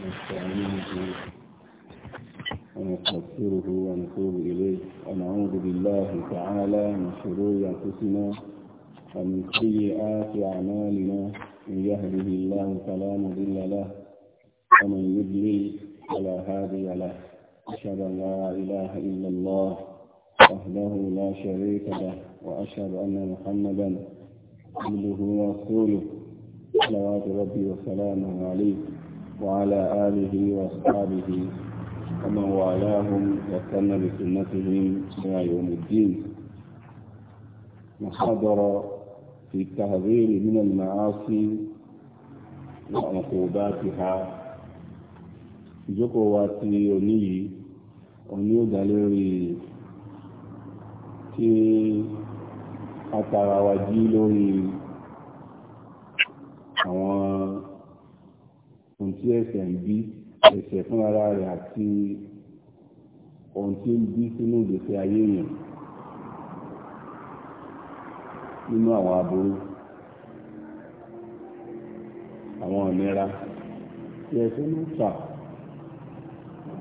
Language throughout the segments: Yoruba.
نستعينه ونستغفره ونتوب إليه ونعوذ بالله تعالى من شرور أنفسنا ومن سيئات أعمالنا من يهده الله فلا مضل له ومن يضلل فلا هادي له أشهد أن لا إله إلا الله وحده لا شريك له وأشهد أن محمدا عبده ورسوله صلوات ربي وسلامه عليه وعلى آله وأصحابه ومن والاهم واستنى بسنتهم إلى يوم الدين وحضر في التحذير من المعاصي وعقوباتها ìjókòó wa ti òní yìí òní ó dá ohun tí ẹ̀ṣẹ̀ ń bí ẹ̀ṣẹ̀ fún ara rẹ̀ àti ohun tí ń bí sínú ìgbésí ayé èèyàn nínú àwọn aburú àwọn ìnira tí ẹ̀ṣẹ̀ ń fà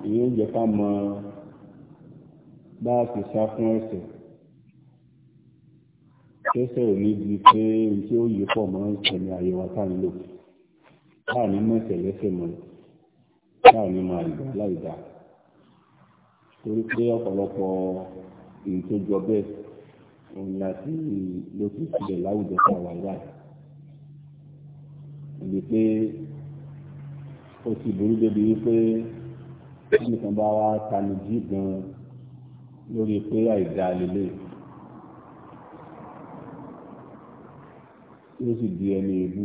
ìyẹn ń jẹ́ ká mọ bá a ti sá fún ẹ̀ṣẹ̀ tẹ́sẹ̀ ò ní di pé ohun tí ó yí pọ̀ mọ́ ìṣẹ̀lẹ̀ ayé wa tá ń lò táà ní mọ̀ ìṣẹ̀lẹ́sẹ̀ mọ́ táà ní máa ìgbà láìdá torí pé ọ̀pọ̀lọpọ̀ èyí tó jọ bẹ́ẹ̀ òun láti ló ti sílẹ̀ láwùjọ fún àwa ìyá ìdí pé ó ti burú débi wípé nìkan bá wá tanijí gan lórí pé àìdá lélẹ̀ yóò sì di ẹni èébú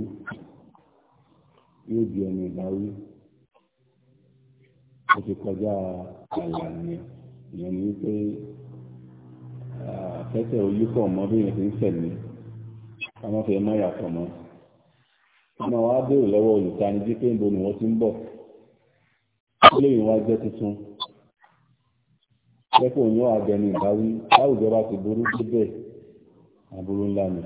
yóò di ẹni ìbáwí ó ti kọjá àlà nìyẹn ìyẹn ni pé àfẹ́sẹ̀ olúkọ̀ mọ́ ti ń tẹ̀lé má yàtọ̀ mọ́ ọmọ wa béèrè lọ́wọ́ olùtanijí pé níbo ni wọ́n ti ń bọ̀ ó lè jẹ́ tuntun lẹ́kọ̀ọ́ láwùjọ bá ti burú ńlá ni.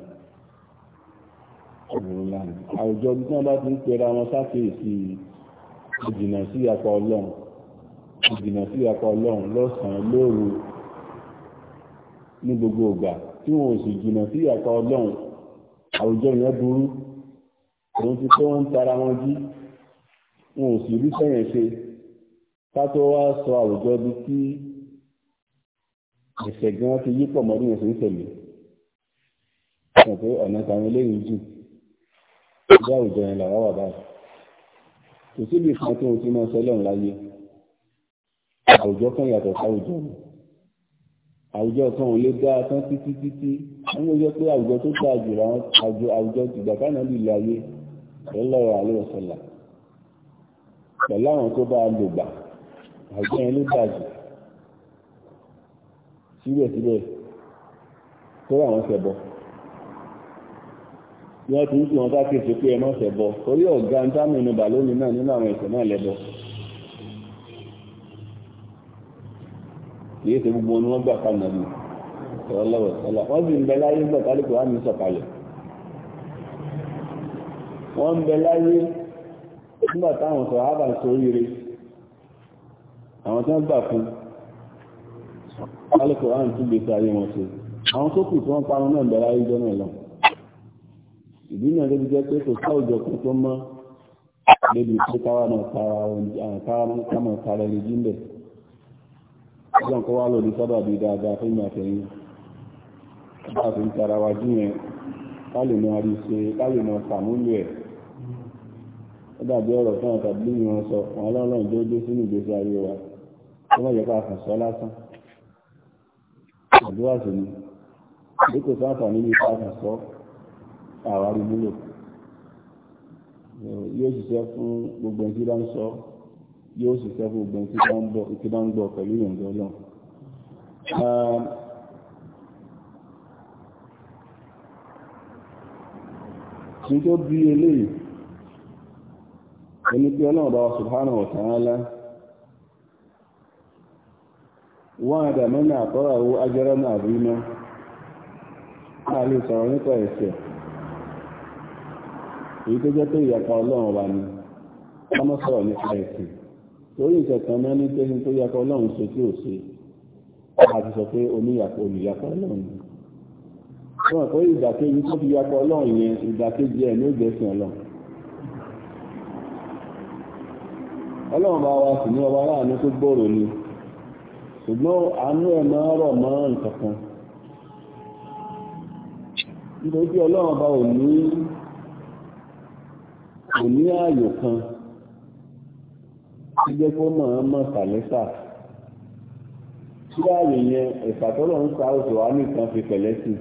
àwùjọ bí wọ́n bá ti ń pera wọn sáfèsì ìdìnà sí apá ọlọ́run ìdìnà sí apá ọlọ́run lọ́sàn-án lóru ní gbogbo ìgbà tí wọn ò sì jìnà sí apá ọlọ́run àwùjọ yẹn burú òun ti pé wọ́n ń tara wọn jí wọn ò sì rí sẹ́yìn ṣe ká tó wá sọ àwùjọ bí tí ẹ̀sẹ̀ gan ti yí pọ̀ mọ́ bí wọ́n ṣe ń tẹ̀lé ọ̀nà táwọn eléyìí jù ìdí àwùjọ yẹn làwọn wà báyìí kò síbi kan tó ń ti máa sọlọ́run láyé àwùjọ kan yàtọ̀ sáwùjọ mi àwùjọ kan ò lè dáa tán títí títí wọ́n yẹ pé àwùjọ tó dáa jù láwọn àjọ àwùjọ tìgbà kánà lè lè ayé lọ́lọ́rọ̀ àlọ́sọ̀là pẹ̀lú àwọn tó bá lò gbà àwùjọ yẹn ló dáa jù síbẹ̀síbẹ̀ tó àwọn ṣẹbọ ni wọ́n ti ń pè wọ́n bá kéèsì pé ẹmọ́ ṣẹ̀bọ orí ọ̀gá ń dá mẹ́nu bà lónìí náà nínú àwọn ẹ̀sẹ̀ náà lẹ́bọ kìí ṣe gbogbo ni wọ́n gbà ká nàbí ọlọ́wọ̀ sọ́lá wọ́n sì ń bẹ láyé gbà kálíkò wá ní sọ̀kalẹ̀ wọ́n ń bẹ láyé nígbà táwọn sọ ábà ń soríire àwọn tó ń gbà fún kálíkò wá ń túbẹ̀ sí ayé wọn ṣe àwọn tó kù tí wọ́n parun náà bẹ láyé jọ náà lọ́wọ́ ìdí náà ló fi jẹ́ pé kò ká òjò kan tó mọ́ lébi pé káwa náà tara ohun kámọ̀ tara ẹni jí ń bẹ̀. ọjọ́ nǹkan wá lòdì sábà bíi dáadáa fún ìmọ̀ àtẹ̀yìn bá a fi ń tara wa jí yẹn ká lè máa rí ṣe ká lè máa sàmúlò ẹ̀. ó dàbí ọ̀rọ̀ fún àwọn tàbí ìyẹn wọn sọ wọn lọ́rùn tó dé sínú ìgbésí ayé wa tó má jẹ́ ká lásán. àdúrà ni bí kò sáǹfà nínú ìta kàn àwárí múlò yóò ṣiṣẹ́ fún gbogbo ẹni tí bá ń sọ yóò ṣiṣẹ́ fún gbogbo ẹni tí bá ń gbọ́ pẹ̀lú ìyọ̀ǹda ọlọ́run tí ah, tó bí eléyìí ẹni pé ọlọ́run bá subhanahu wa ta'ala wọ́n àdàmọ́nà àtọ́ràwó ajẹ́rọ́nà àbúrímọ́ a sọ̀rọ̀ nípa ẹ̀sẹ̀ èyí tó jẹ́ pé ìyàpá ọlọ́run wa ni ọmọ sọ̀rọ̀ nípa ẹ̀sìn lórí ìkẹ̀kọ́ náà ní pé tó yàpá ọlọ́run ṣe tí ò ṣe àti sọ pé oníyàpá olùyàpá ọlọ́run ni wọ́n pé ìdàkejì tó fi yàpá ọlọ́run yẹn ìdàkejì ẹ̀ ní ó jẹ́sìn ọlọ́run ọlọ́run bá wa sì ní ọba aláàánú tó gbòòrò ni ṣùgbọ́n àánú ẹ̀ máa rọ̀ mọ́ nǹkan kan nítorí ọlọ́run bá ò ní kò ní ààyò kan tí jẹ́ kó mọ̀ ọ́n mọ̀ tí ààyè yẹn ìfàtọ́lọ̀ ń sa oṣù wa nìkan fi pẹ̀lẹ́ sí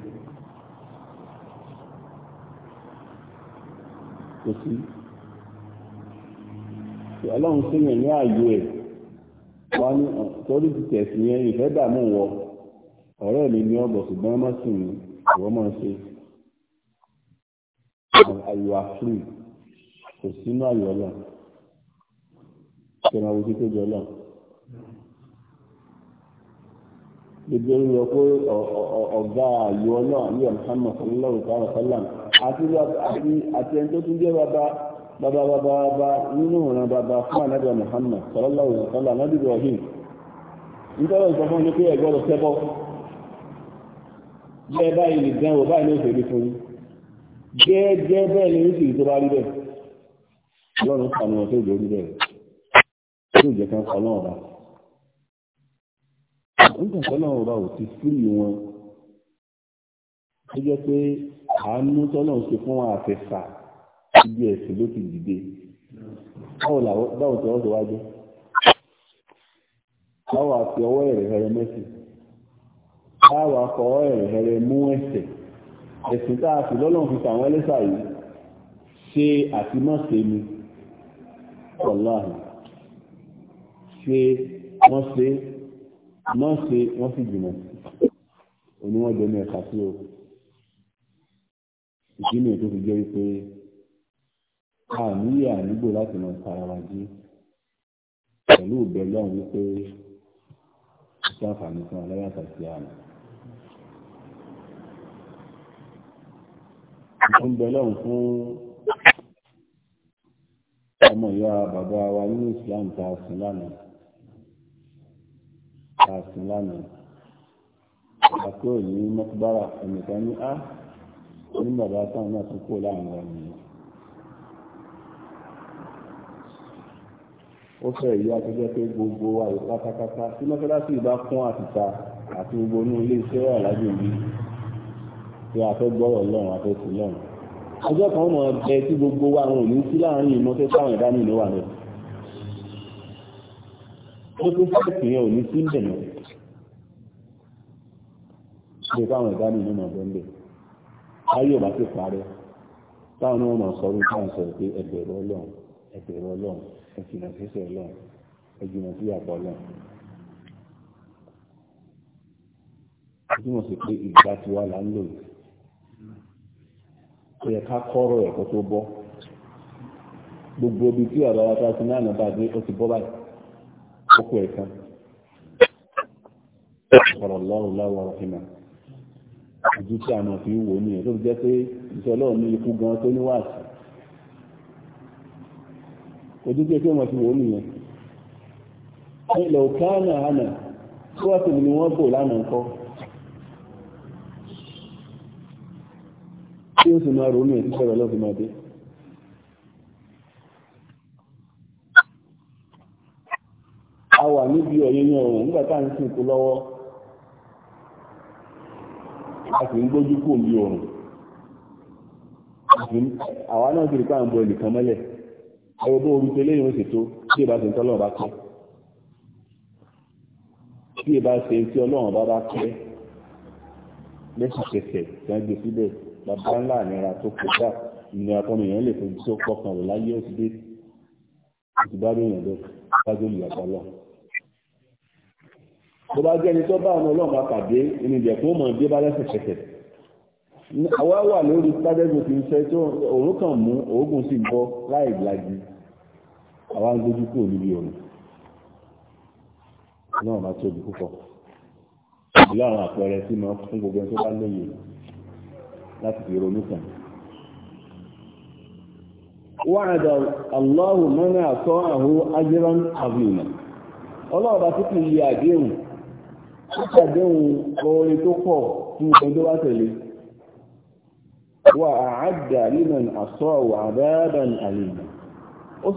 kò sí ọlọ́run séyàn ní ààyò ẹ̀ wá ní torí ti tẹ̀sí yẹn ìfẹ́ dààmú wọ ọ̀rẹ́ mi ní ọ̀bọ̀ ṣùgbọ́n má sì ní ìwọ́n máa ṣe. You free kò sínú àyè ọlọ́run kẹrin àwọn títí jọ ọlọ́run gbogbo ń lọ pé ọ̀gá àyè ọlọ́run ní Muhammad sallallahu alaihi wa sallam àti àti ẹni tó tún jẹ́ bàbá bàbá bàbá bàbá nínú ìran bàbá fún ànábì Muhammad sallallahu alaihi wa sallam náà dìbò ọ̀hìn nítorí ìsọ fún ní pé ẹgbọ́dọ̀ sẹ́bọ̀ jẹ́ báyìí nìkan ò báyìí ní òṣèlú fún yín jẹ́ jẹ́ bẹ́ẹ̀ ni ó tó bá rí bẹ́ẹ̀ ọlọ́run kà ní wọn tó lórí rẹ̀ tó jẹ́ kan kọ́lọ́ ọba nígbà kọ́lọ́ ọba ò ti fúrì wọn tó jẹ́ pé àánú tọ́lọ́run ṣe fún wọn àfẹ́fà ibi ẹ̀sìn ló ti dìde báwo làwọn báwo tí wọ́n ti wá jẹ́ báwo àti ọwọ́ ẹ̀rẹ̀ ẹ̀rẹ̀ mẹ́sìn báwo àkọ́ ẹ̀rẹ̀ ẹ̀rẹ̀ mú ẹ̀sẹ̀ ẹ̀sìn tá a fi lọ́lọ́run fi tàwọn ẹlẹ́sà yìí ṣe àti má ṣe ni wàláhì ṣe wọ́n ṣe wọ́n ṣe wọ́n sì jìnà òní wọ́n jẹ́ ní ẹ̀ka sí o ìdínà tó fi jẹ́ wípé a níyè ànígbò láti máa tara wa jí pẹ̀lú ìbẹ̀lú àwọn wípé ìṣe àǹfààní fún aláyàtà sí àná. ìṣúnbẹ̀lọ́hùn fún ọmọ ìyá bàbá wa nínú islam ta sùn lánàá ta sùn lánàá àkó ní mọ́kúbára ẹnìkan ní á ah, ní bàbá táwọn náà tún kó láàrin wa nìyẹn ó fẹ́ ìyá tó jẹ́ pé gbogbo wa yìí pátápátá tí mọ́kúláṣí ìbá kún àtìta àti gbogbo inú ilé iṣẹ́ wà lágbègbè tí a fẹ́ gbọ́rọ̀ lọ́rùn a fẹ́ sí lọ́rùn ọjọ́ kan mọ̀ bẹ tí gbogbo wa àwọn òní sí láàrin ìmọ́tẹ́ táwọn ẹ̀dá nìlú wà lọ ó tún fẹ́ẹ̀sì yẹn òní sí ìbẹ̀ náà ṣe táwọn ẹ̀dá nìlú mọ̀ bẹ́ ńlẹ̀ ayé ọba ti parẹ́ táwọn ọmọ sọ̀rọ̀ táwọn sọ̀rọ̀ pé ẹgbẹ̀rún ọlọ́run ẹgbẹ̀rún ọlọ́run ẹ̀jìnà sísẹ̀ ọlọ́run ẹ̀jìnà sí àpọ̀ ọlọ́run tí wọ́n sì pé ìgbà tiwa là ń yìí kò yẹ ká kọ́rọ̀ ẹ̀kọ́ tó bọ́ gbogbo ibi tí ọ̀rọ̀ wa ta ti ní àná bàdé ó ti bọ́ báyìí ó kú ẹ̀kan ọ̀rọ̀ lọ́rùn láwọn ọ̀rọ̀ fìmà ojú tí àmọ̀ fi wò ní ẹ̀ tó fi jẹ́ pé ìṣẹ́ ọlọ́run ní ikú gan tó ní wàásù ojú tí ẹ̀kẹ́ wọn fi wò nìyẹn ilẹ̀ òkè àná àná tí wọ́n ti ní wọ́n bò lánàá kọ́ tí ó sì máa ronú ètí sọ̀rọ̀ lọ́fi máa dé a wà níbi ọ̀yẹ́yẹ́ ọ̀rùn nígbà tá à ń lọ́wọ́ a sì ń gbójú kò bí ọ̀rùn àwa náà sì rí pàǹbọ ẹnìkan mọ́lẹ̀ ẹwọ bó orúkọ eléyìí ó sì tó tí ìbá ti ń tọ́lọ́run bá kọ́ tí ìbá ṣe tí ọlọ́run bá bá bàbá ńlá ànira tó kọjá ìnira tọ́nu èèyàn lè fojú sí ọkọ̀ kan rò láyé ó ti dé ó ti bá lóyún lọ wájú olùyàtọ̀ lọ. tó bá jẹ́ni tó bá ọmọ ọlọ́run bá pàdé inú ìjẹ̀kùn ó mọ̀ dé bá lẹ́sẹ̀kẹsẹ̀ àwa wà lórí tádẹ́gùn ti ń fẹ́ tó òórùn kan mú òógùn sì ń bọ́ láì lagi àwa ń dojú kúrò níbi òun náà máa tóbi púpọ̀ ìlú àwọn àpẹẹrẹ tí mo fún gbogbo ẹni tó bá lóye láti fi ronú kan. wa'ada Allahu man ata'ahu ajran azima ọlọ́ọ̀bá tó kì í yẹ ó ṣàdéhùn oore tó pọ̀ fún ẹni tẹ̀lé wa a'adda liman asa'ahu 'adaban alima ó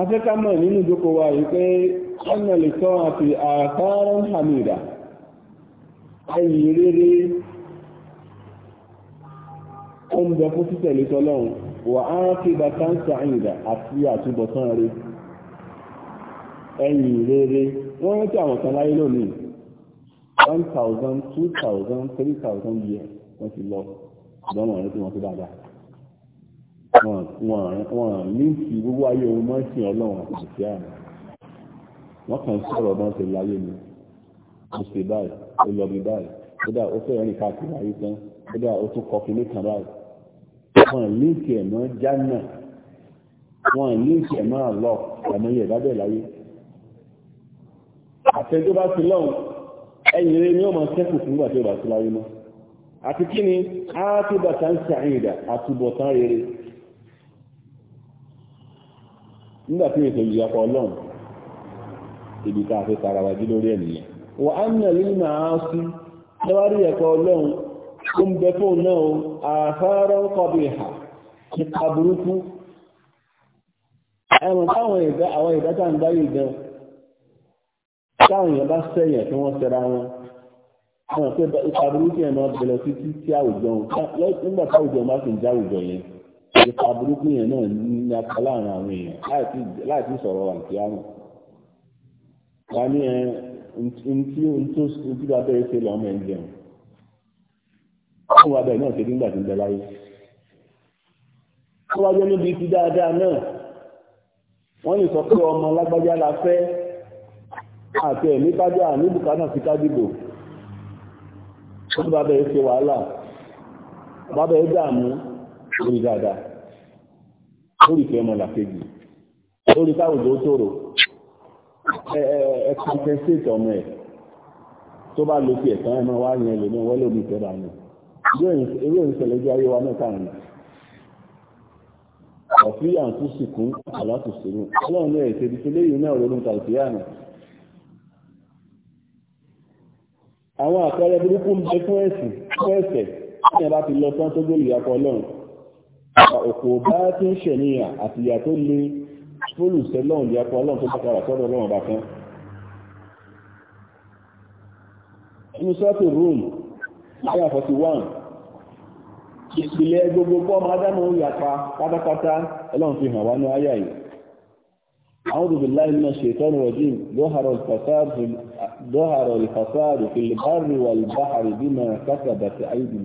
afẹ́ká mọ̀ nínú ìjókòó wa yìí pé ọ̀nà lè tọ́ àti àtàrán hamida ẹ̀yìn rere ó ń bẹ fún títẹ̀lé tọ́lọ́run wà á kí bá káńsà àyìnbá àti àtúbọ̀tán rẹ̀ ẹ̀yìn rere wọ́n rántí àwọn kan láyé lónìí one thousand two thousand three thousand years wọ́n ti lọ ìdánwò rẹ̀ tí wọ́n ti dáadáa wọn ní ti gbogbo ayé ohun máa ń sìn ọlọ́run àti ìṣẹ́ àná wọ́n kàn sọ̀rọ̀ bá ń ṣe láyé ni mo ṣe báyìí ó lọ bí báyìí kódà ó fẹ́ rìn káàkiri ayé tán kódà ó tún kọ kínní báyìí wọn ní ti ẹ̀ jánà wọn ní ti ẹ̀ àlọ́ àmọ́ yẹ̀ bá bẹ̀ láyé àtẹ́jọ́ bá ti lọ́hùn ẹ̀yìn rẹ̀ ni ó máa ṣẹ́kù fún gbàtẹ́ bá ti láyé mọ́ àti kí ni á ti bàtà ń ṣàyìn ìdà àtúbọ̀tán rere nígbà tí èso ìyàpọ̀ ọlọ́run ibi tá a fi tara wájú lórí ènìyàn wà á nà lè máa sí lọ́wárí ẹ̀kọ́ ọlọ́run ó ń bẹ fóun náà o àfárá ń kọbi ìhà nípa burúkú ẹ̀wọ̀n táwọn ìdá ipa burúkú yẹn náà ní apá láàrin àwọn èèyàn láti sọ̀rọ̀ àǹtíámù wà ní ẹ ntí ntí bàbá yẹn ṣe lọ́mọ ẹ̀ ń jẹun fún bàbá yẹn náà ṣe nígbà tí ń bẹ láyé wọ́n wájú níbi ti dáadáa náà wọ́n lè sọ pé ọmọ lágbájá la fẹ́ àti ẹ̀mí kájá ní bùkátà sí kádìbò wọ́n bàbá yẹn ṣe wàhálà bàbá yẹn dààmú lórí dáadáa lórí ìfẹ́ ọmọlàkejì lórí káwùjọ tòrò ẹ kọ́ńtẹ́sítì ọmọ ẹ̀ tó bá lo ti ẹ̀sán ẹ̀mọ́ wá yẹn lò náà wọ́n lòdì ìjọba ni eré ìṣẹ̀lẹ̀ jẹ́ ayé wa mẹ́ta ni ọ̀fí àǹtú sìnkún àlátùsìnkún ọlọ́run náà ètò ìdíje lẹ́yìn náà ronú tàbí àná àwọn àpẹẹrẹ burúkú ń bẹ fún ẹ̀sìn fún ẹ̀sẹ̀ tí ẹ bá ti lọ tán tó gbé ìyàpọ̀ ọlọ́run òkò bá tí ń ṣẹ̀nìyàn àti ìyà tó lé fólùsẹ́ lọ́hùn ìyàpọ̀ ọlọ́run tó bákàrà sọ́dọ̀ ọlọ́run bá tán inú sọ́tò rome ayà 41 ìpìlẹ̀ gbogbo bọ́ọ̀mù adámọ̀ ìyàpa pátápátá ọlọ́run fi hàn wá ní ayà من الشيطان الرجيم ظهر الفساد ظهر الفساد في البر والبحر بما كسبت أيدي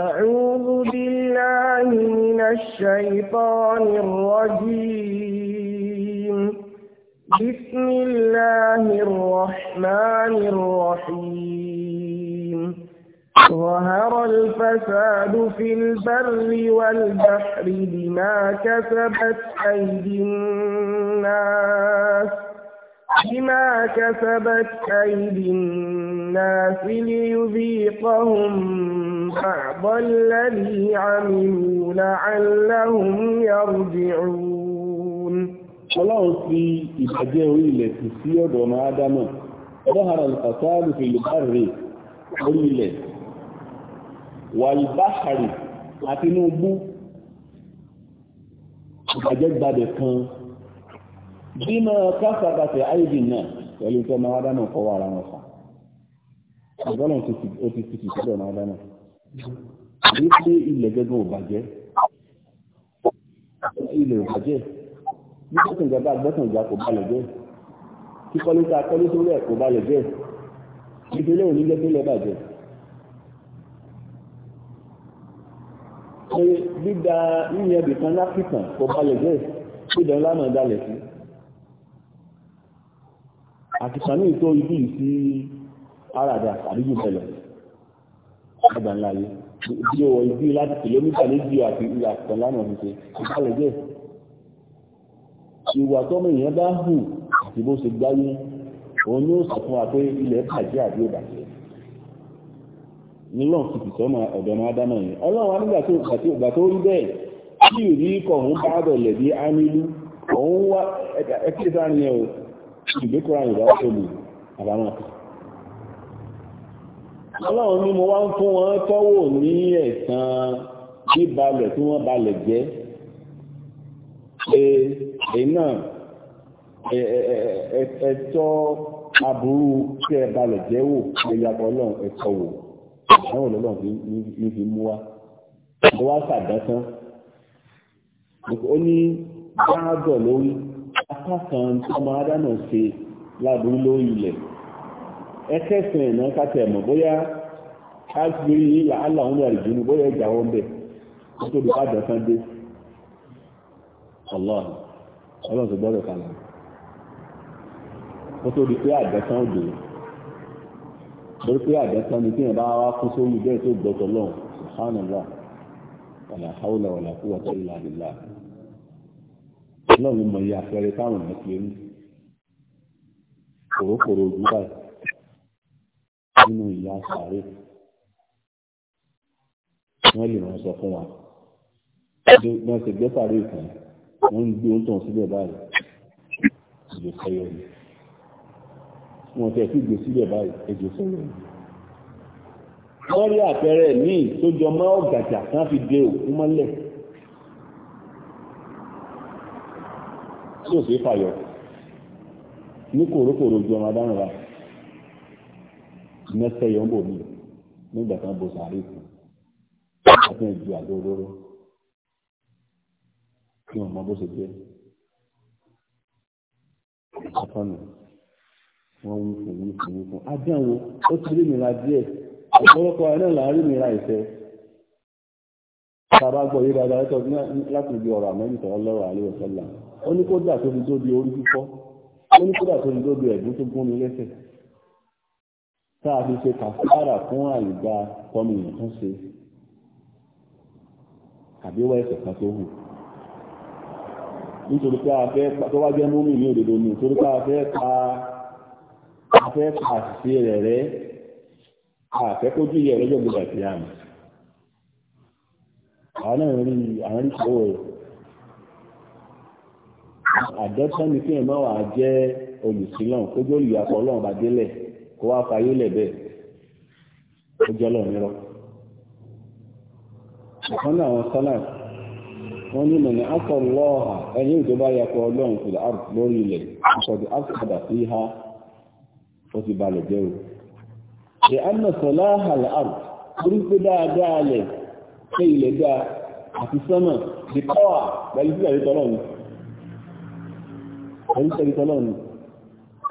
أعوذ بالله من الشيطان الرجيم بسم الله الرحمن الرحيم ظهر الفساد في البر والبحر بما كسبت أيدي الناس بما كسبت أيدي الناس ليذيقهم بعض الذي عملوا لعلهم يرجعون Ọlọ́run fi ìbàjẹ́ orí ilẹ̀ tì sí ọ̀dọ̀ ọmọ Ádámà, ọdọ́hara ìfàsáàlù fi lè bá rèé orí wà ìbáhàrì àti inú gbú, ìbàjẹ́ gbadẹ̀ kan bí máa kásákásẹ̀ àìdì náà pẹ̀lú iṣẹ́ máa dáná fọwọ́ ara wọn fà ọgọ́nà ó ti fi ìṣẹ́lẹ̀ máa dáná ní pé ilẹ̀ gẹ́gẹ́ ò bàjẹ́ ilẹ̀ ò bàjẹ́ ní gbẹ́sùn ìjọba gbẹ́sùn ìjà kò balẹ̀ jẹ́ kíkọ́lé tá a kọ́lé sórí ẹ̀ kò balẹ̀ jẹ́ ìdílé òní jẹ́ sílẹ̀ bàjẹ́ pé dídá yíyan bìkan lápìtàn kò balẹ̀ jẹ́ ìdánlámọ̀ dalẹ̀ sí àti sàmì tó ibi sí àràdà àdúgbò bẹ̀lẹ̀ ọgbà ńlá yìí bí o wọ ibi láti kìlómítà méjì àti ilẹ̀ àtìkàn lánà òfìsẹ́ ìbálẹ̀ jẹ́ ìwà tọ́mọ èèyàn bá hù àti bó ṣe gbáyé òun ni ó sọ fún wa pé ilẹ̀ bàjẹ́ àbí ò bàjẹ́ nílọ́n ti fìsọ́mọ ọ̀dọ́mọ ádámọ̀ yìí ọlọ́run wa nígbà tó gbà tó rí bẹ́ẹ̀ tí ìrí kọ̀ọ̀hún bá bẹ̀lẹ̀ bí ámílú òun wá ẹ̀kí sáà nìyẹn o ìgbékùnrin àyìnbá pẹ̀lú àbámọ̀ kan ọlọ́run ní mo wá ń fún wọn tọ́wò ní ẹ̀sán bíbalẹ̀ tí wọ́n balẹ̀ jẹ́ pé iná ẹ̀tọ́ aburú tí ẹ balẹ̀ jẹ́ wò ẹ̀yàpọ̀ ọlọ́run ẹ̀tọ́ wò àwọn ọlọ́run ní fi mú wa ọwọ́ sàdásán ó ní báàgọ̀ lórí apá kan ọmọ adáná ṣe ládùn lórí ilẹ̀ ẹkẹsìn ẹ̀nà kàtẹ ẹ̀mọ̀ bóyá káàkiri yìí là áláwọn ọmọ àrìjù ní bóyá ìjà wọn bẹ̀ ó tó dùkú àjọ kan dé ọlọ́run ọlọ́run tó gbọ́dọ̀ kalẹ̀ ó tó di pé àjọ kan ò dé lórí pé àjọ ni kíyàn bá wá kú sórí bẹ́ẹ̀ tó gbọ́tọ̀ lọ́hùn subhanallah wàlà haúlà wàlà kúwàtà ìlà ìlà ọlọ́run mọ̀ iye àpẹẹrẹ táwọn èèyàn pè ní kòrókòrò ojú báyìí nínú ìyá sàárè wọ́n lè wọ́n sọ fún wa wọ́n ti gbé sàárè kan wọ́n ń gbé oúnjẹ sílẹ̀ báyìí ìjọ sẹ́yọ ni wọ́n tẹ̀ sí gbé sílẹ̀ báyìí ìjọ sẹ́yọ ni wọ́n rí àpẹẹrẹ míì tó jọ mọ́ ọ̀gàjà kan fi dé òkú mọ́lẹ̀ tí ò sí fàyọ ní kòrókòrò ju ọmọ adáhùn rà mẹsẹ yọ ń bò mí nígbà tán bo sàárè kù ọtún ìju àjọ olóró kí wọn mọ bó ṣe jẹ ọtọnù wọn wí fún wí fún wí fún ajáwo ó ti rí mìíràn díẹ̀ ọ̀pọ̀lọpọ̀ ẹ náà là ń rí mìíràn ìfẹ́ tá a bá gbọ́ yí dáadáa láti ibi ọ̀rọ̀ àmọ́ ìtọ́lọ́rọ̀ àlẹ́ òṣèlú ó ní kó dà tóbi tó di orí fífọ́ ó ní kó dà tóbi tó di ẹ̀gún tó gún mi lẹ́sẹ̀ tá a fi ṣe kàfàrà fún àyíká tọ́mìnì kan ṣe àbí wá ẹ̀ṣẹ̀ kan tó hù nítorí pé a fẹ́ tó wá jẹ́ múmi ní òdodo ni nítorí pé a fẹ́ pa a fẹ́ pa àṣìṣe rẹ̀ rẹ́ a fẹ́ kó ju iye rẹ̀ jọ̀gbọ̀dà sí àmì àwọn náà rí àwọn rí ìṣòro rẹ̀. àdọ́tán ni kí ẹ má wàá jẹ́ olùsílọ̀n kó gbóòlù àpọ̀ ọlọ́run bá délẹ̀ kó wá fayé lẹ̀ bẹ́ẹ̀ jẹ́ ọ̀kan náà ní mọ̀nà ẹni ìjọba yakọ̀ ọlọ́run fìlà àrùn lórí ilẹ̀ ìṣọ̀dù àkàdà sí ha ó balẹ̀ jẹ́ o. ṣe orí pé dáadáa lẹ̀ ṣe ilẹ̀ dáa àti ti kọ́ ẹ̀rí sẹ́rí tọ́lọ́ ni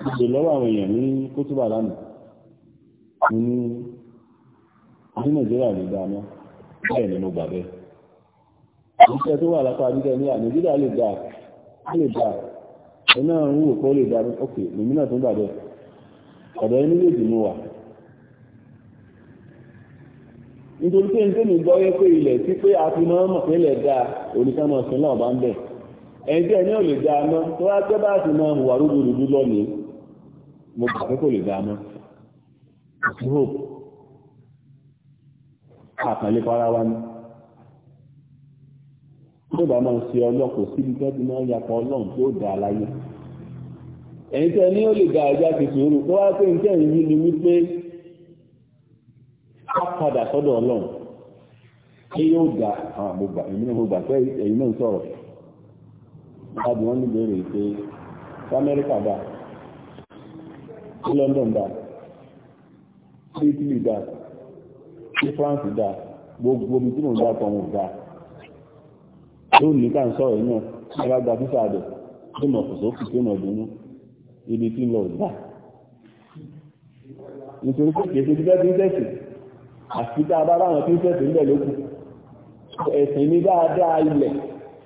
ìgbè lọ́wọ́ àwọn èèyàn ní kótóbà lánàá mo ní ní nàìjíríà lè dáa náà bẹ́ẹ̀ ni mo gbà bẹ́ẹ̀ iṣẹ́ tó wà lápá dídẹ́ ní nàìjíríà lè dáa lè dáa iná ń wò lè dáa ok lèmi náà tó gbà bẹ́ẹ̀ ọ̀dọ̀ ẹni lè dì mú wa nítorí pé nítorí gbọ́ yẹ pé ilẹ̀ sí pé a fi máa mọ̀ pé ilẹ̀ dáa oníkàmọ̀ ẹ̀jẹ̀ ní ò lè dá mọ́ tó wá pẹ́ bá sì máa hùwà rúdurùdu lónìí mo gbà pé kò lè dá mọ́ le hope wa ni tó bá máa ṣe ọlọ́pọ̀ si tó ti máa ń yapa ọlọ́run tó dá láyé ẹ̀yin ní ó lè dá ti sòrò tó wá pé ni wípé ká padà sọ́dọ̀ ọlọ́run kí yóò dá ah, àwọn mo gbà pé náà ń sọ̀rọ̀ láti wọ́n níbèrè pé amẹ́ríkà dà sí london dà sí italy dà sí france dà gbogbo ibi tí mo dá kan wọn dà lónìí ká ń sọ̀rọ̀ náà ẹ̀rọ gba fífà rẹ̀ tó mọ̀ kò sókè tó mọ̀ dúnú ibi tí lọ dà nítorí pé kìí ṣe títẹ́ píńsẹ̀sì àti tá a bá bá àwọn píńsẹ̀sì ń bẹ̀ lókù ẹ̀sìn ní dáadáa ilẹ̀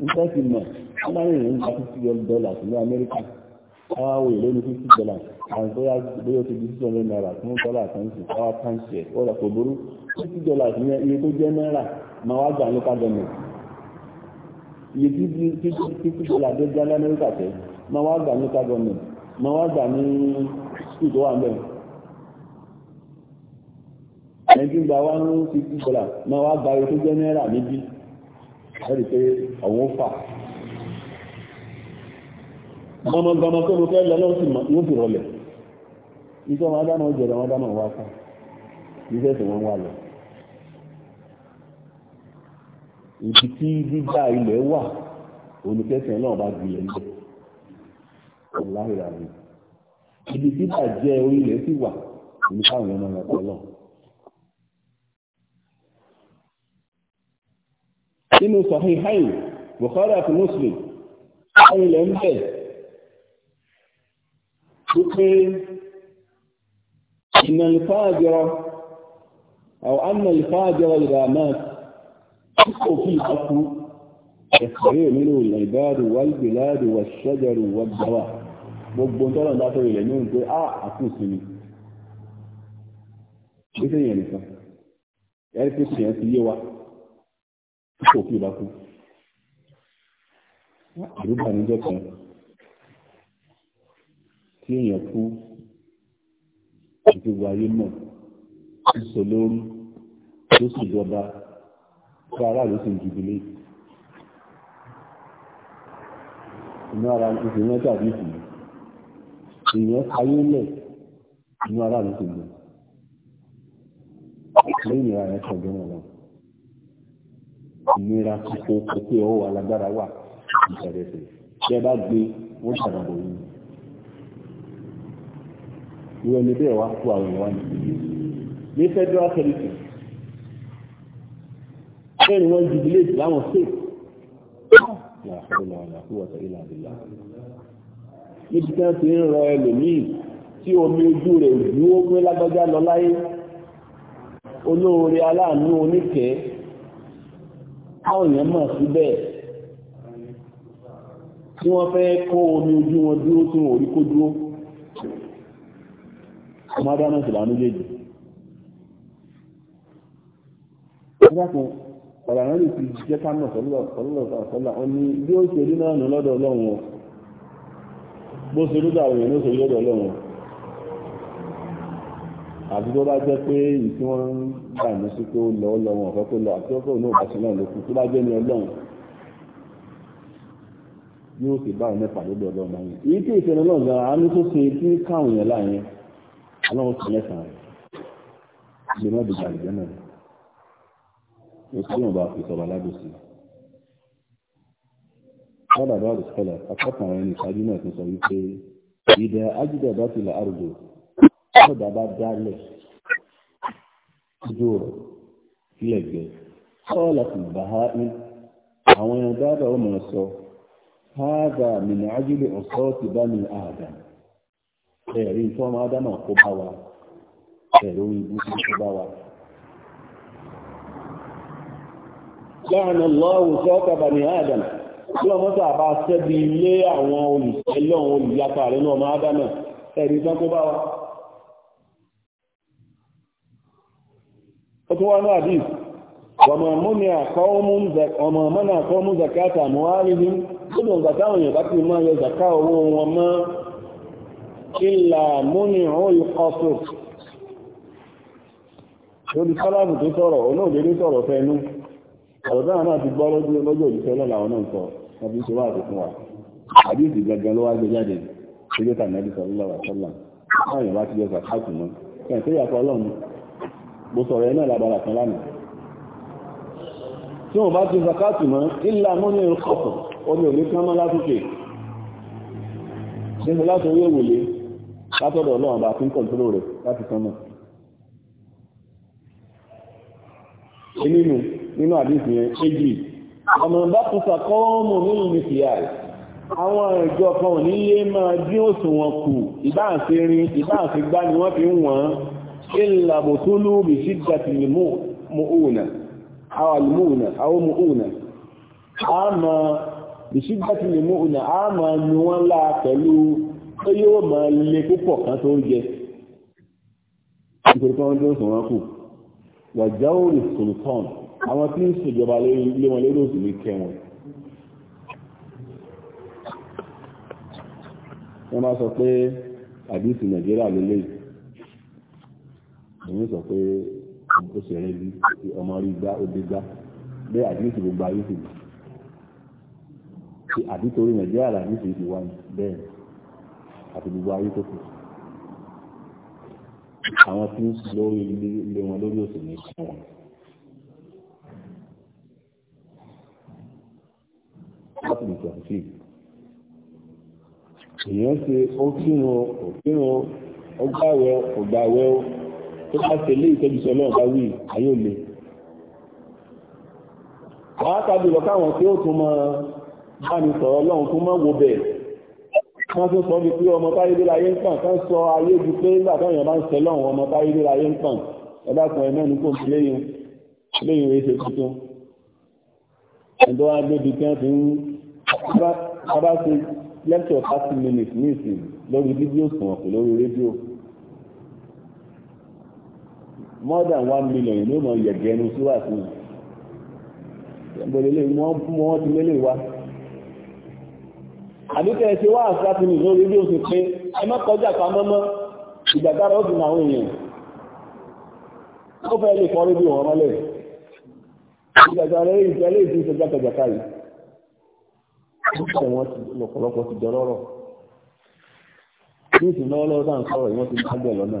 nígbà tí mọ̀ láàrin ìrìn nípa fifty dollars ní amẹ́ríkà káwá wo ìlú ní fifty dollars àwọn tó yá bóyá ti di six hundred naira fún dọ́là àtúnṣe káwá tánṣe ọ̀rà kò burú fifty dollars ní iye tó jẹ́ náírà máa wá gbà nípa dẹ̀mù iye tí fifty dollars tó jẹ́ amẹ́ríkà tẹ̀ máa wá gbà nípa dẹ̀mù máa wá gbà ní school wà ń ẹni tí ń gba one fifty dollars máa wá gbà iye tó jẹ́ náírà níbí ẹ̀rí pé ọ̀wọ́n fà gbọmọgbọmọ tó mo fẹ́ lọ lọ́wọ́ sì rọlẹ̀ iṣẹ́ wọn dáná jẹ̀rọ wọn dáná wá fà iṣẹ́ sì wọ́n wà lọ ibi tí gbígbà ilẹ̀ wà olùkẹ́sẹ̀ náà bá gbilẹ̀ ilẹ̀ ọ̀láhìrà mi ibi tí bàjẹ́ orílẹ̀ sì wà ní káwọn ọmọ ẹ̀kọ́ náà nínú Sahihain Bukhari àti Muslim wọ́n ilẹ̀ ń bẹ̀ wípé ìnà ìfáàjọ́ àwọn àmà ìfáàjọ́ ìrànà tí kò fi ìpapú ẹ̀sẹ̀rẹ́ nínú ìlàìbáàdù wàlùbìláàdù wà ṣẹ́jẹ̀rù wà gbọ́wà gbogbo tọ́lọ̀ ń dátọ̀ ilẹ̀ ní òǹkẹ́ á àkùsí ni ṣé sẹ́yìn ẹ̀nìkan ẹ̀rí fi sèyàn ti yé wa tí kò kí ìbá kú àdúgbò àníjọ kan tí èèyàn kú àti ìwà mọ̀ ń sọ lórí ló sì jọba tí aráàlú sì ń jùbílé inú ara ìṣẹ̀lẹ̀ tàbí ìṣẹ̀lẹ̀ èèyàn ayé lẹ̀ inú aráàlú sì ń lọ lẹ́yìn ara ẹ̀ sọ̀gbọ́n ọ̀rọ̀ ìnira kókó kókó ọwọ alágbára wà ìṣẹ̀lẹ̀sẹ̀ tí bá gbé wọn ṣàdàbọ yìí irú ẹni bẹ́ẹ̀ wá kó àwọn ìwà ní federal territory bẹ́ẹ̀ ni wọ́n jubilate láwọn state níbi tí wọ́n ti ń rọ ẹlòmíì tí omi ojú rẹ̀ òdúró pé lágbájá lọ láyé olóore aláàánú oníkẹ́ẹ́ táwọn èèyàn mọ̀ síbẹ̀ tí wọ́n fẹ́ kó omi ojú wọn dúró tí wọ́n orí kó dúró ọmọ adáná sì lánú lè jù ọjọ́kùn ọ̀rọ̀ àwọn lè fi jẹ́ ká mọ̀ sọ́lọ́sọ́lọ́ ọ ní bí ó ṣe rí náà nù lọ́dọ̀ ọlọ́run o bó ṣe lọ́dọ̀ àwọn èèyàn ló ṣe lọ́dọ̀ àti tó bá jẹ́ pé ìtí wọ́n gbà ló sí pé ó lọ ó lọ wọn ọ̀fẹ́ kó lọ àti ọkọ̀ ní òbáṣe náà ló kú tó bá jẹ́ ní ọlọ́run yóò sì bá ọ̀nẹ́pà lódò ọlọ́run náà yẹn èyí tí ìfẹ́ náà gan àánú tó ṣe tí káwọn yẹn láàyẹn ọlọ́run sì mẹ́sàn án lè má dìgbà ìjẹ́ náà ó sì yàn bá fi sọ̀rọ̀ alábòsí kọ́lá bá rẹ̀ sọ́lá akọ́kàn àwọn ìṣáájú náà ti sọ wípé ìdẹ ajídẹ̀ bá ti là àrùgbò ọ̀dà bá ojúrò sílẹ̀ gbẹ sọ́ọ̀lá sì bá há ní àwọn ẹran dábàá ó máa sọ háàdà mìíràn ájúlé ọ̀sọ́ ti bá mi àdà ẹ̀rí ìfọ́mọ ádámà kó bá wa wa. فتوانو حديث وما منع قوم زك... وما منع قوم زكاة أموالهم بدون زكاة يبقي ما يزكاة وما إلا منع القصر lórí sáláàbù tó sọ̀rọ̀ ọ̀nà òdèrè sọ̀rọ̀ fẹ́nu ọ̀rọ̀dáà náà ti gbọ́ lọ́jọ́ ìfẹ́ lọ́la ọ̀nà ń sọ ọdún tó wà fún wa àdíjì gangan ló wá gbé jáde ṣe jẹ́ta nàbí sọ̀rọ̀ lọ́wọ́ sọ́lá láàrin wá ti jẹ́ sàkáàtù mọ́ kẹ́ǹtẹ́ yàtọ̀ ọlọ́run mo sọ̀rọ̀ ẹ̀ náà lábára kan lánàá tí wọ́n bá ti zakatù mọ́ ilá mọ́nà ìrọ̀kọ̀tọ̀ omi òní kan mọ́ látúkè nígbà láti orí òwòlé látọ̀dọ̀ ọlọ́run bá fún kọ̀ntúrò rẹ̀ láti sánmà nínú nínú àdísì yẹn ṣéjì ọmọ bá tún sàkọ́ọ̀mù nínú ní fìyà rẹ̀ àwọn ìjọ kan ò ní yé máa dín òṣùwọ̀n kù ìbáàṣe rin ìbáàṣe gbá ni wọ́n fi ń wọ́n إلا بطلوا بشدة المؤونة أو المؤونة أو مؤونة أما بشدة المؤونة أما نولا pẹ̀lú pé yóò máa le púpọ̀ kan tó ń jẹ nítorí pé wọ́n tó ń sọ wọn kù wàjá òrì sultan àwọn tí ń ṣèjọba lé wọn lérò sí ní wọ́n máa sọ pé àdìsí nàìjíríà lélẹ́yìí èyí sọ pé ó ṣẹlẹ̀ bí ọmọ rí gbá ó dé gbá bẹ́ẹ̀ àdínísì gbogbo ayé sì ṣe àdítorí nàìjíríà làdínísì ti wá bẹ́ẹ̀ àti gbogbo ayé tó kù àwọn tí ń lórí ilé wọn lórí òsì ní sùn wọn. ṣe ó kírun ó kírun ó gbàwẹ̀ ó tó bá tẹ̀lé ìtẹ́jùsọ náà bá wí ayé òle pàápàá lọ káwọn tí ó tún mọ bá ní sọ̀rọ̀ ọlọ́run tún mọ́ wo bẹ̀ wọ́n tún sọ wípé ọmọ táyédé láyé ń pàn kán sọ ayé ju pé nígbà táwọn èèyàn bá ń sẹ lọ́run ọmọ táyédé láyé ń pàn ẹ̀dá kan ẹ̀mẹ́ ní kò ń léyìn léyìn èsè tuntun ẹ̀dọ́ agbẹ́bí tí wọ́n ti ń bá ṣe lẹ́tọ̀ 30 minutes ní ìsìn lórí fídíò sùn ọ̀pọ̀ lórí rédíò more than one million ló mọ̀ yẹ̀gẹ́nu sí wà sí ìgbòlélé ti lélè wa àdúkẹ́ ṣe wá àṣàtì nì lórí ilé òsìn pé ẹmọ́ kọjá pamọ́mọ́ ìgbàgbára òsìn àwọn èèyàn ó fẹ́ lè kọrí bí wọ́n mọ́lẹ̀ ìgbàgbára yìí wọ́n ti ti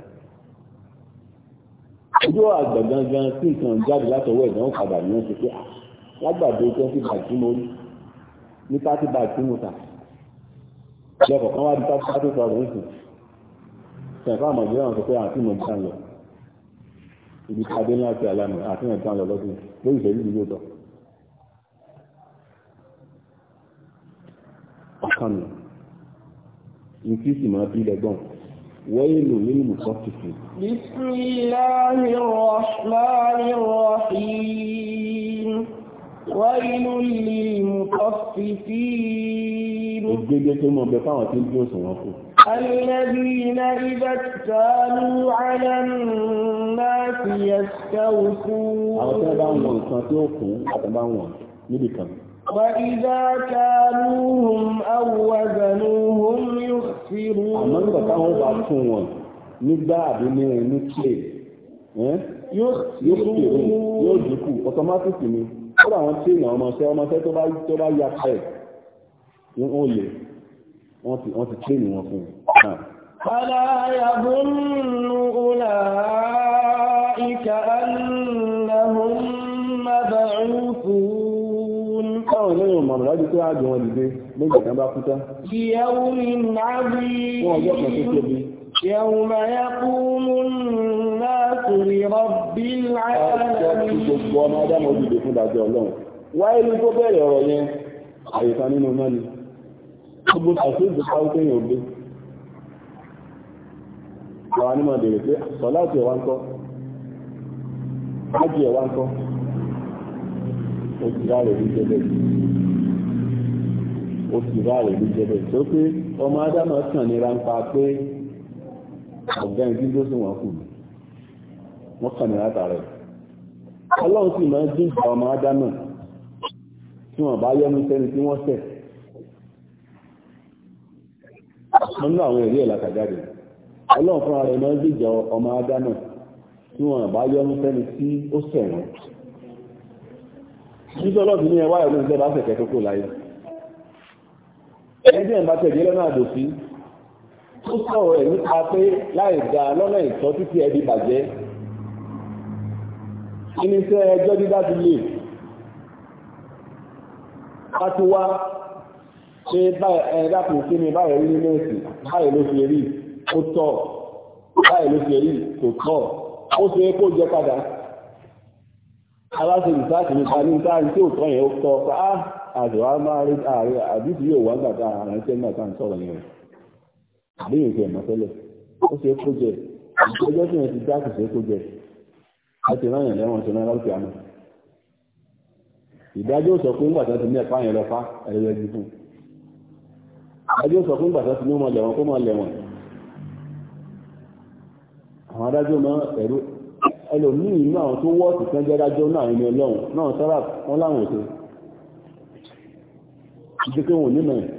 ojú àgbà gangan sí nǹkan jáde látọwọ́ ìdánwò padà ní wọ́n ṣe pé ah, lágbàdo twenty bag tí mo rí ní thirty bag tí mo tà lẹ́kọ̀ọ́ kan wá di thirty thirty thousand nìkan sẹ̀fà àmọ̀jẹ́ wọn sọ pé àti mọ̀ nǹkan lọ ibi tí adé ńlá ti àlámì àti mọ̀ nǹkan lọ lọ́dún lórí ìṣẹ́lú ìlú lọ́tọ̀ ọ̀kan nù ní kí sì máa bí lẹ́gbọ̀n ويل للمطففين بسم الله الرحمن الرحيم ويل للمطففين الجيجة كما بقاوة تنجو سنوكو الذين إذا اكتالوا على الناس يستوفون أعطى بعض الوقت أعطى بعض نبي كم وَإِذَا كانوهم أو وزنوهم يخسرون àmọ́ nígbà táwọn bá fún wọn nígbà àbí ní ẹni tíye yóò dínkù ọtọmátìkì ni ó bá wọn tíye àwọn ọmọọṣẹ ọmọọṣẹ tó bá tó bá ya pẹ ní ó lè wọn ti wọn ti tíye ní wọn fún un. Fala yadunnu ulaika annahum mab'uthun táwọn eléyìn ọmọ dájú pé àjò wọn dìde méjì kan bá kúta. ìyàwó mi náà bí wọn ọjọ́ kan tó tóbi. يوم يقوم الناس لرب العالمين wáyé tó bẹ̀rẹ̀ ọ̀rọ̀ yẹn àyíká nínú náà ni gbogbo tàbí ìjọba ó kéyàn gbé àwọn anímọ̀ bèèrè pé sọ láti ẹ̀wà ń kọ́ ájì ẹ̀wà ń kọ́ ó ti bá rẹ̀ níjẹ́ bẹ́ẹ̀ ó ti bá rẹ̀ níjẹ́ bẹ́ẹ̀ tó pé ọmọ adámọ̀ kàn ní ráńpa pé ọ̀gá ẹni tó sì wọ́n kù wọ́n kàn ní látàrẹ ọlọ́run sì máa ń dín ìgbà ọmọ adámọ̀ tí wọ́n bá yọ́nú sẹ́ni tí wọ́n ṣẹ̀ nínú àwọn èrè ìlàkàjáde ọlọ́run fúnra rẹ̀ máa ń dín ìgbà ọmọ adámọ̀ tí wọ́n bá yọ́nú sẹ́ni tí ó ṣẹ̀ wọ́n nítorí ọlọ́bì ní ẹwà ẹ̀rọ ìjọba fẹ̀kẹ́ tó kó láyé ẹgbẹ́ ẹ̀ bá tẹ̀lé lọ́nà àdòsí ó sọ̀rọ̀ ẹ̀ nípa pé láì da lọ́nà ìtọ́ títí ẹbí bàjẹ́ irinṣẹ́ ẹjọ́ dídá ti lè bá ti wá ṣe ẹ̀dàkùn sí ni báyẹ̀ rí nínú ẹ̀sìn báyẹ̀ ló ṣe rí ó tọ́ báyẹ̀ ló ṣe rí kò tọ́ ó ṣe é kó jẹ padà aláṣẹ ìsáàtì nípa ní táàrí tí òtọ́ yẹn ó kọ́ pa á àdùá máa rí ààrẹ àdìsí yóò wá gbàgbà àránṣẹ́ náà tá à ń sọ̀rọ̀ yẹn àbí ìrìnkè ìmọ̀tẹ́lẹ̀ ó ṣe kó jẹ ìgbẹ́jọ́ tí wọ́n ti dá kò ṣe kó jẹ a ti ráyàn lẹ́wọ̀n ṣe náà lọ́kì àná ìdájọ́ sọ pé ńgbà tó ti ní ẹ̀pá yẹn lọ́pá ẹ̀rẹ́ ju fún ìdájọ́ sọ pé ńgbà tó ti ní ọmọ lẹ̀wọ̀n kó mọ lẹ̀wọ̀n àwọn adájọ́ mọ ẹ̀rú ẹlòmíì inú àwọn tó wọ́ọ̀tì kan jẹ́ dájọ́ náà ẹni ọlọ́run náà sára wọn láwọn ètò ìdí pé wọn ò nímọ̀ ẹ̀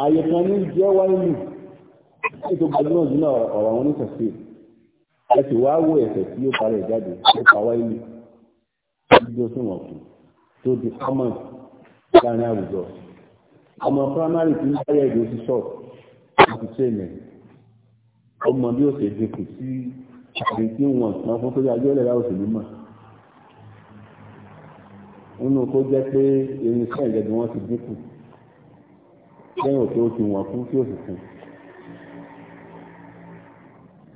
ààyè kan ní jẹ́ wáyé nù ní tó gbajúmọ̀ jùlọ ọ̀rọ̀ àwọn oníṣẹ̀ṣe ẹ sì wá wò ẹ̀sẹ̀ tí ó parẹ́ ìjáde ó pa wáyé nù dídó sí wọn kù tó di common láàrin àwùjọ ọmọ primary tí ń báyẹ̀ ìdó sí shop láti tẹ́lẹ̀ ọmọ bí ó ṣe dẹkù sí àti tí wọ́n tán fún torí ajé ẹlẹ́ra òṣèlú mọ̀ nínú kó jẹ́ pé irinṣẹ́ ìjẹ́bi wọ́n ti dínkù lẹ́yìn òkè ó ti wọ̀n fún tí ó sì fún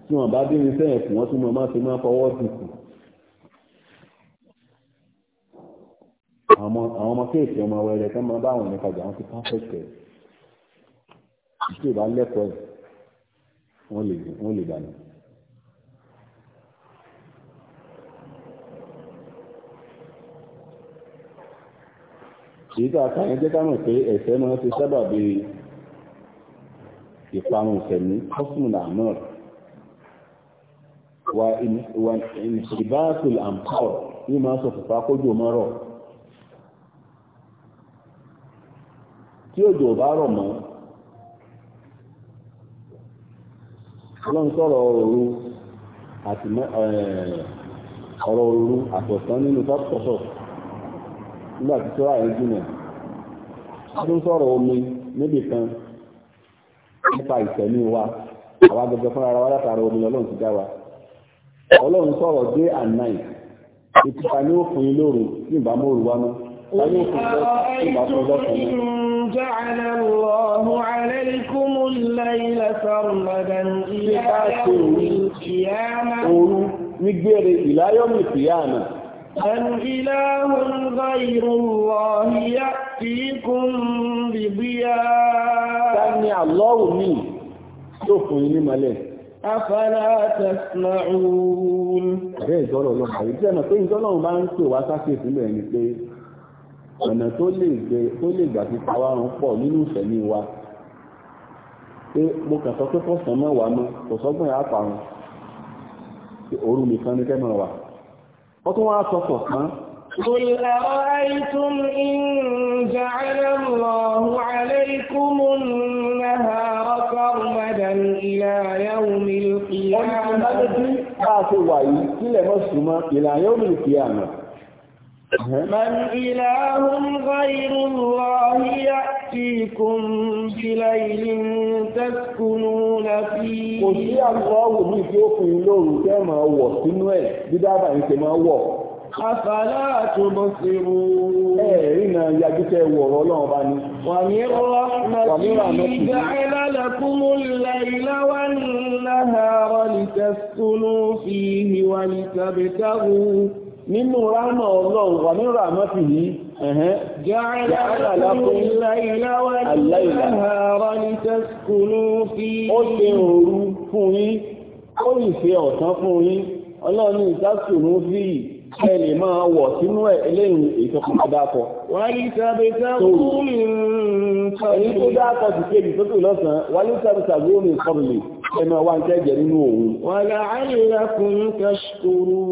tí wọ́n bá bí irinṣẹ́ ẹ̀kùn wọ́n tún mọ̀ máa ṣe máa fọwọ́ dìkù àwọn ọmọ kéèké ọmọ wẹrẹ tó máa bá àwọn ẹ̀ka jà wọn ti pàfẹ́kẹ̀ ìṣèlú alẹ́kọ̀ọ́ ẹ̀ wọ́n lè dànù. èyí tó àkàyẹ jẹ́ ká mọ̀ pé ẹ̀fẹ́ máa ti sábà bí ìparun ìfẹ̀mí kọ́sùmù náà wa ìbáàtùl àǹkọ́ ní máa sọ fòfà kójú mọ́rọ̀ tí òjò bá rọ̀ mọ́ ọlọ́run sọ̀rọ̀ òru àti ọ̀rọ̀ òru àtọ̀sán nínú sọ́tọ̀sọ̀ nígbà tí sọ́rọ̀ àyè jùlọ ọdún sọ̀rọ̀ omi níbì kan nípa ìtẹ̀mí wa àwa gbogbo fúnra wa látara omi ọlọ́run ti dá wa ọlọ́run sọ̀rọ̀ dé ànáì ìtura ni ó fún yín lóru ní ìbámu òru wa mọ́ láyé òfin lọ́sàn-án ìbámu lọ́sàn-án جعل الله عليكم الليل سرمدا إلى يوم القيامة نجري إلى يوم القيامة أن إله غير الله يأتيكم بضياء سمع الله مني شوفوا إني ملك أفلا تسمعون؟ òun. Àbẹ́ ìjọ́lọ̀ ọlọ́pàá yìí tí ẹ̀nà pé ìjọ́lọ̀ bá ń pè wá ọ̀nà tó lè gbà fi pàwá rán pọ̀ nínú ìṣẹ̀mí wa pé mo kàn sọ pé kọ̀sán mẹ́wàá mọ́ kò sọ́gbọ̀n yà pàrọ̀ pé òru nìkan ní kẹ́mọ̀ wà ó tún wá sọ kọ̀ọ̀kan. قل أرأيتم bá lè wà yìí kílẹ̀ mọ́ sùnmọ́ ìlànà yóò lè fi àná. من إله غير الله يأتيكم بليل تسكنون فيه kò sí àgbọ̀wò ní tí ó fún lóòrù tẹ́ máa wọ̀ sínú ẹ̀ bí dábàá ń ṣe máa wọ̀. Afàlá àtúbọ̀ sí ru. Ẹ ìrìnà ìyájú tẹ wọ̀ ọ̀rọ̀ ọlọ́run bá ní. Wà ní rọ́ọ̀mọ̀tì ìdáhẹ́lá lẹ́kúnmú lẹ́yìnlá wà ní láhàárọ̀ lìtẹ̀sùnú fìhì wà lìtẹ̀bẹ̀tàrú. nínú rámà ọlọ́run wà nínú rámà fi ní ẹ̀hẹ́ jẹ́ aláàlápín ó ṣe òru fún yín ó yìí ṣe ọ̀tán fún yín ọlọ́run ìtàkùnú sí ẹlẹ̀ máa wọ̀ sínú ẹ̀ eléyìn ètò pàdápọ̀ wáyé tàbíta gómìn ẹ máa wá ń tẹ́jẹ̀ nínú òun. wàlá àìlẹ́kùn kẹ́ṣkúrú.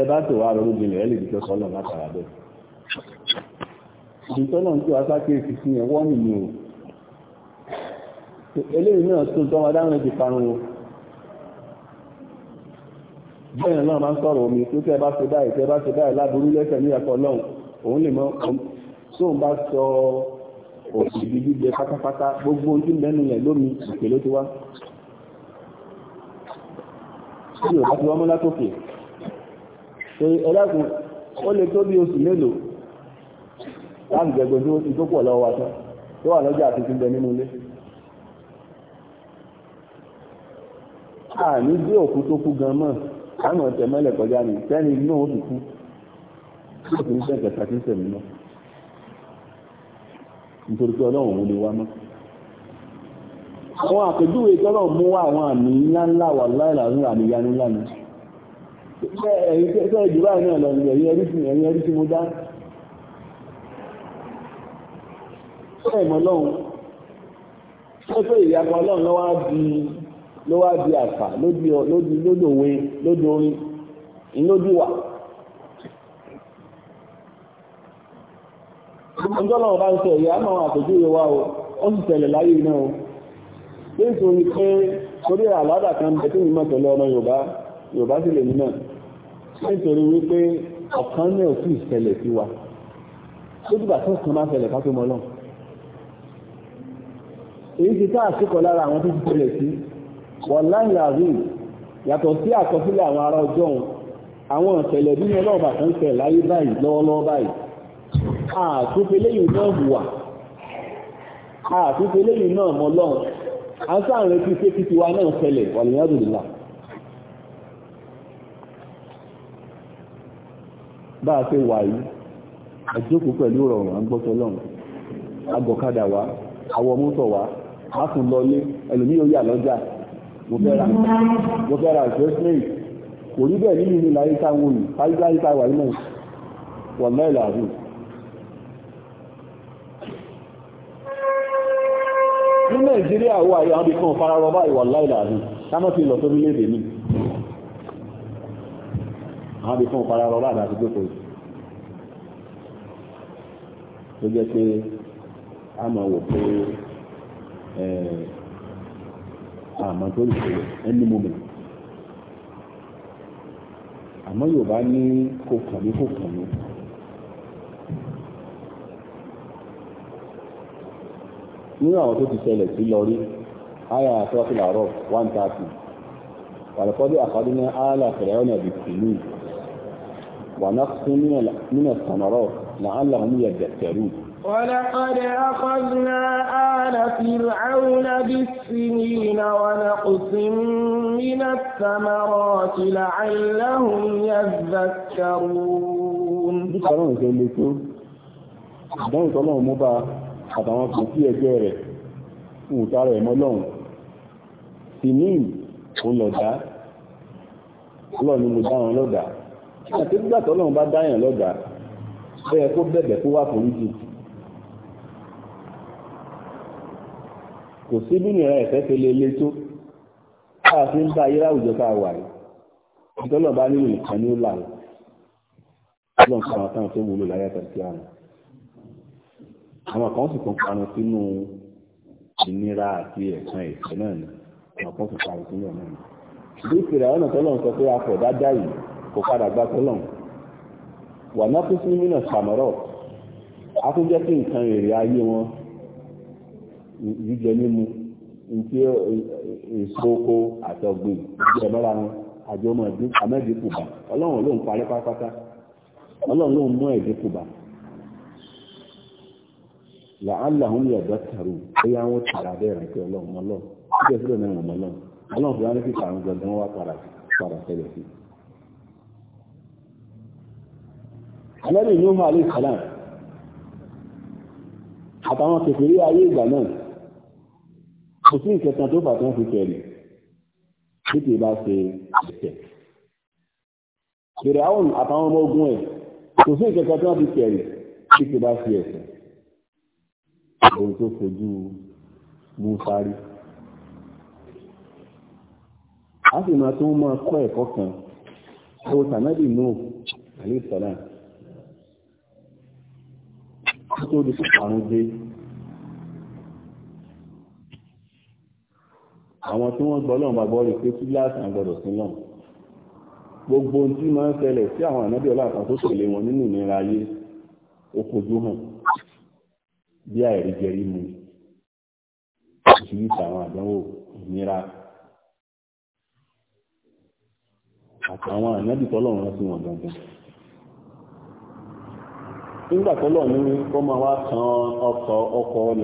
ẹ bá tó wá lọ́rùn jìnlẹ̀ ẹ lè fi kẹ́kọ̀ọ́ lọ látara bẹ́ẹ̀. ìtọ́nà tí wàá sákèèsì sí yẹn wọ́n nì ní o. eléyìí náà tún tọ́wọ́ dáhùn ti parun o. bẹ́ẹ̀ náà máa ń sọ̀rọ̀ omi tó tẹ́ bá ṣe báyìí tẹ́ bá ṣe báyìí láburú lẹ́sẹ̀ níyàtọ̀ ọlọ́run òun lè mọ́ sóun bá sọ òsìlú jíjẹ pátápátá gbogbo ojú mẹ́nu rẹ̀ lómi ìpè ló ti wá tí ò bá ti wá mọ́ látòkè ṣe ẹlẹ́kùn ó lè tó bí oṣù mélòó láti jẹgbẹ́ tó ti tó pọ̀ lọ́wọ́ wa tán tó wà lọ́jà àti ti bẹ nínú ilé àní dé òkú tó kú gan mọ́ àwọn ọ̀tẹ̀ mẹ́lẹ̀ kọjá ni tẹ́ni inú òkú kú tí òkú ń sẹ̀kẹ̀ sàkíńsẹ̀ mìíràn nítorí pé ọlọ́run òun lè wá mọ́ àwọn àpèjúwe tọ́lọ̀ mú àwọn àmì ńlá ńlá wà láìláàrin àmì ìyanu ńlá ni ẹ̀yìn jù báyìí náà lọ ẹ̀yìn ẹ̀rí tí mo dá ọlọ́run di orin wà ọjọ́lọ́wọ́ bá ń sọ ìyá náà àpèjúwe wa o ó sì tẹ̀lẹ̀ láyé náà o lè tó ní pé torí àládà kan bẹ̀ tí mímọ̀ tẹ̀lẹ̀ ọmọ Yorùbá Yorùbá sì lè ní náà nítorí wípé ọ̀kan náà sì ṣẹlẹ̀ sí wa tó dìgbà tó kan máa ṣẹlẹ̀ kápẹ́ mọ́lọ́ èyí ti tá àsìkò lára àwọn tó ti ṣẹlẹ̀ sí wọ́n láì làrí yàtọ̀ sí àkọsílẹ̀ àwọn ará ọjọ́ àwọn ìṣẹ̀lẹ̀ bí ọlọ́ọ̀bà kan ṣẹlẹ̀ láyé báyìí lọ́wọ́lọ́wọ́ báyìí àtúnfẹ́ lẹ́yìn náà wà àtúnfẹ́ lẹ́yìn náà mọ́ lọ́run a sáà retí pé títí wa náà fẹlẹ̀ wà lèyàn dùnlá bá a fẹ́ wà yìí àjókòó pẹ̀lú rọrùn àgbọ́tọ̀ lọ́run agọ̀kadà wa àwọ mọ́tọ̀ wa a kùn lọlé ẹlòmí yóò yà lọ́jà mo fẹ́ ra ìfẹ́sìlẹ̀ kò rí bẹ́ẹ̀ nínú ilé láyé táwọn olù láyé táwọn wà nínú wọ̀n mẹ́rin àrùn nàìjíríà wà yọ àwọn ibìkan fara rọ báyìí wà láìlà àbí sámọ́ ti lọ sórí léde mi àwọn ibìkan fara rọ láàdá àti gbogbo tó jẹ́ pé a máa wò pé àmọ́ tó lè ṣe ẹni mú mi àmọ́ Yorùbá ní kò kàn kò kàn nínú àwọn tó ti ṣẹlẹ̀ sí lọ rí aya sọ́kì làárọ̀ one thirty wàlùkọ́dé àkọ́dúnrún ààlà fẹ̀rẹ̀ọ́nà bí wà náà fún nínú sàmọ́rọ̀ làálà mú yẹ dẹ̀tẹ̀rù. ولقد أخذنا آل فرعون بالسنين ونقص من الثمرات لعلهم يذكرون àtàwọn kò sí ẹgbẹ́ rẹ̀ fún ìtara ẹ̀mọ́ lọ́hùn sinin ọlọ́run ni ọlọ́run kò sí nínú ẹ̀rọ ẹ̀fẹ́ fi lè le tó káà fi ń bá ayé láwùjọ ká wà yìí ìtọ́lọ̀ bá nílò nìkan ó là ó àwọn táwọn tó wúlò láyé àtàkì àrùn àwọn kan sì tún parun sínú ìnira àti ẹ̀sán ẹ̀sẹ̀ náà ni àwọn kan sì parun sínú ẹ̀ náà ni bí ìpìlẹ̀ ọ̀nà tọ́lọ́run sọ pé afọ̀dá dá yìí kò padà gbá tọ́lọ́run wà náà tún sí mínà sàmọ́rọ̀ a tún jẹ́ kí nǹkan èrè ayé wọn jíjẹ mímu nti èso oko àti ọ̀gbìn ìjọba mọ́ra wọn àjọ ọmọ ẹ̀dínkù àmẹ́dínkù bá ọlọ́run ló ń parí pátápátá ọlọ́run ló ń mú ẹ̀dínkù bá làálà òun yà bá tàrú bóyá wọn tàrà bẹ́ẹ̀ rẹ̀ pé ọlọ́run mọ́ lọ́n síbẹ̀ síbẹ̀ náà wọ́n mọ́ lọ́n ọlọ́run fún wa ní kí tàrún gbọ̀ngàn wá padà padà tẹ̀lẹ̀ sí. alẹ́bí ní ó máa lè kàdá àtàwọn kékeré ayé ìgbà náà kò sí ìkẹta tó fàtán fi kẹ̀lé títí bá ṣe ẹ̀ṣẹ̀. Fèrè àwọn àtàwọn ọmọ ogun ẹ̀ kò sí ìkẹta tó fi kẹ̀lé títí bá ṣe ẹ̀ṣẹ̀ ohun tó fojú Musa rí a sì máa tó máa kọ́ ẹ̀kọ́ kan tó sànádì náà àlè sọ́lá tó tó di àrùn dé àwọn tí wọ́n gbọ́ lọ́nà bàbọ́ rí pé tí láti àgbọ̀dọ̀ sí náà gbogbo ohun tí máa ń ṣẹlẹ̀ sí àwọn ànábì ọlọ́pàá tó ṣẹlẹ̀ wọn nínú ìnira ayé ó fojú hàn bí àìríjẹrí mu oríṣiríṣi àwọn àdánwò ìnira àtàwọn ànábì tọ́lọ́run wọn gangan nígbà ní kó ma wá kan ọkọ̀ ọkọ̀ wọ́n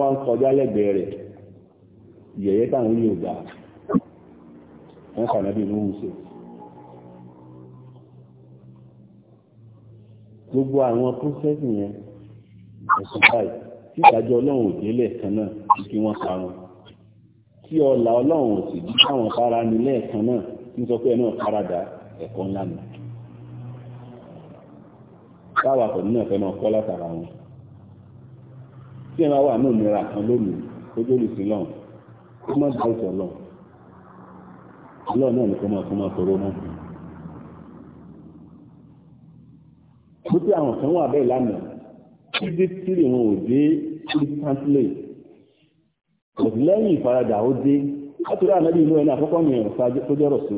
wá ń kọjá lẹ́gbẹ̀ẹ́ rẹ̀ wọ́n kà gbogbo àwọn prọfẹsì yẹn ẹsùn báyìí tí ìdájọ́ Ọlọ́run ò délẹ̀ kan náà tí kí wọn pa wọn tí ọlà Ọlọ́run ò sì jí káwọn fara ní lẹ́ẹ̀kan náà tí sọ pé ẹ náà farada ẹ̀kọ́ ńlá nù káwa pẹ̀lú náà fẹ́ máa kọ́ látara wọn tí ẹ máa wà náà nira kan lónìí ojú olùsìn lọ́hùn kó má dá ìtọ̀ lọ́hùn Ọlọ́run náà ní kó máa kó máa tọrọ náà. wípé àwọn kan wà bẹ́ẹ̀ lánàá títí tírì wọn ò dé instantly kò sí lẹ́yìn ìfaradà ó dé látòrí ànábì inú ẹni àkọ́kọ́ ní ẹ̀rọ tó jẹ́ rọ̀sù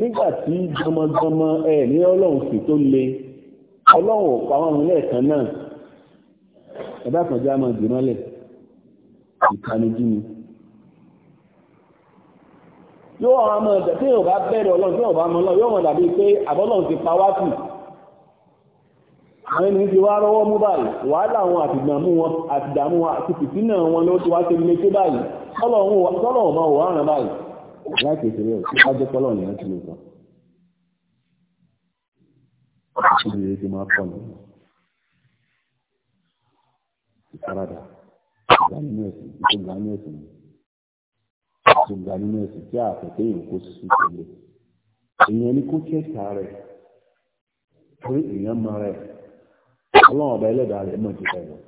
nígbà tí gbọmọgbọmọ ẹ ní ọlọ́run sì tó le ọlọ́run ò pa wọn lẹ́ẹ̀kan náà ẹ̀dá kan já máa dì mọ́lẹ̀ ìkanijú ni yóò wọn àmọ́ ẹ̀dẹ̀ tí yóò bá bẹ̀rẹ̀ ọlọ́run tí yóò bá mọ́ ọlọ́run yóò mọ̀ dàbí pé àbọ́lọ́run ti pa wá sí àwọn ènìyàn ti wá rọ́wọ́ mú báyìí wàhálà wọn àti ìdààmú wọn àti ìdààmú wọn àti fìtínà wọn ló ti wá sí ilé tó báyìí tọ́lọ̀wọ̀n máa wò áràn báyìí láti ìṣẹ̀lẹ̀ ò síká jẹ́ tọ́lọ̀ nìyẹn ti lè sọ. ìṣẹ̀lẹ̀ ti máa pọ̀ nìyẹn ìfaradà ìgbà nínú ẹ̀sìn ìgbà nínú ẹ̀sìn nìyẹn àti ìgbà nínú ẹ̀sìn tí àfẹ́fẹ́ yìí kó sí ìpele èèyàn ní kó kẹta rẹ̀ pé èèyàn mọ rẹ̀ ọlọ́run ọba ẹlẹ́dàá rẹ̀ mọ̀ jùlọ rẹ̀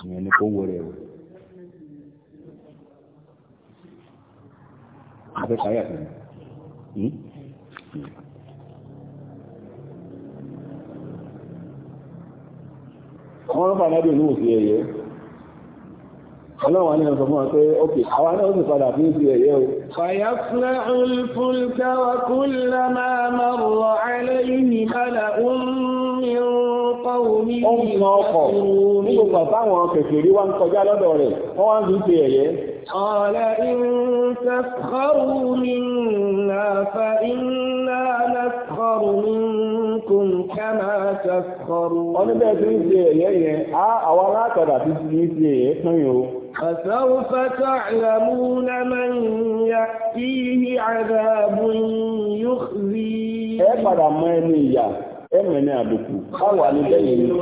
èèyàn ní kó wọ rẹ̀ o. afẹ́fẹ́ ayé àtẹ̀yìn. wọ́n ń fa anábìyàn ní òsì ẹ̀yẹ ọlọ́wọ́n ní ọ̀sọ̀ fún ọ pé ókè àwọn náà sì padà fún ìsì ẹ̀yẹ́ o. fàyàfúnlẹ̀ olùfúnkẹ́ wa kúlẹ̀ máa máa rọ̀ àlẹ́yìn kálà omi ọkọ̀ omi ìwọ̀n. ó ń kan ọkọ̀ ní gbogbo àtàwọn kẹ̀kẹ́rí فسوف تعلمون من يأتيه عذاب يخزيه أبدا ما نيا أمنا بكو أو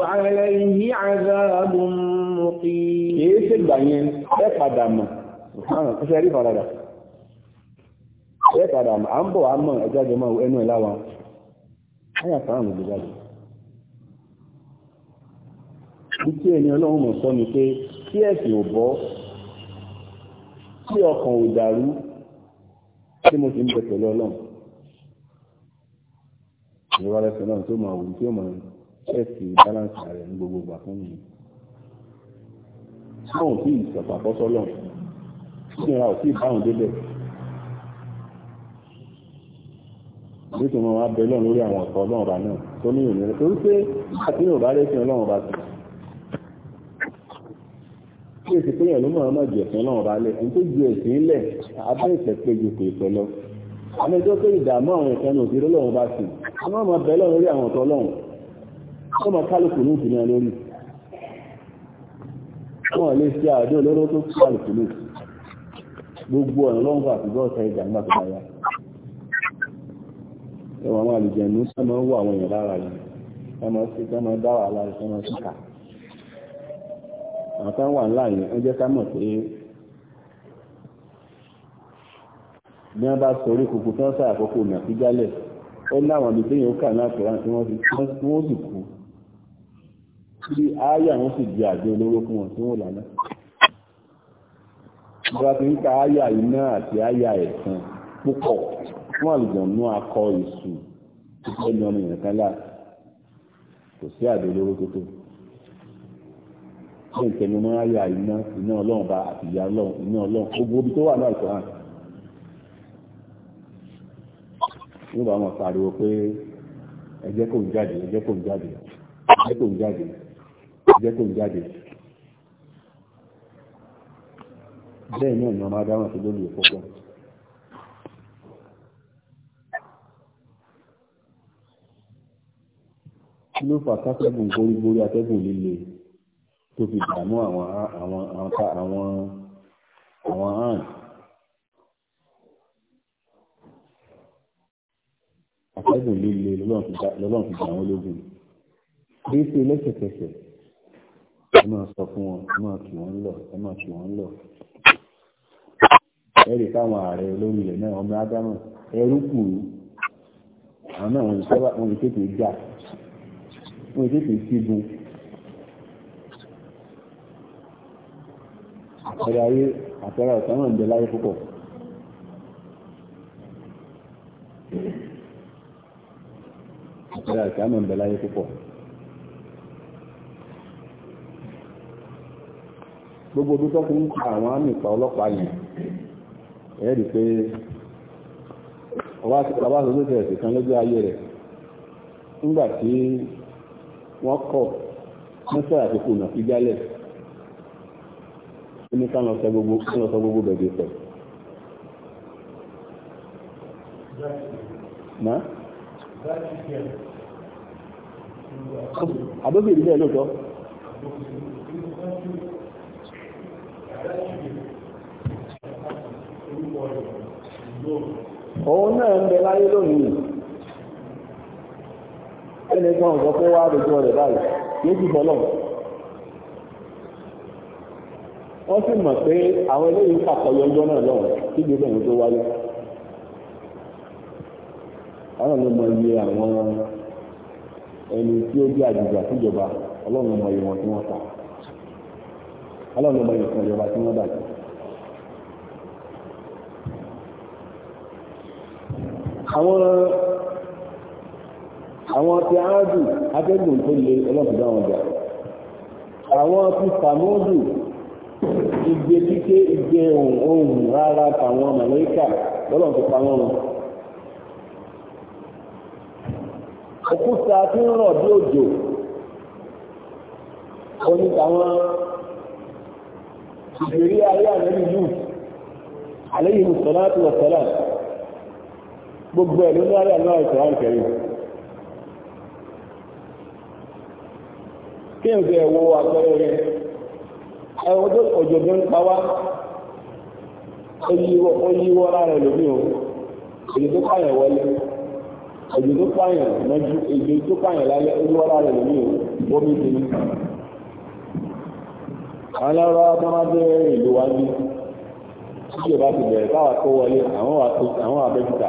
عليه عذاب مقيم إيه سبعين أبدا ما سبحان الله شريف هذا ẹ̀ẹ́kàdà àmbọ̀ àmọ́ ẹjáde máa ẹnu ìláwà ayàtà àrùn ìgbèjáde. Bí ẹni ọlọ́run mọ̀ sọ ni pé kí ẹ̀sìn ò bọ́ kí ọkàn ò dàrú tí mo ti ń bẹ̀tẹ̀ lọ́lọ́n ìrora lẹ́sẹ̀ náà tó máa wù tí ó máa ẹ̀sìn balance rẹ̀ ní gbogbo ìgbà fún mi báwọn tí ìsọ̀pà fọ́sọ́lọ̀ tí ìra òsì báwọn débẹ̀ nítorí wọn wá bẹ lọ́run lórí àwọn ọ̀tọ̀ ọlọ́run ọba náà tó ní ìrìnlẹ̀ torí pé àti ìrọ̀bá lẹ́sìn ọlọ́run ọba sí èsì pé yàn ló máa máa jù ẹ̀sìn náà rálẹ̀ ẹni tó ju ẹ̀sìn lẹ̀ abẹ́ ìfẹ́ pé ju kò ìfẹ́ lọ àmì tó pé ìdààmú àwọn ìfẹ́ náà òṣèré lọ́wọ́ bá sì a máa máa bẹ̀ẹ́ lọ́rùn rí àwọn ọ̀tọ̀ lọ́hùn ó máa kálukú ní ìfìnà lórí wọn lè ṣe àdó olóró tó kálukú ní gbogbo ọ̀nà lọ́wọ́ àtijọ́ ọ̀sẹ̀ ìjà nígbà tó dáyà ẹwà àwọn àlùjẹ̀nú sọ́mọ́ wọ àwọn èèyàn lára yìí sọ́mọ́ sí sọ́mọ́ dá wàhálà sọ́mọ́ síkà àwọn tá wà ńlá yẹn ó jẹ́ ká mọ̀ pé bí wọ́n bá sọ orí kùkù tí wọ́n sá àkókò nàfi jálẹ̀ ó láwọn ibi téèyàn ó kà náà kúrò àti wọ́n sì kú tí ááyà wọ́n sì di àjọ olóró fún wọn tí wọ́n lànà ìjọba ti ń ka ááyà iná àti ááyà ẹ̀sán púpọ̀ fún àlùjọ̀nú akọ èṣù tó fẹ́ ní ọmọ ìrìnkan kò sí àjọ olóró tó tóbi ó ń tẹnu mọ́ àyà iná iná ọlọ́run bá àti ìyá ọlọ́run iná ọlọ́run gbogbo ibi tó wà náà ìtàn àná. yóò bá wọn pariwo pé ẹ̀jẹ̀ kò ń jáde ẹ̀jẹ̀ kò ń jáde ẹ̀jẹ̀ kò ń jáde ẹ̀jẹ̀ kò ń jáde. bẹ́ẹ̀ náà ni ọmọ adáwọn tó lórí ìfọ́pọ́. kí ló fà sátẹ́gùn gbórígbórí atẹ́gùn líle tó fi dààmú àwọn àwọn àwọn àwọn hàn. atẹ́gùn líle lọ́lọ́run fi dà wọ́n lógun bí ṣe lẹ́sẹ̀kẹsẹ̀ ẹ máa sọ fún wọn ẹ máa kì wọ́n lọ ẹ máa kì wọ́n lọ. ẹ̀rì káwọn ààrẹ olórí ilẹ̀ náà ọmọ ádámù ẹrú kù àwọn náà wọ́n ń tètè wọ́n ń tètè ọ̀rẹ́ ayé àtẹ́rà ọ̀sán náà ń bẹ láyé púpọ̀ àtẹ́rà ọ̀sán náà ń bẹ láyé púpọ̀ gbogbo ojú tó fi ń ka àwọn àmì ìpa ọlọ́pàá yìí ẹ̀ẹ́dì pé ọba tó tó tẹ̀sì kan lójú ayé rẹ̀ nígbà tí wọ́n kọ̀ mọ́sẹ̀ àtìkù nà fi jálẹ̀ ní ká lọ sọ gbogbo bẹ̀bẹ̀ pẹ̀. àbẹ́bẹ̀ ìdílé ẹ̀ lóòótọ́ òun náà ń bẹ láyé lónìí ẹnìkan ọ̀sọ̀ pé wá àdójọ́ rẹ̀ báyìí yóò ti fọ́lọ́mù wọ́n sì mọ̀ pé àwọn eléyìí pàkọyọ ọjọ́ náà lọ́wọ́ kí gbogbo ẹ̀yìn tó wáyé ọlọ́run ló mọ àwọn ẹni tí ó jẹ́ ọlọ́run ló mọ iye wọn tí wọ́n ta ọlọ́run ló mọ iye kan àwọn àwọn ti tó le ọlọ́run dá wọn ìgbé kíké ìgbé ohun rárá tàwọn màlẹ́kà lọ́lọ́ ti pa wọ́n. òkúta tí ń rọ̀ bí òjò oní tàwọn ìgbèrí ayé àlẹ́bí lù àlẹ́yìn mùsùlùmá ti wọ̀ gbogbo ẹ̀ lórí ayé àlọ́ ìsọ̀rọ̀ ìkẹyìn. kí n fẹ́ àpẹẹrẹ rẹ̀ ẹ̀wọ̀n tó ọ̀jọ̀gbọ́n ń pa wá ó yíwọ́ lára ẹlòmí o èdè tó pààyàn wọlé èdè tó pààyàn mọ́jú èdè tó pààyàn lálẹ́ ó yíwọ́ lára ẹlòmí o omi ti ní. àwọn lọ́rọ́ abọ́mọdé ìlú wa ní tí ìjọba ti bẹ̀rẹ̀ káwa tó wọlé àwọn abẹ́kúta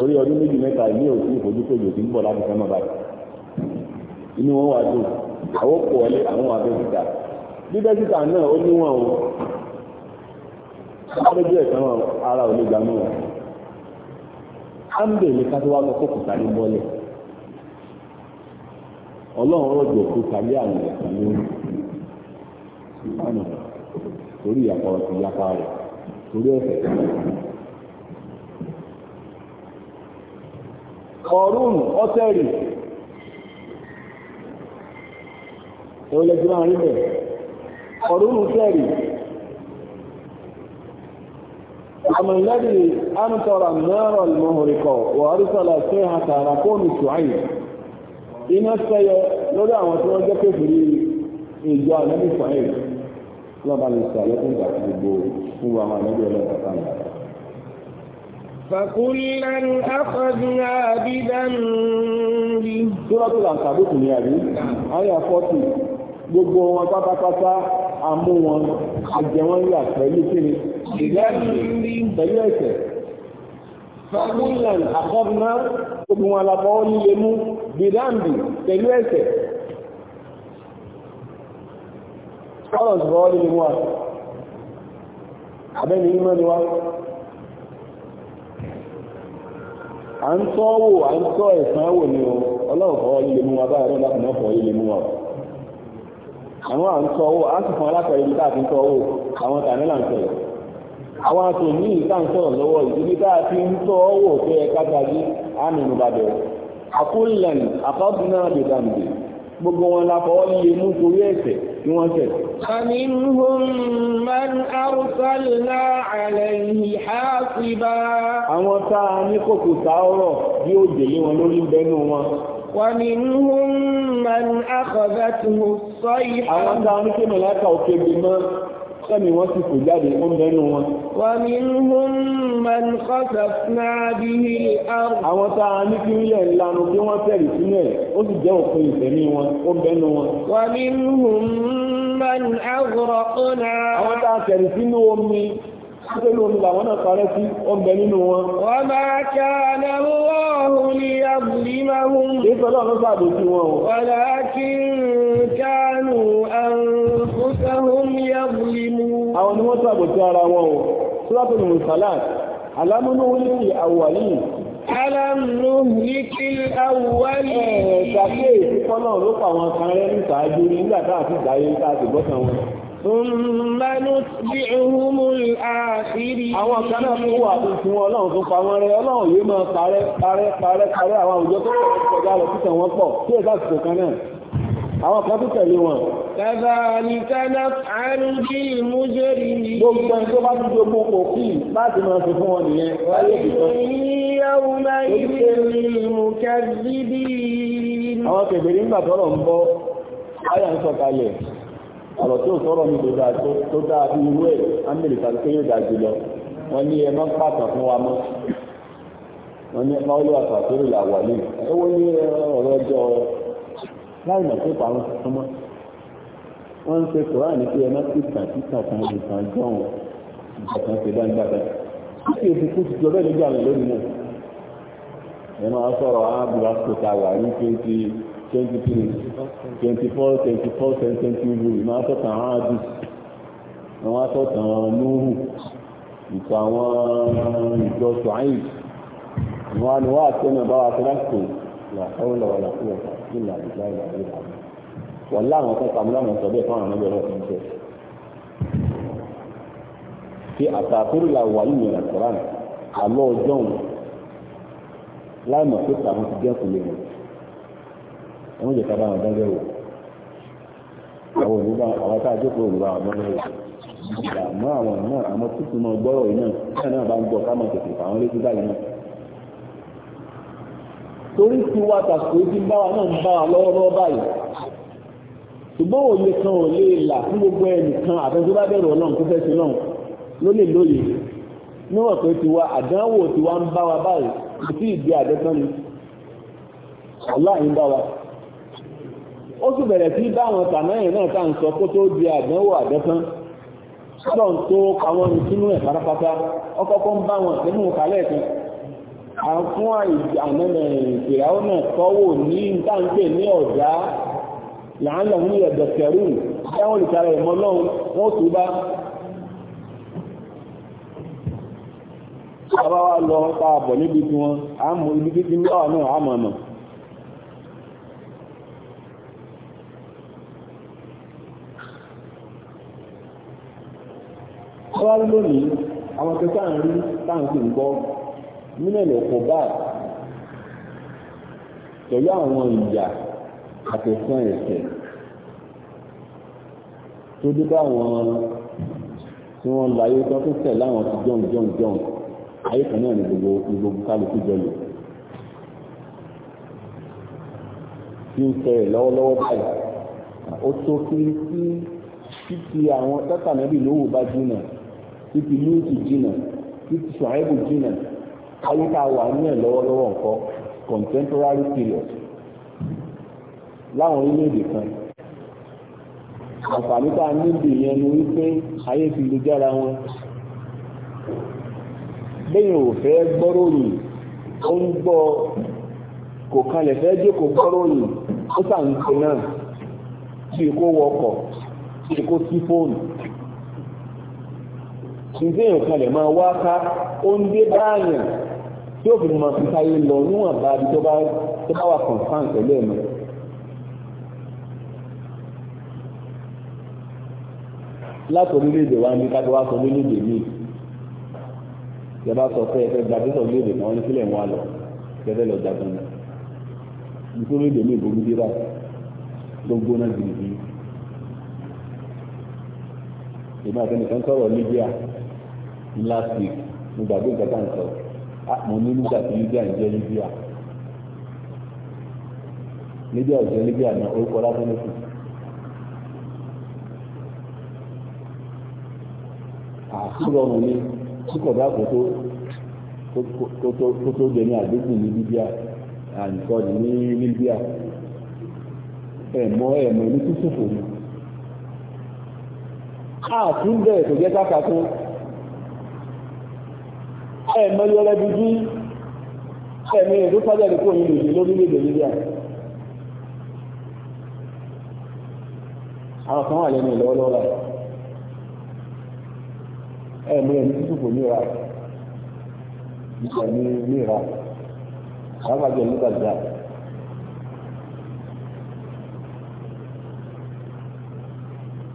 orí ọdún méjì mẹ́ta ìlú òsì ìfojúkojò ti ń bọ̀ láti fẹ́ mọ́ báyìí inú wọn wà dùn àwọn kò wọlé àwọn wà bẹ́ẹ̀ náà ó níwọ̀n o sábẹ́jọ́ ẹ̀sán ara ò lè wọn á ń bèèrè ká tó wá lọ kó kùtà ní bọ́lẹ̀ ọlọ́run kó torí ìyàpá torí ẹ̀sẹ̀ òun lẹ́jọ́ máa rí bẹ̀ ọ̀rún kẹ́rì ومن الذي أمطر النار المهرقة وأرسل فيها كراكون الشعيب iná sẹ́yẹ lórí àwọn tí wọ́n jẹ́ kéfìrí ìjọ ànábì sọ̀hìn lọ́ba lè sọ gbogbo fún àwọn ànábì ọlọ́pàá أخذنا بذنبه. سورة آية 40 gbogbo wọn pátápátá amú wọn àjẹ wọn yà pẹ̀lú kíni pẹ̀lú ẹ̀ṣẹ̀. Fàkúnlẹ̀n àkọ́bùná gbogbo wọn alábọ́wọ́ líle mú bìdáǹdì pẹ̀lú ẹ̀ṣẹ̀. Ọ̀rọ̀ ìbọ̀wọ́ líle mú wa. Abẹ́ni mímọ́ ni wá. À ń tọ́wò, à ń tọ́ ẹ̀sán wò ni o. Ọlọ́run fọwọ́ líle mú wa báyìí, ọlọ́run láti náà fọwọ́ líle mú wa àwọn à ń tọ́ owó a sì fún alápẹ̀rẹ̀ ibi tá a ti ń tọ́ owó àwọn tàní là ń tẹ̀lé àwọn àtò ní ìta ń sọ̀rọ̀ lọ́wọ́ ibi tá a ti ń tọ́ owó tó yẹ ká gbajú á nínú bàbẹ̀ àkúlẹ̀n àkọ́bùnà àbẹ̀dàmìdì gbogbo wọn la fọwọ́ lè mú torí ẹ̀ṣẹ̀ ni wọ́n tẹ̀. فمنهم من أرسلنا عليه حاصبا àwọn tá a ní kòkòtà ọ̀rọ̀ bí ó jèlé wọn lórí bẹ́nu wọn ومنهم من أخذته الصيحة àwọn tá a ń ké mọ̀láka òkè bí mọ́ sẹ́mi wọ́n ti kò jáde ó mẹ́nu wọn. ومنهم من خسفنا به الأرض. àwọn tá a ní kí ilẹ̀ ńlanu bí wọ́n tẹ̀lé sínú ẹ̀ ó sì jẹ́ òfin ìfẹ̀mí wọn ó mẹ́nu wọn. ومنهم من أغرقنا. àwọn tá a tẹ̀lé sínú omi. Nítorí omi làwọn náà parẹ́ sí ọmọ nínú wọn. Wọ́n máa ká aláwọ̀ ní àbúlímáhùn. Èso náà ló sàdó sí wọn o. Wọ́lá kí n kánú àrùnfúnṣẹ́hùn yàbúlímú. Àwọn ni wọ́n sàdó sí ara wọn o. Sọ́lápù ni Mùsàlát, àlámúnú wíìsì àwàlì. Alámúnú wíìsì àwàlì. Ẹ̀ẹ̀dàgbé ìfikọ́nà ló pa àwọn kan rẹ́ níta Àwọn kan náà fún wà fún ọlọ́run tó pa wọ́n rẹ, ọlọ́run yìí máa parẹ́, parẹ́, parẹ́, parẹ́ àwọn àwùjọ tó kọjá lọ títẹ̀ wọ́n pọ̀, tí tẹ̀lé wọn. Kàbàlìkà náà àrùn bí ìmújẹ́rì ní. Gbogbo ẹni tó bá ti jogbo òfin láti máa ṣe fún wọn nìyẹn. Wáyé ìtọ́. Ìyáwó náà ìgbé ní ìmùkẹ́ ọ̀rọ̀ tí ò sọ̀rọ̀ mi tó dáa bí irú ẹ̀ amẹ́ríkà tó yóò dáa jùlọ wọ́n ní ẹ máa ń pàtàkì fún wa mọ́ wọ́n ní máa ń lọ àtàkùrù làwà ní ẹ wọ́n ní ọ̀rọ̀ ọjọ́ láì mọ̀ pé parun tuntun mọ́ wọ́n ń ṣe koran ní pé ẹ máa ń pèsè àtìkà fún ìtàn jọ̀hún ìjọkan ṣe dáńgbàdá kí èsì kú ti jọ bẹ́ẹ̀ ní twenty three twenty four twenty four century ìmọ̀ àtọ̀tàn àwọn àdì àwọn àtọ̀tàn núhù ìtọ̀ àwọn ìjọ ṣùáyì àwọn àníwá àtẹ́nà bá wa tẹ́lásìkò làkọ́wọ́lọ́ wà lákúrò ìlà ìlà ìlà ìlà wọ́n láwọn kan tàbí láwọn sọ bẹ́ẹ̀ fáwọn ọmọdé ọlọ́pàá ń tẹ̀ ṣe àtàkùrù la wà nínú ìlànà àlọ́ ọjọ́ láì mọ̀ pé tàbí ti dẹ́kun lè mọ̀ wọ́n jẹ́ ká bá wọn dánlẹ́ wò àwọn òrùba àwọn tá a jókòó òrùba àwọn dánlẹ́ wò àmọ́ àwọn náà àmọ́ tuntun náà gbọ́rọ̀ yìí náà náà náà bá ń gbọ́ káwọn tètè fà wọ́n létí báyìí náà torí tí wá tàkó tí ń bá wa náà ń bá wa lọ́wọ́lọ́wọ́ báyìí ṣùgbọ́n òye kan ò lè là fún gbogbo ẹnìkan àtẹ́sọ́ bá bẹ̀rù ọlọ́run tó fẹ́ sí náà ló lè lóye níwọ̀n pé tiwa àdánwò tiwa ń bá wa báyìí kò sí ìdí àdẹ́tán ni ọlá yìí ń bá ó si bẹ̀rẹ̀ sí báwọn tànáyìn náà tá à ń sọ kó tó di àdánwò àdẹ́tán sọ́dọ̀ ń tó àwọn ìtúnú ẹ̀ pátápátá ọkọ̀kọ́ ń bá wọn nínú kalẹ̀ àfún àmẹ́mẹ́ ìfìràwọ́ náà tọ́wọ́ ní ìtàǹpẹ̀ ní ọ̀dá làálà náà wọ́n tó bá lọ pa àbọ̀ níbi tí ibi ń bá wà náà tó wá rí lónìí àwọn kẹta ń rí táǹkì ń gbọ́ nílẹ̀ kò báyìí pẹ̀lú àwọn ìyà àtẹ̀sán ẹ̀sẹ̀ tó dé bá àwọn tí wọ́n láyé tán tó tẹ̀ láwọn ti jọ̀ǹ jọ̀ǹ jọ̀ǹ ayé kan náà ní gbogbo gbogbo kálukú jọlù tí ń tẹ̀ lọ́wọ́lọ́wọ́ báyìí ó tó kiri sí títí àwọn tátàmẹ́bì lówó bá jìnnà títí lúùtù jìnnà títí ṣùháìbù jìnnà ayé tá a wà ní ẹ̀ lọ́wọ́lọ́wọ́ nǹkan contemporary period láwọn orílẹ̀-èdè kan àǹfààní tá a níbi ìyẹn ni wípé ayé ti lè jára wọn lẹ́yìn ò fẹ́ gbọ́ròyìn ó ń gbọ́ kò kalẹ̀ fẹ́ jẹ́ kò gbọ́ròyìn ó sà ń pè náà bí kò wọkọ̀ bí kò sí fóònù ìdéyàn kalẹ̀ máa wá ká ó ń dé báyàn tí ó fi mọ̀ sí káyé lọ níwọ̀n bá di tó bá wà kọ̀ǹfàn pẹ̀lú ẹ̀mọ́ láti orílẹ̀-èdè wa ní kájọ wá sọ orílẹ̀-èdè míì ìjọba sọ pé ẹ̀fẹ́ gbàgbé sọ orílẹ̀-èdè kan ní sílẹ̀ wọn lọ gẹ́gẹ́ lọ jagun ní nítorí èdè míì borí dé báyìí ló gbóná gbìyànjú èmi àtẹnìkan sọ̀rọ̀ Libya last week mo gbàgbé nǹkan tá à ń sọ ah, mo ní nígbà tí libya ń jẹ́ libya libya ò jẹ́ libya náà orúkọ lásán ló kù. àtúrọ̀rùn ni tí kò bá kótó kótó jẹ ní àdínkù ní libya àǹkọ́ni ní libya ẹ̀mọ́ ẹ̀mọ́ ní tútù fòmù. àtúndẹ̀ kò jẹ́ káka ẹ̀mẹ́lẹ́ ọlẹ́bí bí ẹ̀mí èdè sájẹ̀dì kò ní lòdì lórílẹ̀-èdè Libya àwọn kan wà lẹ́nu ìlọ́wọ́lọ́wọ́ ẹ̀mí ẹ̀mí títù níra ìṣẹ̀mí níra àbájọ nígbà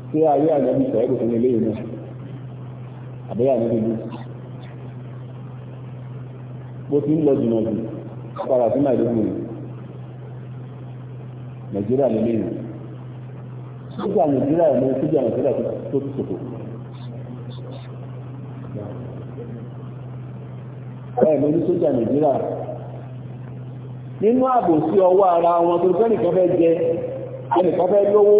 tí ayé àjẹ́bí sọ̀rọ̀ kò ní ilé ìlú àbẹ́yà níbi ìlú bó ti ń lọ jùlọ jù padà sí Maiduguri Nàìjíríà nílé yìí sójà Nàìjíríà ní sójà Nàìjíríà tó ti sòkò ẹ̀ mo ní sójà Nàìjíríà nínú ààbò sí ọwọ́ ara wọn tó fẹ́ nìkan fẹ́ jẹ ẹnìkan fẹ́ lówó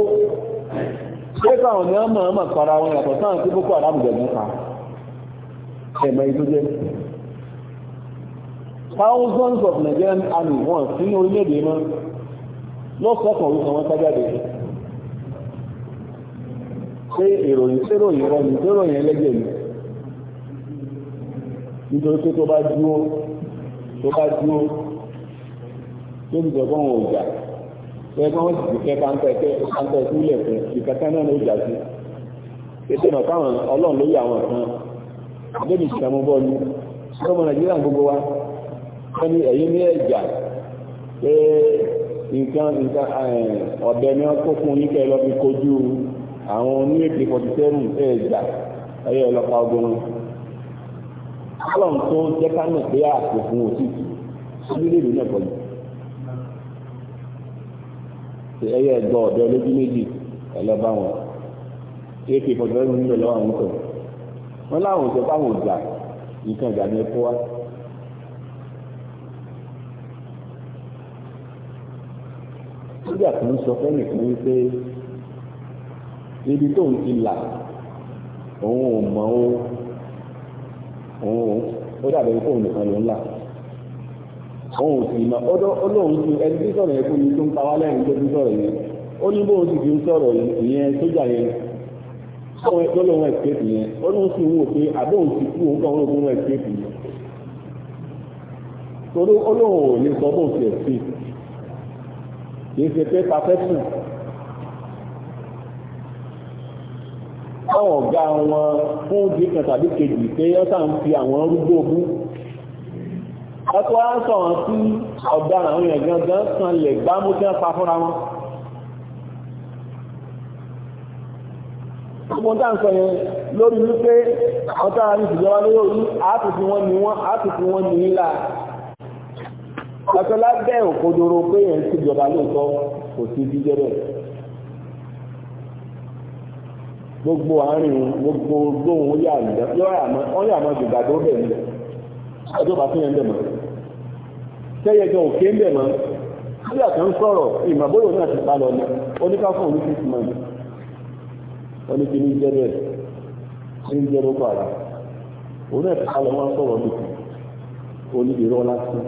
ṣé káwọn ni wọ́n mọ̀ ọ́n mọ̀ para wọn yàtọ̀ sáà tí Boko Haram jẹ̀ nípa ẹ̀mọ́ ìtújẹ́ thousands of Nigerian army wọn sínú orílẹ̀-èdè mọ́ lọ́sọ̀kan orúkọ wọn sájáde pé ìròyìn séròyìn rọrùn séròyìn ẹlẹ́gẹ̀ẹ́ ni nítorí pé tó bá dúró tó bá dúró tó ti sọ̀kan wọn ò jà ẹgbẹ́ wọn sì fẹ́ pàǹtẹ̀kẹ́ pàǹtẹ̀ sílẹ̀ fún ìkàkà náà ló jà sí ètò ìmọ̀ táwọn ọlọ́run lórí àwọn kan lórí ìṣàmúbọ́ ni ọmọ Nàìjíríà gbogbo wa wọ́n ní ẹ̀yìn ní ẹ̀jà pé nǹkan nǹkan ọ̀bẹ ni wọ́n kó fún yín kẹ́ ẹ lọ fi kojú àwọn oní èdè forty seven ẹ̀jà ẹ̀yẹ ọlọ́pàá ogun ọlọ́run tó jẹ́ ká mọ̀ pé àpò fún òtítù orílẹ̀-èdè náà kọjú ẹ̀yẹ ẹ̀gbọ́ ọ̀dọ́ lójú méjì ẹ̀lọ́bá wọn ak forty seven ń lọ lọ́wọ́ àwọn kan wọ́n láwọn òṣèpá àwọn ìjà nǹkan ìjà ni ẹ kó wá. nígbà tó ń sọ fẹ́mi kan wípé ibi tóun ti là òun ò mọ ó òun ó dàbẹ̀ pé òun nìkan ló ń là òun ò sì mọ ọlọ́run ti ẹni tí sọ̀rọ̀ yẹn fún mi tó ń pa wá lẹ́yìn tó ti sọ̀rọ̀ yẹn ó ní bóun sì fi ń sọ̀rọ̀ ìyẹn sójà yẹn sọ̀rọ̀ ẹgbẹ́ lòun ẹ̀sìkéèpì yẹn ó ní sì ń wò pé àbóun ti kú òun kàn ń rògbòun ẹ̀sìkéèpì yẹn torí ọlọ́run ò lè sọ bóun ti ẹ̀sìn kìí ṣe pé pàfẹ́tù àwọn ọ̀gá wọn fún díkan tàbí kejì pé ọ́sà ń fi àwọn rúgbó ogún ọkọ̀ á sọ wọn sí ọ̀daràn àwọn èèyàn gangan kan lè gbá mú kí wọ́n pa fúnra wọn gbogbo tá à ń sọ yẹn lórí wípé àwọn tára ní ìjọba lórí àtìfún wọn ni wọn àtìfún wọn ni ńlá Akọ́lá bẹ́ òkodoro pé yẹn ti jọba lóòótọ́ kò sí Gbogbo àárín gbogbo gbóhùn yà nígbà tí wọ́n yà tó bẹ̀ nílẹ̀. Ọjọ́ bá fún yẹn bẹ̀ mọ́. Sẹ́yẹjọ òkè ń bẹ̀ mọ́. Sílẹ̀ kan ń sọ̀rọ̀ ìmọ̀bóyò náà ti pa lọ ní. Oníká fún òní Wọ́n ní kí ní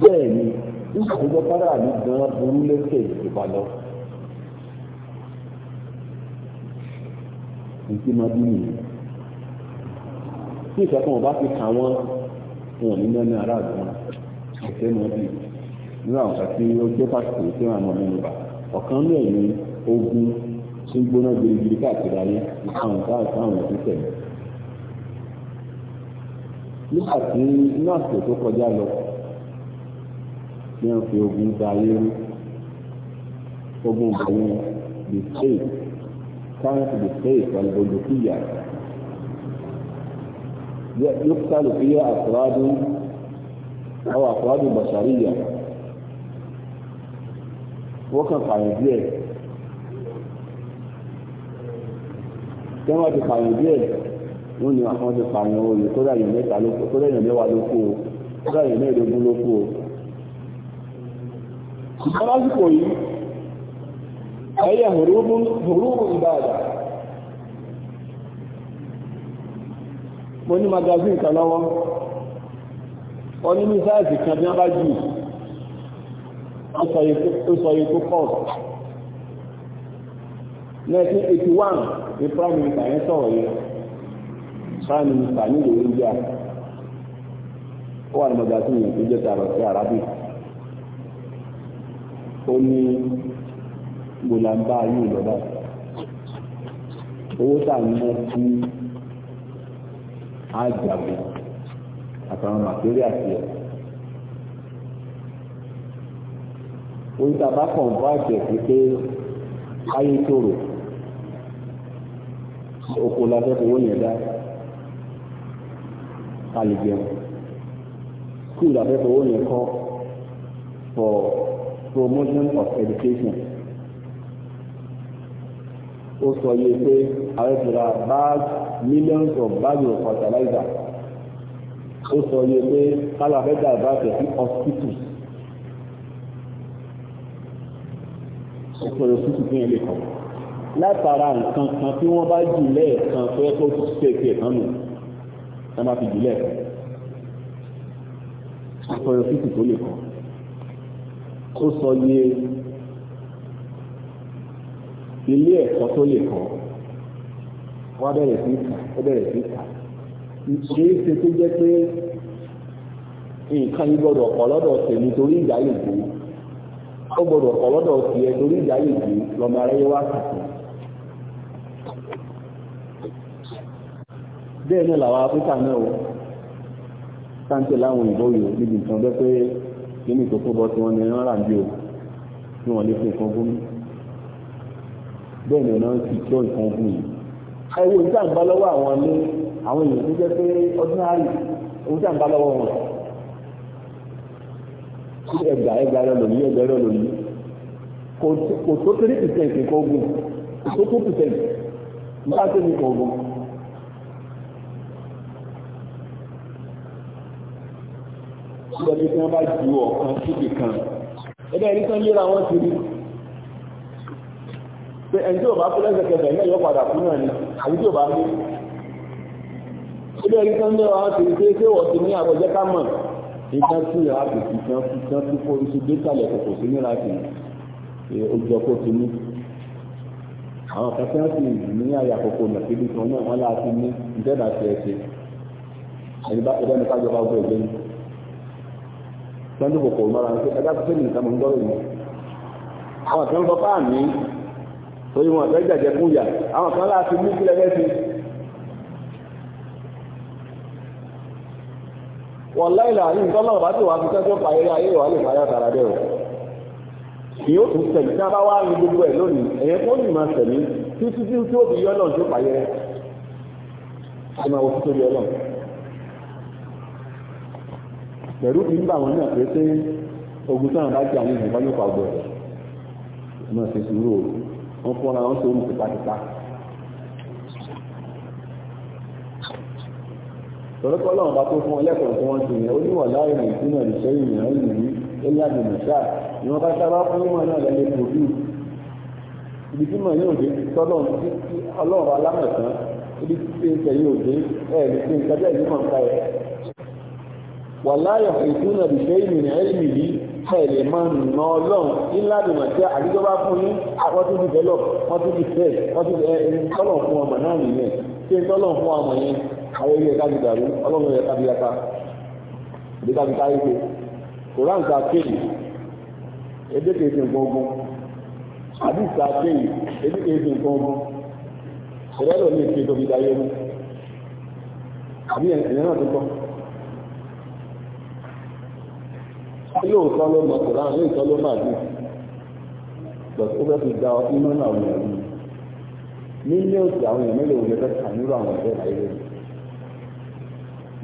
bẹ́ẹ̀ ni ìṣòjọ́ fáráàlú gan burú lẹ́sẹ̀ ìjọba lọ. Ìdí máa bí nìyẹn. Tí ìṣẹ́kùn ọba ti kà wọ́n wọn ní mẹ́rin aráàlú wọn, ẹ̀sẹ̀ ni wọ́n ti nínú àwọn ọ̀sán tí ó jẹ́ pàtàkì tí wọ́n àwọn mẹ́rin bá. Ọ̀kan náà ni ogun tí ń gbóná gbirigbiri káàkiri ayé ìkàwọn káàkiri àwọn ẹ̀sìn tẹ̀lé. Nígbà tí nọ́ọ̀sì tó kọjá lọ, tí wọ́n fi ogun gba ayé rí ogun bẹ̀rẹ̀ the state current the state and bolivia يقتل فيها أفراد أو أفراد بشرية وكان قاعدين tẹ́wọ́n ti pààyàn díẹ̀ wọ́n ní àwọn ti pààyàn olè kódà yìí mẹ́ta ló kó kódà yìí mẹ́wàá ló kó o kódà yìí mẹ́ẹ̀ẹ́dógún ló kó o ṣùgbọ́n lásìkò yìí ẹ̀yẹ hùrùrù ìbáàdà wani magazin kalawa wani lọ́wọ́ wọ́n ní mísáàsì kan 1981 ní prime minister yẹn sọ̀rọ̀ yẹn prime India wà ní sí Arabic ó ní gbòlàmbá ayé ìlọ́dà owó tà ń mọ́ sí àjàgbé àtàwọn màtírí àti ẹ̀ orí tàbá kan bá jẹ́ pé ayé tòrò oko la fẹ́ fowó yẹn dá a jẹun kúù la fẹ́ fowó yẹn kọ́ fọ́ promotion of education ó sọ yìí pé àwọn ti bag millions of bags of fertilizer ó sọ yìí pé kálá fẹ́ dà bá tẹ̀ sí hospital ó sọ yìí hospital fún ilé kan látara nǹkan kan tí wọ́n bá jù lẹ́ẹ̀kan fẹ́ kó tó ṣe èké kan nù ẹ má fi jù lẹ́ẹ̀kan ó sọ yìí hospital tó lè kó sọ yé ilé ẹ̀kọ́ tó lè kọ́ wọ́n bẹ̀rẹ̀ sí kà ó bẹ̀rẹ̀ sí kà ṣe é ṣe tó jẹ́ pé nǹkan yìí gbọ́dọ̀ kọ́ lọ́dọ̀ tẹ̀ nítorí ìjà yìí gbé ó gbọ́dọ̀ kọ́ lọ́dọ̀ tiẹ̀ torí ìjà yìí gbé lọ́mọ aráyé wá kàkọ́. bẹ́ẹ̀ náà làwọn Áfíríkà náà ó sáńtẹ̀ láwọn òyìnbó níbi nǹkan bẹ́ẹ̀ pé kíní ìkókó bọ́ tí wọ́n ní ẹran rà bí o tí wọ́n lè fún nǹkan gún mi bẹ́ẹ̀ ni ọ̀nà ti tó nǹkan gún yìí. ẹ wo ìjà ń bá lọ́wọ́ àwọn ní àwọn èèyàn tó jẹ́ pé ordinary ohun tí à ń bá lọ́wọ́ wọn. ẹgbà ẹgbà rẹ lòlí ẹgbà rẹ lòlí kò tó three percent nǹkan gún kò tó two percent nígbà tó ní nǹkan gún. síbẹ̀ tí wọ́n bá ju ọ̀kan síbì kan ẹgbẹ́ ẹni tán léra wọn ti rí pé ẹni tí ò bá kú lẹ́sẹ̀kẹsẹ̀ náà yọ padà kú náà ni àbí tí ò bá ní ẹgbẹ́ ẹni tán léra wọn ti rí pé ṣé wọ́n ti ní àbọ̀jẹ́ ká mọ̀ nǹkan tí ìyá àbùkù kan fi kan tí kò ní ṣe kò kò sí ní láti ojú ọkọ̀ ti ní àwọn kan tí wọ́n sì ní ní ìjẹ́dà tẹ̀ẹ̀tẹ̀ ẹ̀dẹ́nìkájọba lọ́dún kòkòrò mọ́ra ń pé ẹgbẹ́ afẹ́fẹ́ nìkan mọ́ ń gbọ́rọ̀ yìí àwọn kan sọ fáà ní torí wọn àtẹ́ jàjẹ́ fún ìyà àwọn kan láti mú sílẹ̀ lẹ́sìn wọ́n láìlà yìí nǹkan náà bá ti wà fi tẹ́jọ́ pa eré ayé wà lè parí àtàrà bẹ́ẹ̀ o ìyẹn ó tún tẹ̀lé tí a bá wá ní gbogbo ẹ̀ lónìí ẹ̀yẹ kó ní máa tẹ̀lé títí tí ó fi yọ náà tó pàyẹ bẹ̀rù kì í bà wọ́n náà pé pé ogun táwọn bá jà ní ìgbà yóò pa ọgbọ̀n ẹ̀ máa fi sùúrù o wọ́n fọ́ra wọn sóhun tipátipá. tọ́lọ́kọ́ lọ́wọ́ bá tó fún ọlẹ́kọ̀ọ́ tí wọ́n ti yẹn oníwọ̀ láàrin ìpínlẹ̀ ìṣẹ́ ìrìnà ìlú ẹ̀yà dèmọ̀ṣà ni wọ́n bá sábà fún ìwọ̀n náà lẹ́lẹ́ pòbí ibi tí màá yóò dé tọ́lọ́ ọlọ́run alámọ̀tán ibi tí ń tẹ̀yìn òde ẹ̀ẹ́dì tí ń kájá ìlú mọ̀ ń pa ẹ̀ wàláyà ìtúnà ìfẹ́ ìrìn ẹ̀rìmì yìí ẹ̀lẹ̀ máa ń nà ọlọ́run nílá dùnà tí àdúgbò bá fún yín wọ́n tún ti develop wọ́n tún ti fẹ́ wọ́n tún ti ẹ ẹni tọ́lọ̀ fún ọmọ náà nìyẹn ṣé ń tọ́lọ̀ fún ọmọ yẹn àwọn ilé ẹ̀ka ti dàrú ọlọ́run ẹ̀ka ti yàtá ìdíkà ti ká yípe koran ta kéyì edéke ti nǹkan ogun àdìs ta kéyì edéke ti nǹkan ogun ìrẹ́lò ní ìṣe lóòótọ́ ló mọ̀ kòrán lóòótọ́ ló mà dì bọ̀tí ó fẹ́ fi gba iná náà wọ̀ ẹ̀ ní mílíọ̀sì àwọn èèyàn mélòó lè fẹ́ kà nírú àwọn ẹ̀fẹ́ láyé lónìí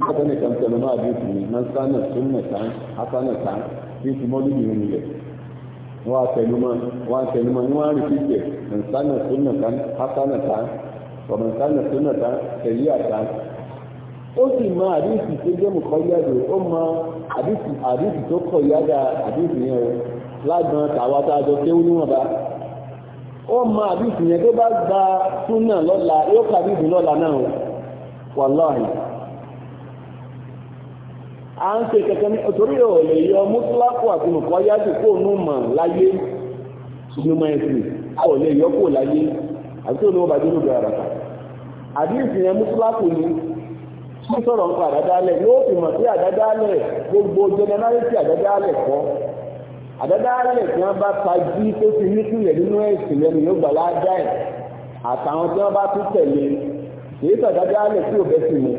látọ̀ nìkan tẹnu máa bí kù ní mẹ́sánà tó mẹ́ta asánà tán bí ti mọ́lú yìí ń lẹ̀ wọ́n á tẹnu mọ́ wọ́n á tẹnu mọ́ ní wọ́n á rí fífẹ̀ mẹ́sánà tó asánà tán ọ̀mẹ́sánà tó mẹ́ta tẹ̀lé àtàn ó sì mọ àdìsí tó jẹ́ mọ̀kọ́ yàgò ó mọ tó kọ̀ yẹn o lágbọn tàwa tá a jọ níwọ̀nba ó mọ àdìsí yẹn tó bá gba náà o wàláhì à ń ṣe kẹkẹ ní torí ò lè yọ mùsùlùmí àti mọ̀kọ́ kó nù mọ̀ láyé ṣùgbọ́n mọ̀ ẹ̀sìn a ò lè yọ kó láyé àti tó tó sọ̀rọ̀ nípa àdádálẹ̀ yóò fi mọ̀ sí àdádálẹ̀ gbogbo jẹnẹrálítì àdádálẹ̀ kọ́ àdádálẹ̀ tí wọ́n bá tají tó ti nípìnlẹ̀ nínú ẹ̀sìn lẹ́nu yóò gbà ẹ̀ àtàwọn tí wọ́n bá tún tẹ̀lé èyí sàdádálẹ̀ tí ò bẹ́ sí mi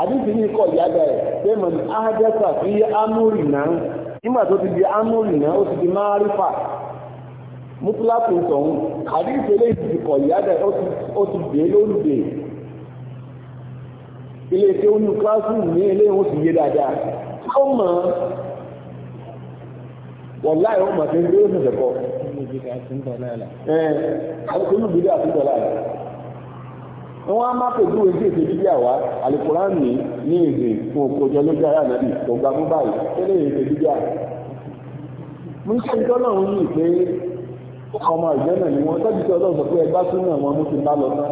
àdìsí ní ìyáda ẹ̀ pé mọ̀ ní sí nígbà tó ti di ó ti di márífà ìyáda ó ti dé lórí ilé tí ó ní kíláàsì ní ilé ìwọ̀n sì yé dáadáa ó mọ̀ wọ́n láì ó mọ̀ sí ilé ó sẹ̀sẹ̀ kọ́. olùbídé àti dọ́là rẹ̀ wọ́n á má pèjú ojú ètò ìdílé àwa alukurani ní èdè fún òkòjọ lójú ara nàbì tó gba mú báyìí tó lè ètò ìdílé àwa. mo ń ṣe ìjọ náà ń yìí pé ọmọ ìjọ náà ni wọ́n tọ́jú tí ọlọ́run sọ pé ẹgbá súnmọ́ wọn mú ti bá lọ náà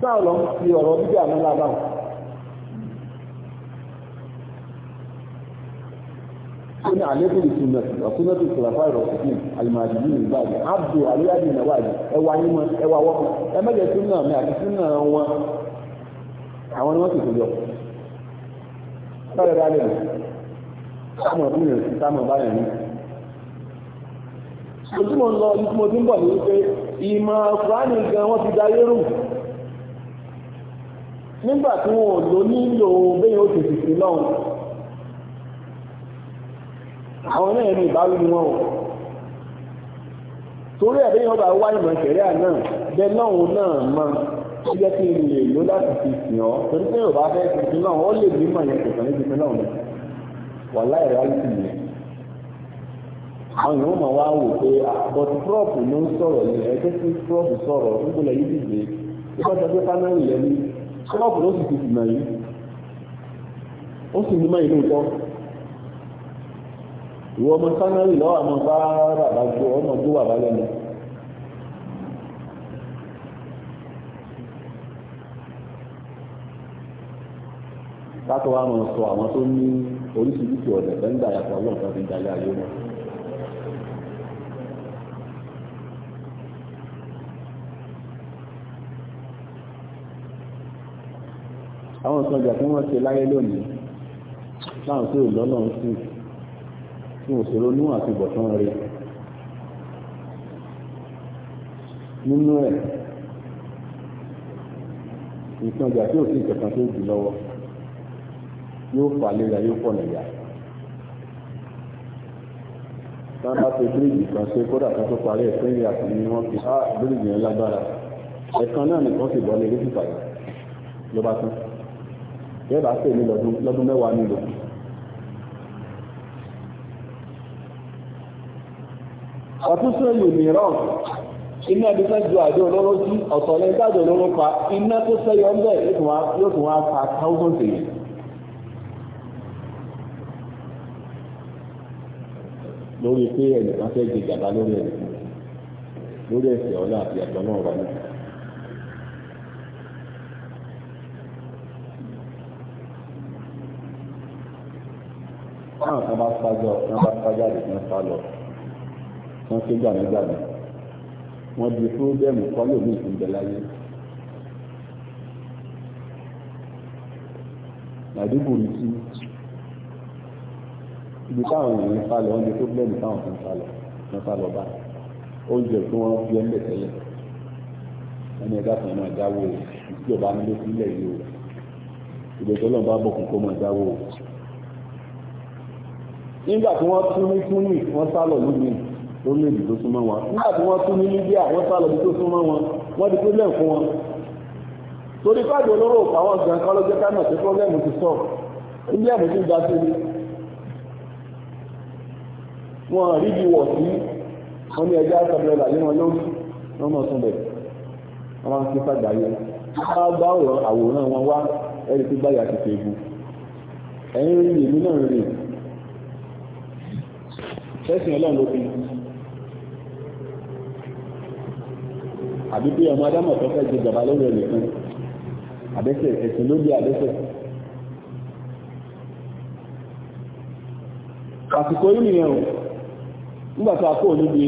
sáà lọ fi ọ̀rọ̀ bíbí àmọ́ lábàá ní àlékún ìtumọ̀ ọ̀kúnná tó kìlàfà ìrọ̀kùn àlùmọ̀dìbí ní ìbàdí abdu àríyájú ìnáwájú ẹwà yímọ ẹwà wọ́pọ̀ ẹmẹ́jẹ súnà mi àti súnà wọn àwọn ni wọ́n sì kójọ. sọ́ọ̀rọ̀ dálẹ̀ nù sáàmù ọdún yẹn sí sáàmù báyẹn ní. ojú mo ń lọ ibi mo ti ń bọ̀ ní wípé ìmọ̀ kùránì gan wọ́n ti dayé rù nígbà tí wọn ò lò nílò bẹ́ẹ̀ àwọn náà ní ìbáwí ni wọ́n o torí ẹ̀rí ọba wá ìmọ̀ ìṣẹ̀rí àná bẹ lọ́hùn náà mọ ó kí n lè ló láti fi sìn ọ́ torí pé yorùbá fẹ́ fi náà ó lè ní mọ̀ yẹn níbi náà wà láì ráyè sí àwọn máa wá wò pé ló ń sọ̀rọ̀ ẹgbẹ́ tí sọ̀rọ̀ yẹn ló sì ti ìwọ ọmọ sánárì lọ́wọ́ àmọ́ bá bàbá jó ọmọ tó wà bálẹ̀ ni kátó wa máa sọ àwọn tó ní oríṣiríṣi ọ̀dẹ̀ fẹ́ ń dà yàtọ̀ ọlọ́run tó fi ń darí ayé wọn. àwọn nǹkan tí wọ́n ṣe láyé lónìí láwọn tó lọ́nà ń sùn tí wọ́n ṣòro níwọ̀n àti bọ̀tán rẹ̀ nínú ẹ̀ nǹkan ọjà tí ò sí ìkẹ̀kan tó jù lọ́wọ́ yóò fà léra yóò pọ̀ nàyà tá a bá pe bíríìjì kan ṣe kódà kan tó parí ẹ̀ sẹ́yìn àti ni wọ́n fi á ah, bíríìjì yẹn lágbára ẹ̀kan náà nìkan sì bọ́ lé lóṣù pàdé ló bá tán bẹ́ẹ̀ bá pè mí lọ́dún mẹ́wàá nílò ọ̀tún sí èlò mìíràn iná ẹbí fẹ́ ju àdó olóró sí ọ̀tọ̀ lẹ́yìn tí àdó olóró pa iná tó sẹ́yọ ń bẹ̀ yóò tún wá pa thousand èyí. lórí pé ẹnìkan fẹ́ di gàba lórí ẹ̀ lórí ẹsẹ̀ ọ̀la àti ẹ̀tọ́ náà wà náà. Báwọn kan bá sájọ, kan bá sájọ àdìsán sá lọ wọ́n ké gbàmígbàmí wọ́n di fúrúdẹ́mù kọ́lé mi ìpínlẹ̀ láyé. àdúgbò mi sí ibi táwọn èèyàn ń falẹ̀ wọ́n di fúrúdẹ́mù táwọn fi ń falẹ̀ wọ́n falọ̀ bá oúnjẹ tí wọ́n fi ẹ́ ń bẹ̀ tẹ́lẹ̀ wọ́n ní ẹ̀dá kan náà dáwó ìjọba nílé sílẹ̀ yìí o ìgbésẹ̀ lọ́n bá bọ̀ kún kó mọ̀ dáwó o nígbà tí wọ́n tún ní tún ní wọ́n sálọ̀ lómi lórílẹ̀-èdè tó súnmọ́ wọn nígbà tí wọ́n tún ní Libya wọ́n sá lọ́dún tó súnmọ́ wọn wọ́n di pé lẹ́ǹkún wọn torí káàdì olóró àwọn ọ̀gá kan ló jẹ́ ká mọ̀ sí pọ́blẹ́mù ti sọ ilé ẹ̀mí ti ga sí ni wọn rí bí wọ̀ sí wọn ní ẹjẹ́ àtàbílẹ̀ làyé wọn lórí wọn mọ̀ tún bẹ̀ wọn máa ń kíkà gbàyé wọn bá àwòrán wọn wá ẹni tó gbáyà ti fẹ́ bu ẹ̀yìn rí èmi náà rí ẹ̀sìn ọlọ́run ló fi àbí pé ọmọ adámọ̀ tó fẹ́ jẹjọba lórí ẹnìkan àdẹ́sẹ̀ ẹ̀sìn ló bí àdẹ́sẹ̀ àsìkò yìí nìyẹn o nígbà tá a kó níbi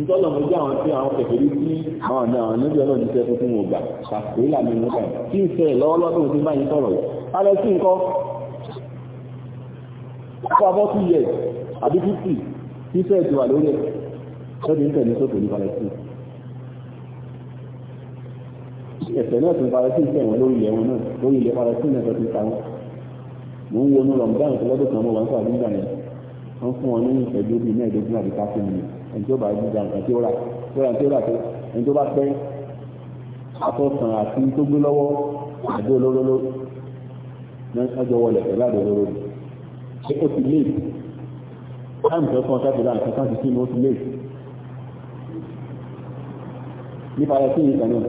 ìtọ́lọ̀ mọ́jú àwọn tí àwọn kẹfẹ́ rí sí àwọn àdá àwọn níbi ọlọ́run ti sẹ́kù fún ògbà àsìkò yìí làmì nípa tí ń sẹ́ lọ́wọ́lọ́dún tí báyìí sọ̀rọ̀ yìí alẹ́ sí nǹkan kó abọ́ two years àbí fifty tí sẹ́ẹ̀ ti wà lórí ẹ̀ sọ́dún tẹ̀lé sókè ní Palestine ẹ̀sẹ̀ náà tó ń parẹ́ sí ìfẹ̀wọ̀n lórí ilẹ̀ wọn náà lórí ilẹ̀ parẹ́ sí ìnẹ̀fẹ̀ ti ta wọn. mò ń wo inú rọ̀mùdáàmù tó lọ́dún kan mọ́ wọn fún àdúgbà yẹn wọ́n fún wọn ní ìfẹ̀jú bíi mẹ́ẹ̀ẹ́dógún àti káfí mi ẹni tó bá gbígbà nǹkan tí ó rà tó rà tí ó rà tó ẹni tó bá pẹ́ atọ́sàn àti tó gbé lọ́wọ́ àdó olóró lọ́jọ́ wọlé pẹ̀lú àdó olóró ṣé ó ti lé táìmù nípa ẹ̀ ìgbà náà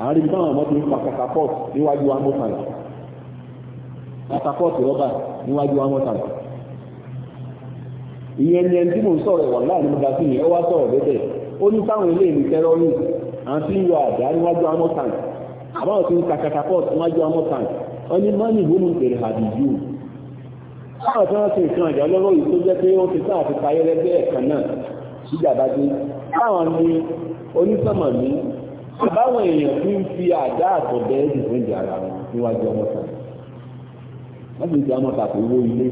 àárín táwọn ọmọ ti ń pa kakapọ́ọ̀tù níwájú wa mọ́tàlá kakapọ́ọ̀tù rọ́bà níwájú wa mọ́tàlá ìyẹn ni ẹni tí mò ń sọ̀rọ̀ wà láàrin ọjà sí ìyẹn wá sọ̀rọ̀ bẹ́tẹ̀ ó ní táwọn ilé ìlú tẹ́rọ́rì àti ìwà àdá níwájú wa mọ́tàlá tí ń ka níwájú wa mọ́tàlá mọ́nì wọ́n àbáwọn èèyàn fi ń fi àdá àtọ̀dẹ́ ìdìbòǹdì ara wọn níwájú ọmọ ta wọ́n sì ń ti ọmọ ta kò wó ilé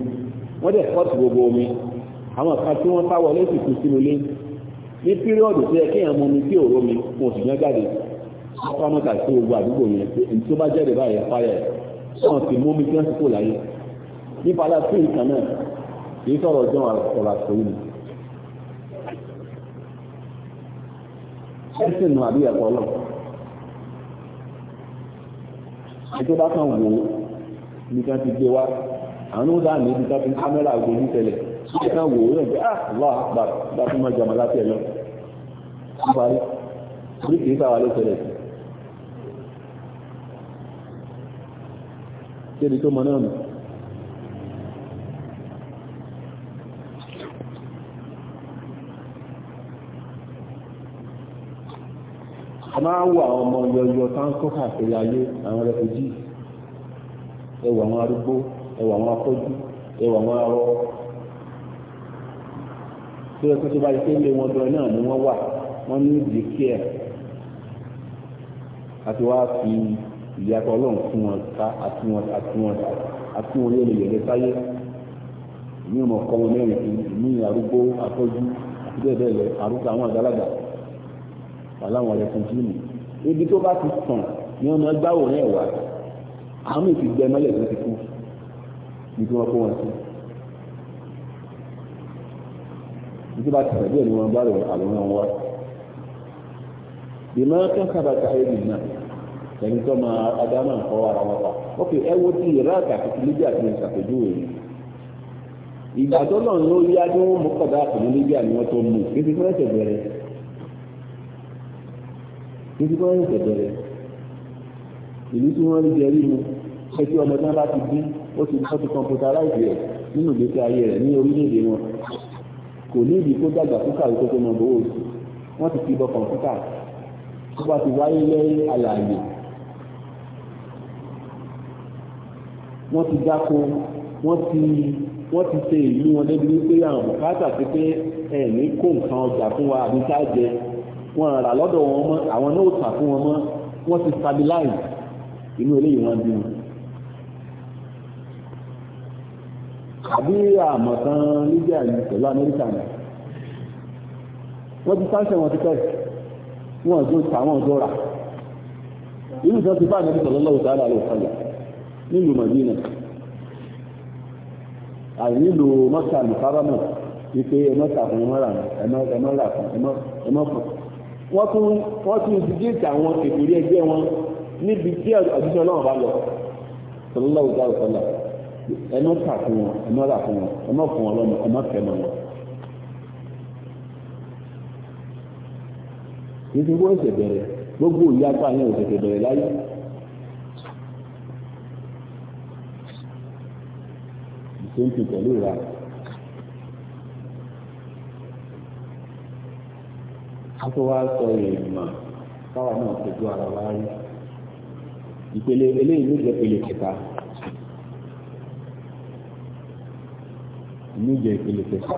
wọ́n dẹ̀ fọ́ọ̀tù gbogbo omi àwọn kan tí wọ́n táwọ̀ lé ìsìnkú sínú ilé ní píríọ̀dù tó yẹ kéèyàn mọ omi tí òró mi fún oṣù yẹn jáde ọkọ ọmọ ta sí gbogbo àdúgbò yẹn pé èyí tó bá jáde báyìí fáyà ẹ̀ ti mú omi tí wọ́n ti kó láyé nípa aláṣẹ ìkànnà kì í sọ̀rọ̀ jọ́ àrọ̀ sọ̀rọ̀ yìí ẹsẹ̀ nù àbí ẹ̀kọ́ lọ. ẹjọ́ bá kàn wò ó nìkan ti gbé wá àwọn ó dáàmì ibi tábí kámẹ́rà ògbóni tẹ̀lẹ̀ ṣíṣe kan wò ó lẹ́gbẹ̀ẹ́ àlọ́ àgbà bá tún máa jàmọ́ láti ẹ̀ lọ. wọ́n parí orí kìí sáwà ló tẹ̀lẹ̀ sí. kéde tó mọ náà nù. máa ń wo àwọn ọmọ yọyọ táńkó káàkiri ayé àwọn rẹpẹjì ẹwà àwọn arúgbó ẹwà àwọn akọjú ẹwà àwọn arọ tó yẹ kó tó bá yẹ pé ilé wọn dọ náà ni wọn wà wọn ní ìdí kíẹ àti wàá fi ìyàtọ̀ ọlọ́run fún wọn ká àti wọn àti wọn àti wọn yóò lè yẹlẹ sáyé ìmí ọmọ kọ́ wọn mẹ́rin ìmí arúgbó akọjú àti bẹ́ẹ̀ bẹ́ẹ̀ lọ àrùkọ àwọn àgbàlagbà aláwọn ọ̀rẹ́ tuntun nì ibi tó bá ti sàn ni wọn máa gbáwò rẹ̀ wá àwọn èsì gbẹ mọ́lẹ̀ tó ti kú ní kí wọ́n kó wọn sí ibi tó bá ti sàn díẹ̀ ni wọ́n bá rò àlùmọ́ wọn wá bìmọ̀ kan sábàtà ayébi náà ẹni tó máa adámọ̀ nǹkan wà ara wọn pa ok ẹ wo ti iraq àti libya ti ń ṣàpèjúwe yìí ìgbà tó lọ́n ló yá tó mú kọ̀dá àpò ní libya ni tó mú kí ti fẹ́rẹ̀ tẹ̀ bẹ̀rẹ̀ níbi tí wọ́n ń tẹ̀tẹ̀rẹ̀ ìlú tí wọ́n ń jẹ rí mu ṣé kí ọmọ náà bá ti dín ó ti kọ́ ti kọ̀mpútaráìsì rẹ̀ nínú ìgbésí ayé rẹ̀ ní orílẹ̀-èdè wọn kò ní ìdí kó dàgbà fúkà ìkó tó mọ owó oṣù wọ́n ti fi bọ kọ̀mpútà tó bá ti wáyé lẹ́yìn alààyè wọ́n ti dáko wọ́n ti wọ́n ti ṣe ìlú wọn débi wípé àwọn bùkátà ti pé ẹ̀ ní kó nǹkan ọjà fún wa àbí tá jẹ wọn rà lọ́dọ̀ wọn mọ́ àwọn náà tà fún wọn mọ́ wọ́n ti stabilize inú eléyìí wọn bí wọn. àbí àmọ̀tán Libya yìí pẹ̀lú Amẹ́ríkà náà wọ́n ti sáńṣẹ́ wọn ti pẹ́ wọn ò tó ta wọn ò tó rà inú ìjọ ti bá Ànábì sallallahu ta'ala alaihi wasallam nílùú Madina àìnílò mọ́tà lùfáràmù wípé ẹmọ́ta fún ẹmọ́ra ẹmọ́ra fún ẹmọ́ fún wọ́n tún wọ́n tún dìgéètì àwọn ìpòrí ẹgbẹ́ wọn níbi tí àdúgbò náà bá lọ sọlọ́lá òjá òsọlá ẹnu kà fún wọn ẹnu rà fún wọn ẹnu fún wọn lọ́nà ẹnu fẹ́ mọ́ wọn. wọ́n ṣẹ̀ bẹ̀rẹ̀ gbogbo òye apá yẹn ò tètè bẹ̀rẹ̀ láyé. ìṣèǹtì pẹ̀lú ìra kátó wá sọ èèmà báwa náà tẹ̀jú ara wa rí ìpele eléyìí ló jẹ́ ìpele kẹta ló jẹ́ ìpele kẹta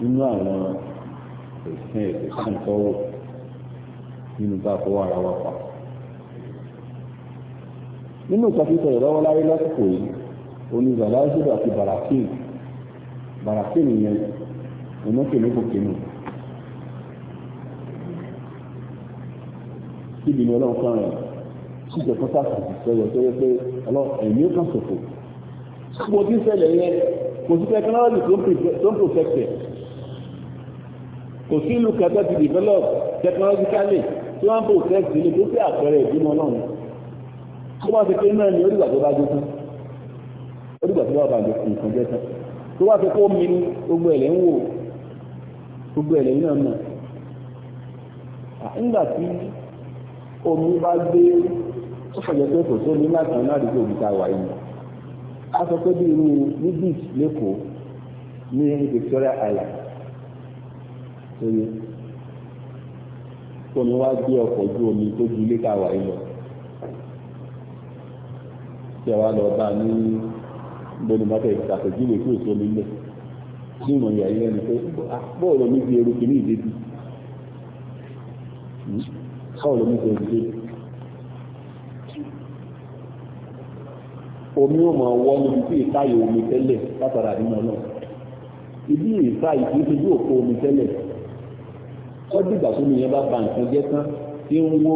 nínú àwọn ẹ̀sìn ẹ̀sìn tọ́wọ́ nínú bá kó ara wa pa nínú ìtàkùn ìrọwọ́ láyé lásìkò yìí oní zàlázùdà àti bàràkìn bàràkìn yẹn ọ̀nà kìnnìkò kìnnìkò kí ni ọlọ́run kan rẹ̀ sí ìjọba sáàkì sọ̀rọ̀ tó yẹ pé ẹ̀mí ó kàn ṣòfò. mo ti ṣẹlẹ̀ yẹn kò sí technology tó ń protect ẹ̀ kò sí ìlú kẹta ti develop technologically tí wọ́n ń protect ilé tó fẹ́ àpẹẹrẹ ìbímọ náà ni. tó bá ti pé náà ni orígbà tó bá jó tán orígbà tó bá bàjẹ́ nǹkan jẹ́ tán tó bá ti kó mi ní gbogbo ẹ̀lẹ́ ń wò gbogbo ẹ̀lẹ́ náà náà nígbà tí omi bá gbé tó fẹ̀jẹ̀ pé kò sómi láti ọ̀nà àdúgbò òbí wà yìí a sọ pé bí lẹ́kọ̀ọ́ ní Victoria Island tóyẹ omi wá gbé ọkọ̀ ojú omi tó ju ilé wà yìí lọ tí a wá lọ bá ní kí lẹ̀ tí ìmọ̀ ah, eruku ní káwọn omi jẹ ìdílé omi ò máa wọ́ níbi tí ìsáyè omi tẹ́lẹ̀ látara nínú náà ibi ìsáyè kì í ṣe yóò kó omi tẹ́lẹ̀ wọ́n dìgbà tó mi yẹn bá ba nǹkan jẹ́ tán tí ń wó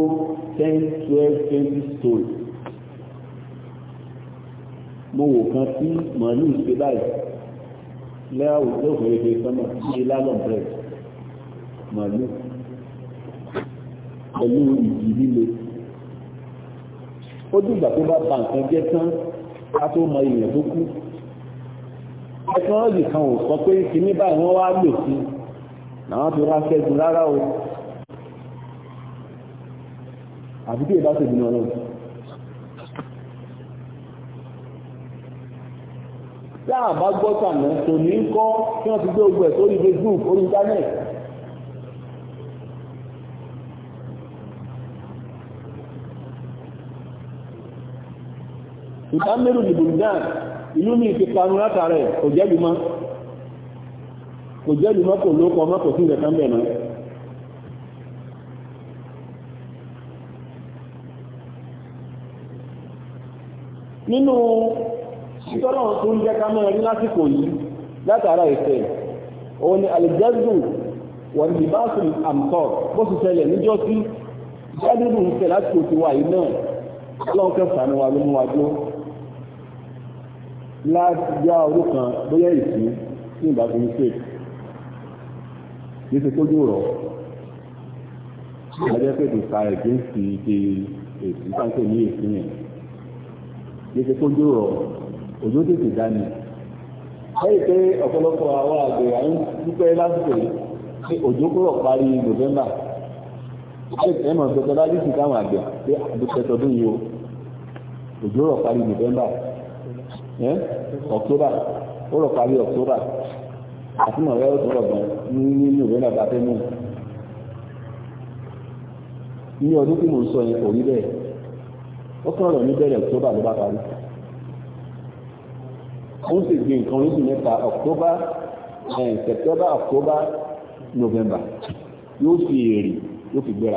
ten twelve twenty story mo wò kan tí màálù ṣe báyìí lẹ́yàwó tó fèrèfèrè sọ́nà sí ilá lọ́nbẹ̀rẹ̀ màálù pẹ̀lú ìjì líle ó dùgbà tó bá ba nǹkan jẹ́ tán ká tó mọ èèyàn tó kú tẹkinọ́lọ́jì kan ò sọ pé kìíní báyìí wọ́n wá lò sí làwọn tó rá ṣẹ́gun rárá o àbí tí ìbá ṣe ìdùnnà náà láàbá gbọ́sàn náà tò ní kọ́ tí wọ́n ti gbé ogun ẹ̀ sórí Facebook orí internet ìdámẹ́rù nìbùdán ìlú ní ìfipanu látàrẹ kò jẹ́lú mọ́ kò jẹ́lú mọ́ kò ló kọ́ mọ́ kò sí ìrẹ̀kan bẹ̀ náà nínú ìtọ́rọ̀ tó ń jẹ́ ká mọ́ rí lásìkò yìí látàrà ìfẹ́ òun ni alìjẹ́zù wọ̀n ní bá sùn àmtọ́ bó sì ṣẹlẹ̀ níjọ́ sí jẹ́dùrù ń tẹ̀ lásìkò ti wà yìí náà lọ́nkẹ́ sànú wa ló mú wa dúró láti yá ọdún kan bóyá ìsú ní ìbáṣe ní ṣe níṣe tó dúró ajẹ́ pé kò sa ẹ̀gbẹ́ sí ike èsì sáńtò ní èsì yẹn níṣe tó dúró òjò tètè dání lẹ́yìn pé ọ̀pọ̀lọpọ̀ àwọn àgbẹ̀ à ń dúpẹ́ lásìkò pé òjò kúrò parí November ẹ mọ̀ pé tọ́lá yìí ti káwọn àgbẹ̀ pé àdúpẹ́ tọdún yìí o òjò rọ̀ parí November October ó rọ̀ parí October àti mọ̀ rẹ̀ ó gan ní nínú ìwé náà mú ní ọdún tí mo sọ yẹn kò rí bẹ́ẹ̀ ó kàn rọ̀ ní bẹ̀rẹ̀ October ló bá parí ó sì eh, gbé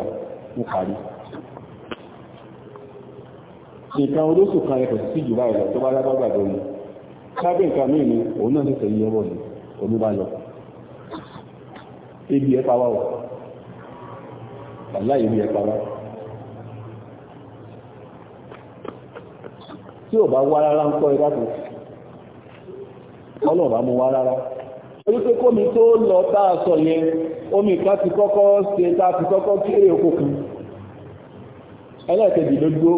nǹkan olóṣù kan ẹ̀kọ̀ sí jù báyìí lọ tó bá lábá gbàgbọ́ ni sábẹ́ nǹkan míì ni òun náà tẹ̀sẹ̀ yí ọwọ́ ni omi bá lọ ebi ẹ̀ pawá o aláì ebi ẹ̀ pawá tí ò bá wá rárá ń kọ́ ẹ dákun ọlọ́ọ̀ bá mú wá rárá torí pé kómi tó lọ tá a sọ yẹn omi kan ti kọ́kọ́ ṣe tá a ti kọ́kọ́ kéré oko ẹlẹ́ẹ̀kejì ló dúró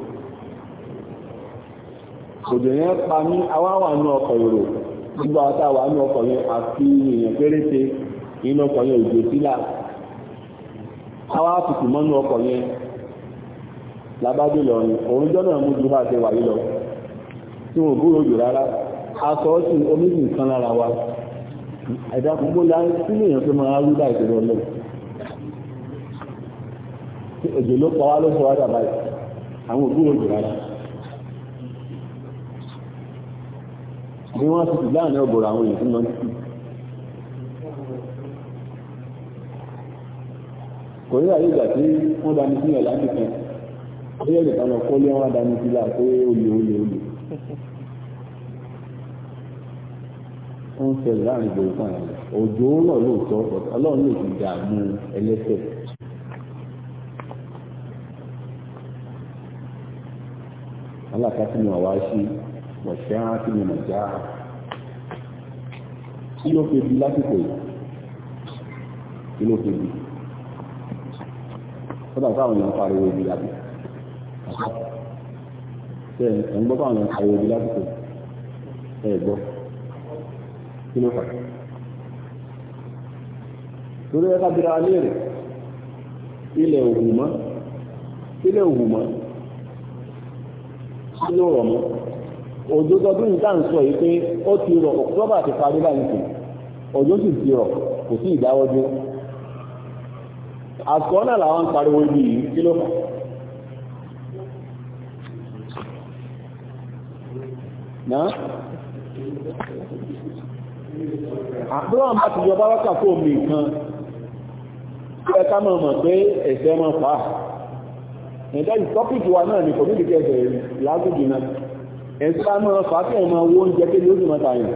òjò yẹn pa ní awáwà ní ọkọ̀ èrò gbogbo àwọn ọkọ̀ yẹn àti èèyàn péréte inú ọkọ̀ yẹn òjò sílà awá mọ́nú ọkọ̀ yẹn labájú lọrin òun jọ́nà mú ju bá ti wà yí lọ tí wọ́n jù rárá aṣọ omi sì kan lára wa ẹ̀dá bá ìṣòro òjò ló pa wá ló sọ ní wọ́n ti láàrin ọgọ̀rọ̀ àwọn èèyàn fún lọ sí kò ní àyè ìgbà tí wọ́n dání sí ẹ̀lá nìkan ó yẹ́ nìkan lọ kọ́lé wọn dání sí là pé olè olè olè ó ń ṣẹlẹ̀ láàrin ìgbòho fún àwọn òjò ń rọ̀ lóòótọ́ ọlọ́run lè fi dààmú ẹlẹ́sẹ̀ alákàtúnú àwa ṣe ọ̀ṣẹ́ rántí ní nàìjíríà kí ló fi di lásìkò yìí kí ló fi di kódà táwọn èèyàn pariwo ibi láti ṣe ẹ̀ ń gbọ́ táwọn èèyàn pariwo ibi lásìkò ẹ̀ gbọ́ kí ló fà torí ẹ̀ka bíra léèrè ilẹ̀ òhùn mọ́ ilẹ̀ òhùn mọ́ kí ló rọ̀ mọ́ òjò tọdún yìí tá ń sọ yìí pé ó ti rọ̀ ọ̀kútọ́bà ti parí báyìí sí òjò sì ti rọ̀ kò sí ìdáwọ́jú àsìkò náà làwọn ń pariwo ibi yìí kí ló fà náà àbúrò àmà àtijọba wákà fún omi nǹkan ẹ ká mọ̀ mọ̀ pé ẹ̀sẹ̀ mọ̀ fà ẹ̀dá ìtọ́pìkì wa náà ni kò ní ìdíkẹ́ ẹ̀sẹ̀ lágùn jù náà ẹ̀sùn bá máa fà á kí ọmọ owó oúnjẹ kí ló sì máa tààyàn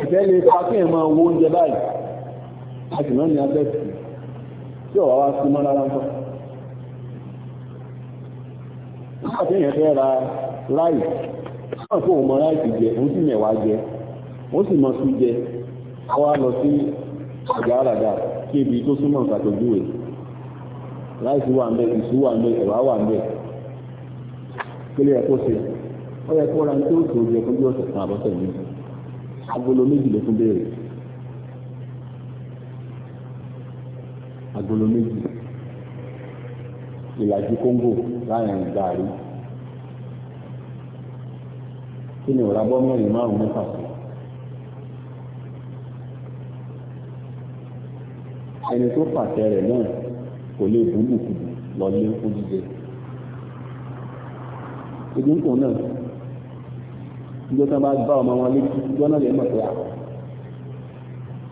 ìfẹ́ lè fà á kí ọmọ owó oúnjẹ báyìí a sì máa ní abẹ́ sí tí ọ̀wá wá sí mọ́ rárá ń bọ̀ nígbà tí èèyàn fẹ́ ra ráì náà fún òun mọ ráìsì jẹ òun sì wà ń bẹ wà ń ẹ̀wà wà ń kílé ẹ̀kọ́ ṣe ó yẹ kó ra ní tó tó jẹ fún bí ọ̀sẹ̀ kan àbọ̀sẹ̀ yìí agolo méjì ló tún béèrè agolo méjì ìlàjì kóńgò láàrin gàrí kí ni òrà bọ́ mẹ́rin márùn-ún mẹ́fà sí. ẹni tó pàṣẹ rẹ̀ náà kò lè bú bùkù lọ lé fún jíjẹ ebi ń kùn náà ìjọ tán bá gbá ọmọ wọn létí ìjọ náà lè mọ̀ pé à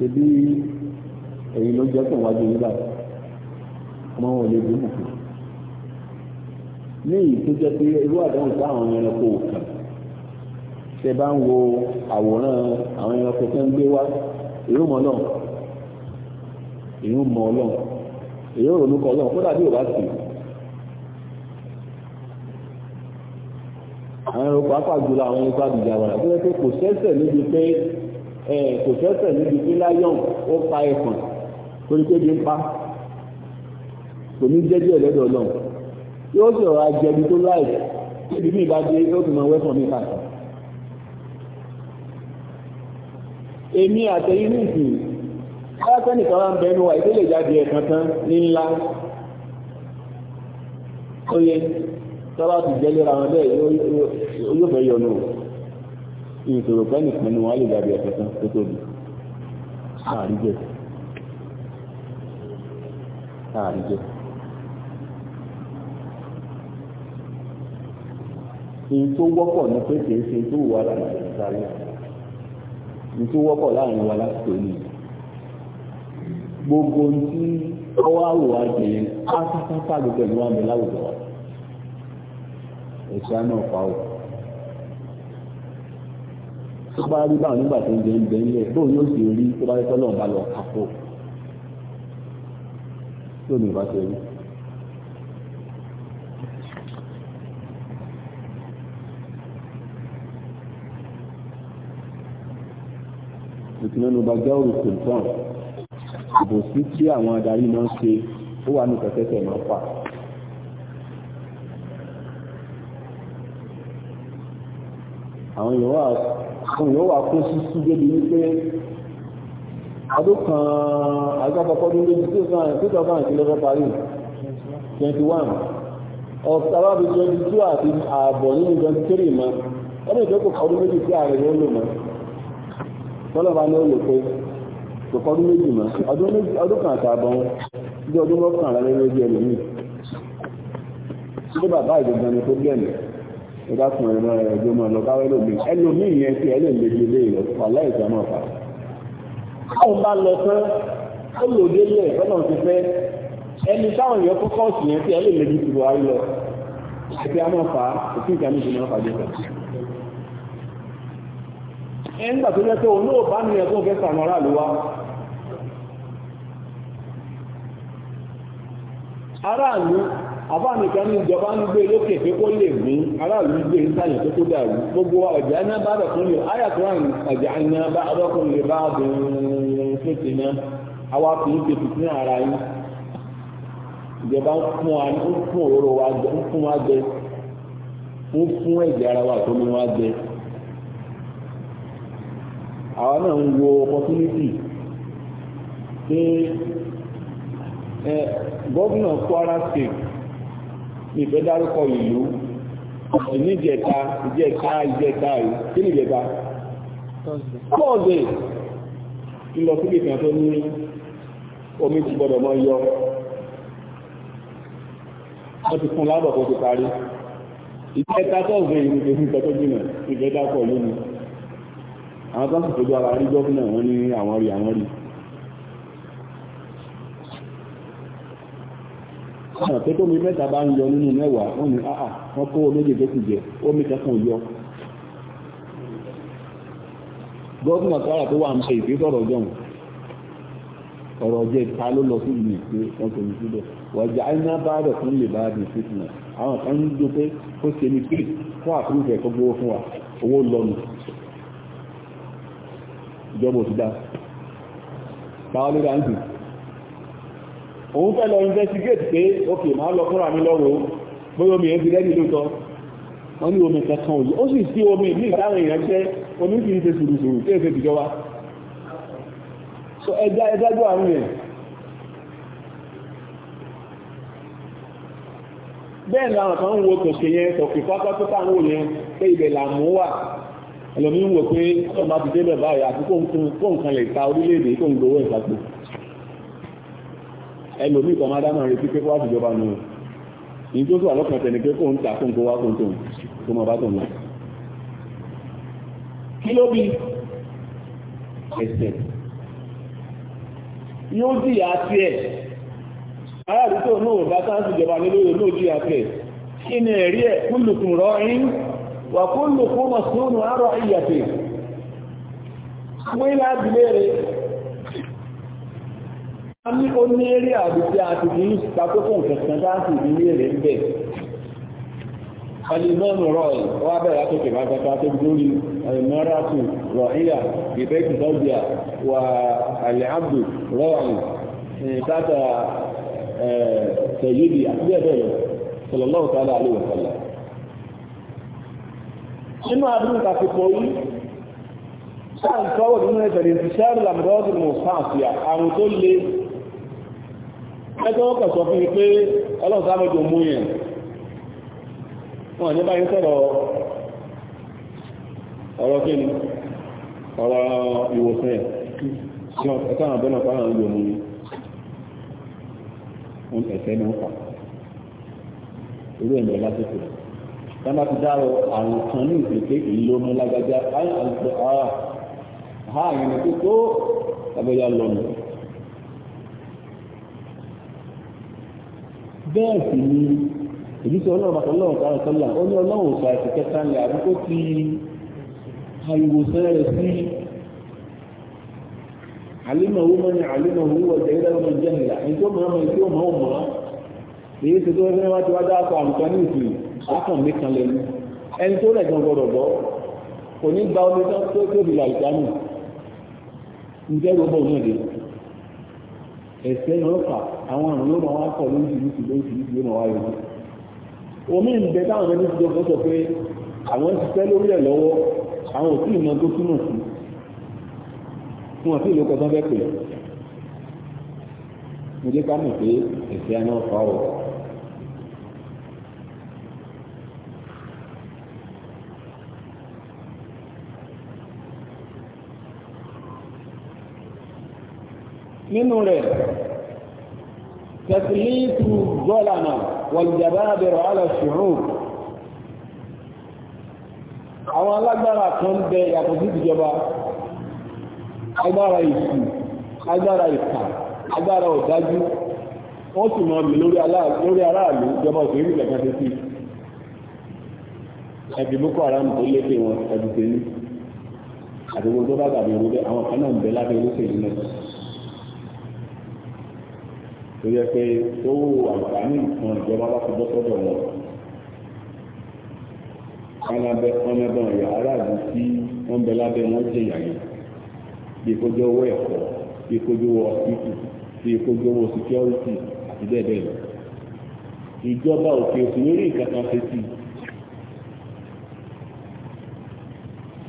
ebi èyí ló jẹ́ kàn wájú yín báyìí ọmọ wọn lè bí mọ̀ pé ní èyí tó jẹ́ pé irú àdáhùn sí àwọn ẹranko òkè tẹ bá ń wo àwòrán àwọn ẹranko tó ń gbé wá èrò mọ́ náà èrò mọ́ ọlọ́run èrò ronú kọ́ ọlọ́run kódà bí ò bá sì í. àwọn ẹranko apàjùlọ àwọn ẹranko àbìjàwàrà tó yẹ pé kò sẹ́sẹ̀ níbi pé kò sẹ́sẹ̀ níbi pé láyọ̀n ó pa ẹ̀fọ̀n torí pé bí ń pa kò ní jẹ́jú ẹ̀lẹ́dọ̀ náà yóò sì rọra jẹbi tó láì níbi bí ìbá dé yóò fi máa wẹ́fọ̀n mi kàkà. èmi àtẹ̀yìn ní ìsìn alákẹ́nìkan máa ń bẹnu wa ìdílé jáde ẹ̀kan tán ní ńlá ó yẹ tọ́lá ti jẹ́ lera wọn bẹ́ẹ̀ yóò fẹ́ yọnu ìṣòro pẹ́ nìkan ni wọ́n lè dàbí ẹ̀fẹ́ tán tó tóbi àríjẹ́ àríjẹ́ èyí tó wọ́pọ̀ ní pé kìí ṣe tó wà láti sáré èyí tó wọ́pọ̀ láàrin wa láti tó ní gbogbo tí ọwọ́ àwòrán jẹ́ pátápátá gbogbo ìlú àmì láwùjọ wa ẹ̀ṣá náà pa ò tó bá rí báwọn nígbà tó ń jẹ ń bẹ ń lẹ bóun yóò sì rí tó bá rí tọ́lọ̀ ń bá lọ kápò tó ní ìbáṣe rí. ìtìlẹ́nu bá jẹ́ òrùkùn tán ìbòsí tí àwọn adarí máa ṣe ó wà ní pẹ̀tẹ́tẹ̀ máa ń fà. àwọn èèyàn wà kún sí sí débi wípé ọdún kan agbábọ́kọ́dún méjì tí ó sàn tí ó sàn tí lọ́fẹ́ parí 21 ọ̀sáwábi 22 àti ààbọ̀ nínú 23 mọ́ ọdún ìjọ́kọ̀ kọ́dún méjì tí ààrẹ ló lò mọ́ tọ́lọ́ba ní ó lò pé kò kọ́dún méjì mọ́ ọdún kan àtààbọ̀ bí ọdún mọ́kànlá lẹ́yìn ojú ẹlòmíì tí bàbá ìjọba ni tó gbẹ̀mí ìdákùn ẹ̀rọ ẹ̀jọ́ máa lọ káwé lómi ẹlòmí ìyẹn tí ẹ lè lè lè lè lọ wà láì sá máa fà. táwọn bá lọ tán ó lò délẹ̀ tọ́nà ti fẹ́ ẹni táwọn èèyàn kọ́kọ́ sì yẹn tí ẹ lè lè lè tìrò ayé lọ àti a máa fà á òfin ìkànnì ìṣẹ̀lẹ̀ máa fàdé fẹ́. ẹ ń gbà tó yẹ pé òun náà bá nìyẹn tó fẹ́ sàmọ́ aráàlú wa. aráàlú àbáàmìkan ní ìjọba ń gbé lókè pé kó lè mú aráàlú gbé ìsáyẹ̀ tó kó dàrú gbogbo ọjà iná bá dọ̀ fún lè ayàtọ̀ àrùn ọjà iná bá ọdọ́kùn lè bá bẹ̀rẹ̀ fèsì náà àwa fi ń fèsì sí ara yín ìjọba ń fún wa ń fún òróró wa jẹ ń fún wa jẹ ń fún ẹ̀jẹ̀ ara wa tó ní wa jẹ àwa náà ń wo opportunity pé gọ́vùnà Kwara State ìfẹ́ dárúkọ ìlú ìní ìjẹta ìjẹta ìjẹta kí ni ìjẹta tọ́ọ̀dẹ̀ ìlọ síbi kan tó ní omi ti gbọdọ̀ mọ́ yọ wọ́n ti fún lábọ̀ kó ti parí ìjẹta tọ́ọ̀dẹ̀ ìlú tó fi tọ́jú jìnà ìfẹ́ dárúkọ ìlú ni àwọn tó ń sì tójú ara rí gọ́fìnà wọn ní àwọn rí àwọn rí ọ̀nà pé tómi mẹ́ta bá ń yọ nínú mẹ́wàá wọ́n ní àà wọ́n kó méjì tó kù jẹ omi kankan yọ gọ́ọ̀nà kára tó wà ń ṣe ìfẹ́ sọ̀rọ̀ jọ̀hún ọ̀rọ̀ jẹ́ ta ló lọ sí ìlú ìpé wọn kò ní síbẹ̀ wàjà iná bá rẹ̀ fún lè bá rẹ̀ fìtìnà àwọn kan ń dún pé ó ṣe ní pé fún àfúrúfẹ́ tó gbówó fún wa owó lọ́nu ìjọba òsì dá báwa lóra ń dùn òun fẹ́ lọ investigate pé ok máa lọ fúnra mi lọ́rùn bóyá omi yẹn ti rẹ́dì lóòótọ́ wọ́n ní omi kankan òyìn ó sì sí omi ní ìdáhùn èèyàn jẹ́ omi kìí ṣe sùrùsùrù tí èsè ìjọba so ẹja ẹjájọ́ àrùn yẹn bẹ́ẹ̀ ni àwọn kan ń wo tòṣe yẹn tòkì pápá tó tá ń wò yẹn pé ibẹ̀ là mú wà ẹlòmí ń wò pé ọmọ ti débẹ̀ báyìí àti kó nǹkan lè ta orílẹ̀-èdè kó ń ẹlòmí kan máa dáná retí pé wá ìjọba nù ní tó tó àlọ́kàn tẹni pé kò ń ta kó ń kó wá kó ń tó kó máa bá tó ń lọ. kí ló bí ẹsẹ̀ yóò jìyà tiẹ̀ aládùúgbò náà bá sáà ìjọba nílé yóò jìyà tiẹ̀ kí ni ẹ̀rí ẹ̀ kúlùkùn rọ́ ẹ̀yìn wà kúlùkùn mọ̀ sínú àárọ̀ ìyàtẹ̀ wíńlá dìlé rẹ̀ a ní ó ní eré àdúgbé àti ní ìsìtàkókò kẹsàn láti ìdílé rẹ̀ ń bẹ̀ alimọ́nù rọ̀ì wá bẹ̀rẹ̀ àtòkè bàtàkà tó lórí mọ́ràtù rọ̀íyà ìfẹ́kì sọ́bíà wà àlẹ́àbù rọ̀ì tàtà tẹ̀yìdì àti ẹ̀bẹ̀ rẹ̀ sọ̀lọ́lọ́wọ́ tààlà àlẹ́wọ̀sọ̀lá nínú àdúgbò kàfipọ̀ yìí sáà ń sọ́wọ́ nínú ẹ̀sẹ̀ ẹgbẹ́ wọ́n kà sọ fún mi pé ọlọ́run sábẹ́jọ mú yẹn wọn ní báyìí sọ̀rọ̀ ọ̀rọ̀ kí ni ọ̀rọ̀ ìwòsàn ẹ̀ tí wọ́n ẹ̀ka àwọn abẹ́nà fáwọn ìlú omi ń ẹ̀fẹ́ ní ọ̀pá irú ẹ̀mí lásìkò tábà ti dárò àrùn kan ní ìpèké ìlómú lágbájá àyàn àti àárà àárín ní kókó abẹ́yà lọ́nà bẹ́ẹ̀ sì ni ìdíṣẹ́ ọlọ́run bàtà ọlọ́run kan sọ́là ó ní ọlọ́run òkà ẹ̀sìn kẹta ní àdúgbò ti ariwo sẹ́rẹ̀ sí alimahu mani alimahu wọ̀jẹ̀ ìdáwọ̀ mọ̀ jẹ́ nìyà ẹni tó máa mọ ẹni tó máa mọ̀ èyí ti tó ẹgbẹ́ wá ti wá dá akọ àlùkò ní ìsìn akàn mi kan lẹ́nu ẹni tó rẹ̀ gan gbọdọ̀ gbọ́ ẹ̀sẹ̀ yóò fà àwọn àrùn yóò máa wá pọ̀ lóríṣiríṣi lóríṣiríṣi yóò máa wá yọjú. omi ń bẹ táwọn ẹni ti jọ sọ pé àwọn ti fẹ́ lórí ẹ̀ lọ́wọ́ àwọn ò tí ì mọ tó túmọ̀ sí fún àti ìlú kọ̀ọ̀tàn bẹ́ẹ̀ pè é. mo jẹ́ ká mọ̀ pé ẹ̀sẹ̀ náà fà ọ́ nínú rẹ̀ tẹ̀sílítù gọ́lànà wọ̀lùjàbá na aláṣùrù àwọn alágbára kan bẹ yàtọ̀ sí ìjọba agbára ìsù agbára ìkà agbára ọ̀dájú wọ́n sì mọ́ mi lórí aráàlú ìjọba òṣèré ìjọba sí ẹbí boko haram tó lékè wọn ẹbí tẹ́lú àti gbogbo bá àwọn ń bẹ lábẹ́ tó yẹ pé owó àǹfààní nǹkan ìjọba bá ti bọ́ sọ́dọ̀ wọn ọmọbẹ ọmọbẹ ọyọ aráàlú tí wọn bẹ lábẹ́ wọn jẹ ìyàyè bí kojú owó ẹ̀kọ́ bí kojú owó ọsibítù bí kojú owó síkírọtì àti bẹ́ẹ̀ bẹ́ẹ̀ lọ ìjọba òkè òsì lórí ìkàtà fẹsí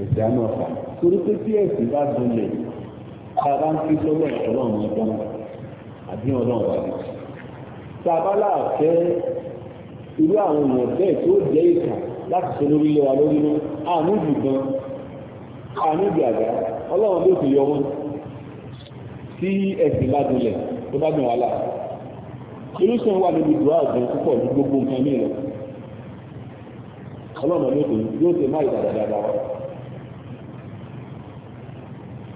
ìsì àmọ́ ọ̀fà torí pé tí ẹ̀sìn bá dunlẹ̀ ká bá ń ké sọ́wọ́ ẹ̀kọ́ náà mọ́ ọjọ́ àbí ọlọ́run wà ní. sábàlá fẹ́ irú àwọn èèyàn bẹ́ẹ̀ tó jẹ́ ìkà láti ṣe lórí ilé wa lórí mú àánú ìgbìgbọ́n àánú ìgbàgbá ọlọ́run ló fi yọ wọn tí ẹ̀sìn bá dunlẹ̀ tó bá dùn wàhálà irúsùn wà níbi ìdúrà ọ̀gbìn púpọ̀ ní gbogbo nǹkan ní ìlọ ọlọ́run ló fi yóò ṣe má ìdàdàdà wa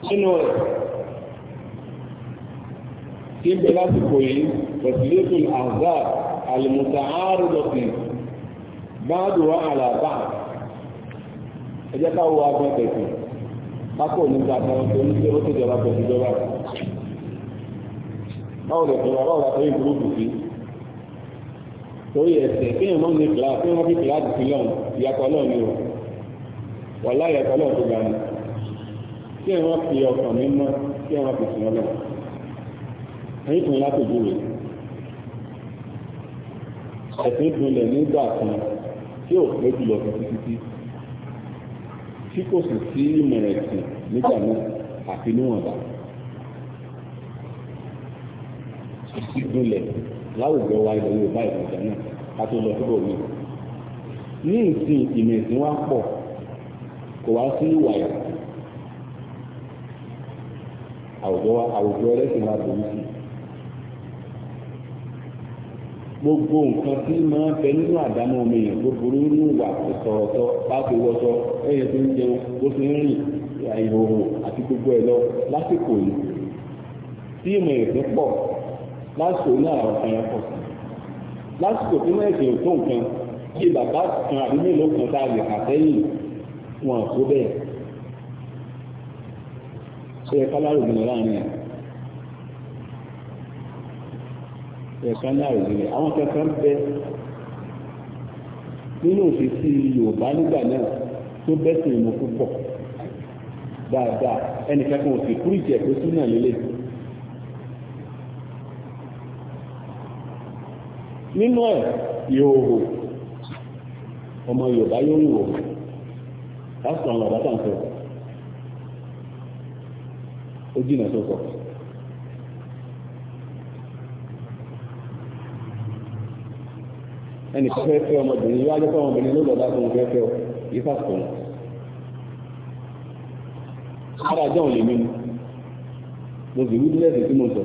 nínú rẹ̀ tí ń bẹ lásìkò yìí wasilatul ahzab al-muta'aridati ba'duha ala ba'd ẹ jẹ́ ká wo agbọn tẹ̀sí pákó nígbà kan tó ní pé ó tó jọba pẹ̀lú jọba báwo lè tọ́ra báwo la tọ́yìn burúkú sí torí ẹsẹ̀ kéèyàn mọ́ ní kíláà tí wọ́n fi kíláà dùn sí lọ́n ìyàtọ̀ lọ́n ni o wọ́n láyàtọ̀ lọ́n tó ga ni kéèyàn fi ọkàn mímọ́ kéèyàn fi sùn lọ́n ẹ̀sìn látòjúwe ẹ̀sìn dunlẹ̀ nígbà kan tí ò pé jùlọ títí títí tí kò sì sí ìmọ̀ ẹ̀sìn nígbà náà àfi níwọ̀nba ìsì dunlẹ̀ láwùjọ wa ilẹ̀ Yorùbá ìgbàjà náà ká tó lọ síbò mi ní ìsìn ìmọ̀ ẹ̀sìn wa pọ̀ kò wá sí ìwà ẹ̀sìn àwùjọ ẹlẹ́sìn wa bò ní sí gbogbo nǹkan tí máa ń bẹ nínú àdámọ́ ọmọ èèyàn tó burú nínú ìwà ìsọ̀rọ̀sọ láti wọṣọ ẹ̀yẹ tó ń jẹun bó ṣe ń rìn ìhòòhò àti gbogbo ẹ̀ lọ lásìkò yìí tí ìmọ̀ ẹ̀sìn pọ̀ lásìkò náà àwọn kan yẹn pọ̀ sí lásìkò tí wọ́n ẹ̀sìn tó nǹkan bí bàbá kan àbí mélòó kan tá a lè kà wọn àkó bẹ́ẹ̀ ṣe é kálárò ẹ̀ka ní àròjìnlẹ̀ àwọn kankan bẹ nínú òṣèṣì Yorùbá nígbà náà tó bẹ́sẹ̀ ìmọ̀ púpọ̀ dáadáa ẹnìkankan òsì kúrìjì ẹ̀kọ́ súnà lélẹ̀ nínú ẹ̀ yòòhò ọmọ Yorùbá yóò yòòhò láti àwọn àbátà ń sọ ó jìnà tó sọ̀rọ̀ ẹnì kan fẹ́ fẹ́ ọmọbìnrin yóò ajẹ́pọ̀ ọmọbìnrin ló lọ́dá fún un fẹ́ fẹ́ ọ yìí sàkó wọn. ara jẹ́ òun lè mímu mo sì wúdí lẹ́sìn tí mo sọ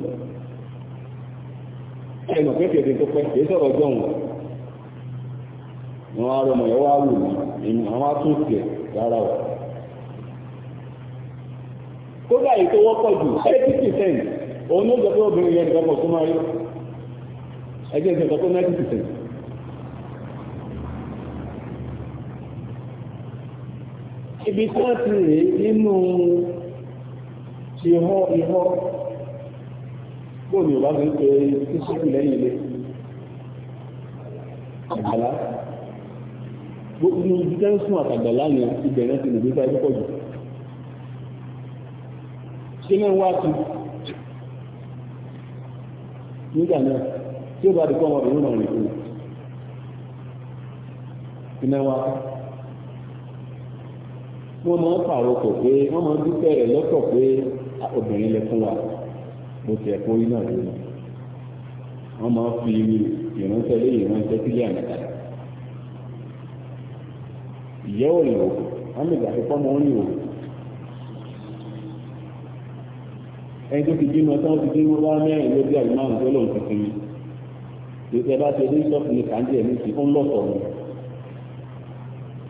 ẹnì kan fẹ́ fẹ́ tó pẹ́ kì í sọ̀rọ̀ jọ̀ wọn. wọn á rọmọ yẹn wá wù mí èmi àwọn á tún tiẹ̀ rárá o. kódà yìí tó wọ́pọ̀ jù eighty percent òun ló jọ pé obìnrin yẹn gbọ́dọ̀ tó máa rí ẹgbẹ́ ìṣẹ̀tọ́ tó ninety percent. ibi tí wọ́n ti rèé nínú ti ihọ́ ihọ́ bóòlù fi ń pe kíṣẹ́kù lẹ́yìn ilé àgbàlá gbogbo ibi ń sún àtàgbàlá ni ibẹ̀ ti lè gbé pọ̀ jù ṣé náà wá tu nígbà náà tí ó bá di kọ́ ọmọbìnrin náà rìn kúrò iná wá tu. wọ́n máa ń pàrọ̀kọ̀ pé wọ́n máa ń dúpẹ́ rẹ̀ lọ́tọ̀ pé ah, obìnrin lẹ fún wa mo orí náà wọ́n máa ń fi ìránṣẹ́ lé ìránṣẹ́ sílé àmàtà ìyẹ́ ò lè wọ́n lè gbàgbé pọ́nmọ́ ẹni tó ti bímọ ti bímọ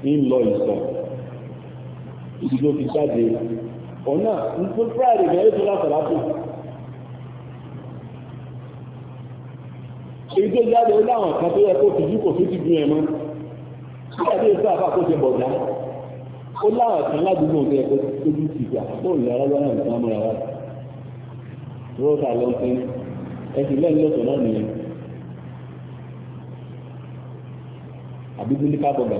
mẹ́rin ló bí ibi tó fi jáde ọ̀nà nǹkan friday bẹ̀rẹ̀ tó lásàlá tó èyí tó jáde ó láwọn kan tó yẹ kó ti jù kò tó ti dùn ẹ̀ mọ́ nígbàdé ìfẹ́ àfà kó ti bọ̀dá ó láwọn kan ládùúgbò tó yẹ kó tó jù sí ìgbà tó ń yàrá lọ́nà nǹkan mọ́ra wa rọ́ọ̀tà lọ́sẹ̀ ẹ̀sìn lẹ́yìn lọ́sọ̀ náà nìyẹn àbí dúlíkà bọ̀dà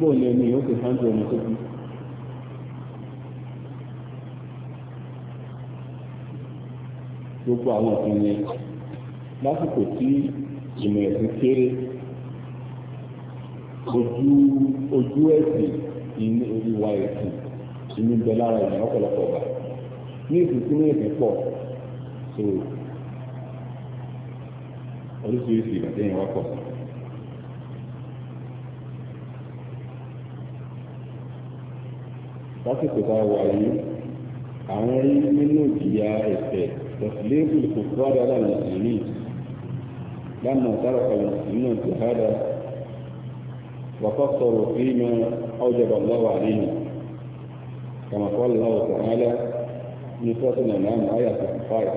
bóò ní ẹni yóò ṣe sáńtì ọmọ tó kú. gbogbo àwọn òfin yẹn lásìkò tí ìmọ̀ ẹ̀sìn kéré ojú ojú ẹ̀sìn ìwà ẹ̀sìn ìní bẹ lára ìyàn ọ̀pọ̀lọpọ̀ ọ̀gá ní ìsìnkú ẹ̀sìn pọ̀ so oríṣiríṣi ìbàjẹ́ yẹn wá pọ̀ sí lásìkò tá a wà yìí àwọn rí nínú ìjìyà ẹ̀fẹ̀ tẹ̀sílẹ́bù kò fọ́ dáadáa mùsùlùmí lánàá sára kan mùsùlùmí náà ti hádà wàkọ́ sọ̀rọ̀ sí ma ọjọba lọ́wọ́ àríyìn kàmá kọ́lá lọ́wọ́ sàmálà ní sọ́tún náà náà máa yà sọ̀rọ̀ fáyà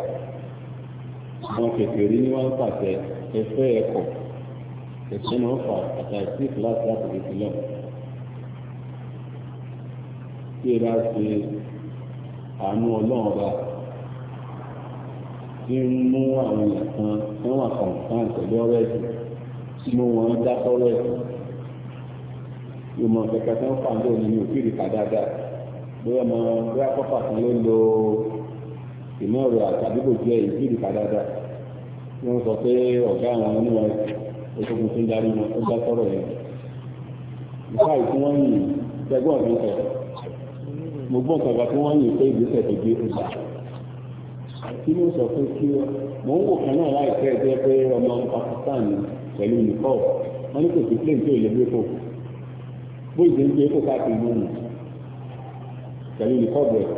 àwọn kékeré ní wọ́n pàṣẹ ẹfẹ́ ẹ̀kọ́ ẹ̀sùn náà fà àtàkì láti láti fi sílẹ̀ tí ẹ bá ṣe àánú ọlọ́run ọba tí ń mú àwọn èèyàn kan tí wọ́n wà kọ̀ǹkan pẹ̀lú ọ̀rọ̀ ẹ̀sìn tí mú wọn dá sọ́rọ̀ ẹ̀sìn yóò mọ kẹ̀kẹ́ tí wọ́n fà lónìí ní òkìrì kà dáadáa bóyá mọ bóyá kọ́fà kan ló lo ìmọ̀ ọ̀rọ̀ àtàdúgbò jẹ́ ìkìrì kà dáadáa wọ́n sọ pé ọ̀gá àwọn inú wọn òṣogùn darí wọn ó dá sọ́rọ̀ yẹn nípa ìfún wọn yìí gbẹgbọ́n mi sọ̀rọ̀ mo nǹkan kan tí wọ́n yìn pé ìgbésẹ̀ tó gbé fún ta kí ló sọ pé kí mo ń wò kan náà láìpẹ́ ẹgbẹ́ pé ọmọ Pakistan pẹ̀lú nìkọ́ wọn ní kò sí plane tí ò lè gbé fò bó ìdí ń gbé fò káàkiri mọ́ mi pẹ̀lú nìkọ́ bẹ̀rẹ̀.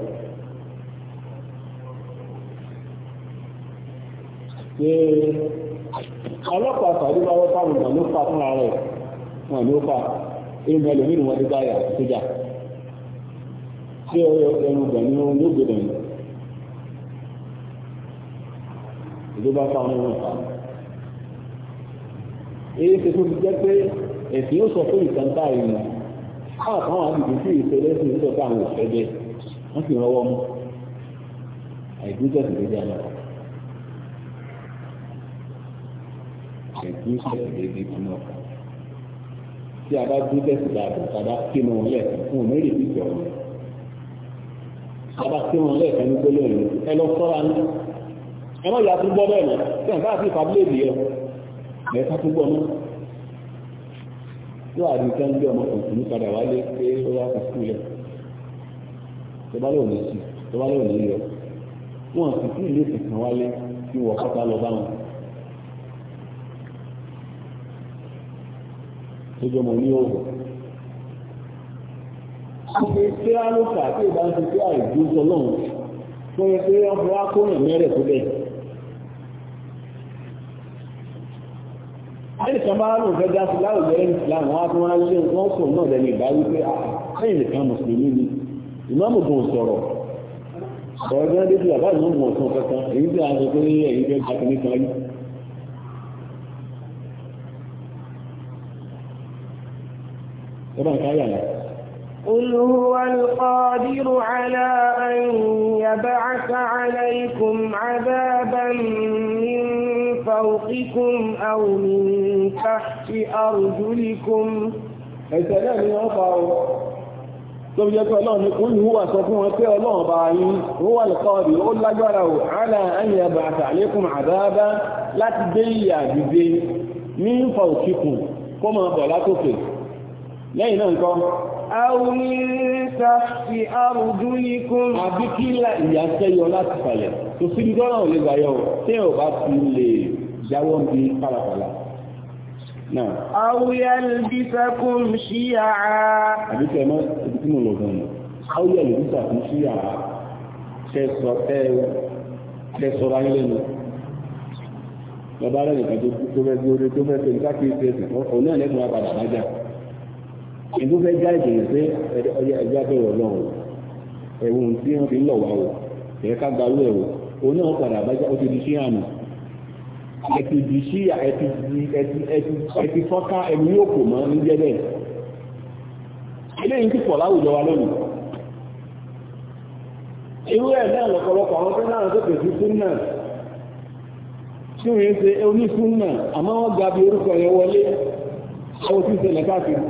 ṣe ọlọ́pàá sàdé bá wọ́n fáwọn ìgbà ló fà fúnra rẹ̀ wọn ló fà èèmọ̀ ẹlòmíràn wọn ti báyà sójà tí ẹnu gbà ní ohun yóò gbẹdẹ yìí ìjọba fáwọn ọmọ ìfà èyí ṣe tó fi jẹ́ pé ẹ̀sìn yóò sọ pé ìtàǹtà ìrìnà káà káwọn àgbègbè sí ìṣẹ̀lẹ̀ sí ìṣẹ̀lẹ̀ tó àwọn òṣèlú bẹ́ẹ̀ wọn sì rọwọ́ mú àìdúgbò ìgbésẹ̀ àná àìdúgbò ìgbésẹ̀ àná tí a bá dúró tẹsí dáadáa tàbá kí ni òun lẹ fún un lórí ìdíje ọ̀rọ̀ àbá tí wọn lẹ́ẹ̀kan ní gbólé ìlú ẹ lọ sọ́ra ní ẹ má yà á tún gbọ́ bẹ́ẹ̀ náà tí wọn bá àti ìfàbílẹ̀dì yẹ ẹ ká tún gbọ́ náà yóò àdìí tán bí ọmọ kòkòrò padà wálé pé ó yá kó sí ilẹ̀ tó bá lóun ní sí tó bá lóun ní yọ wọn sì sí ilé kankan wálé tí wọ́n kọ́ta lọ bá wọn. tó jọmọ ní òògùn Ṣé kí á ló fà tí ìbá ń ti pé àìjú ọlọ́run tó yẹ pé wọ́n fi wá kóyàn mẹ́rẹ̀ tó bẹ̀. Ẹni kan bá lò fẹ́ dási láwùjọ ẹni ìsìlámù wá tí wọ́n á lé wọ́n sọ náà lẹ́nu ìbá wípé ah, ẹ̀yìn nìkan mùsùlùmí ni. Ìmáàmù kan sọ̀rọ̀. Ọ̀rọ̀ gan dé sí bàbá ìmáàmù a sọ pé náà. قل هو القادر على أن يبعث عليكم عذابا من فوقكم أو من تحت أرجلكم السلام يا لو يقول الله قل هو سكون في الله باي هو القادر قل لا على أن يبعث عليكم عذابا لا تبيع بذي من فوقكم كما بلاتك لا ينقل أو من تحت أرجلكم àbí kí ìyàsẹ́ yọ láti falẹ̀ tó síbi gọ́nà ò lè gbà tí ò bá fi lè jáwọ́ bí pàlàpàlà náà. أو يلبسكم شيعا. àbí tẹ̀ mọ́ أو يلبسكم شيعا tẹ̀sọ̀rọ̀ ayé lẹ́nu bàbá rẹ̀ nìkan tó fẹ́ bí orí tó fẹ́ pẹ̀lú káàkiri tẹ̀sán ọ̀nà ẹ̀lẹ́gbọ̀n apàdà lájà ìlú fẹ́ já ìdè pé ọjà ẹja bẹ̀rẹ̀ ọlọ́run ẹ̀wọ̀n tí wọ́n fi ń lọ̀ wá o ẹ̀ka gbarú ẹ̀wọ̀ òun náà padà bájá ó ti di ṣíyàn nù ẹ̀tì di ṣíyà ẹ̀tì fọ́ká ẹ̀mí yóò kò mọ́ ní jẹ́lẹ̀ eléyìí ti pọ̀ láwùjọ wa lónìí irú ẹ̀ náà lọ́pọ̀lọpọ̀ àwọn tó náà tó pèsè fún náà tí wọ́n ń ṣe onífún náà àmọ́ wọ́n gba bí orúkọ yẹn wọlé àwọn tí ń ṣẹlẹ̀ káàkiri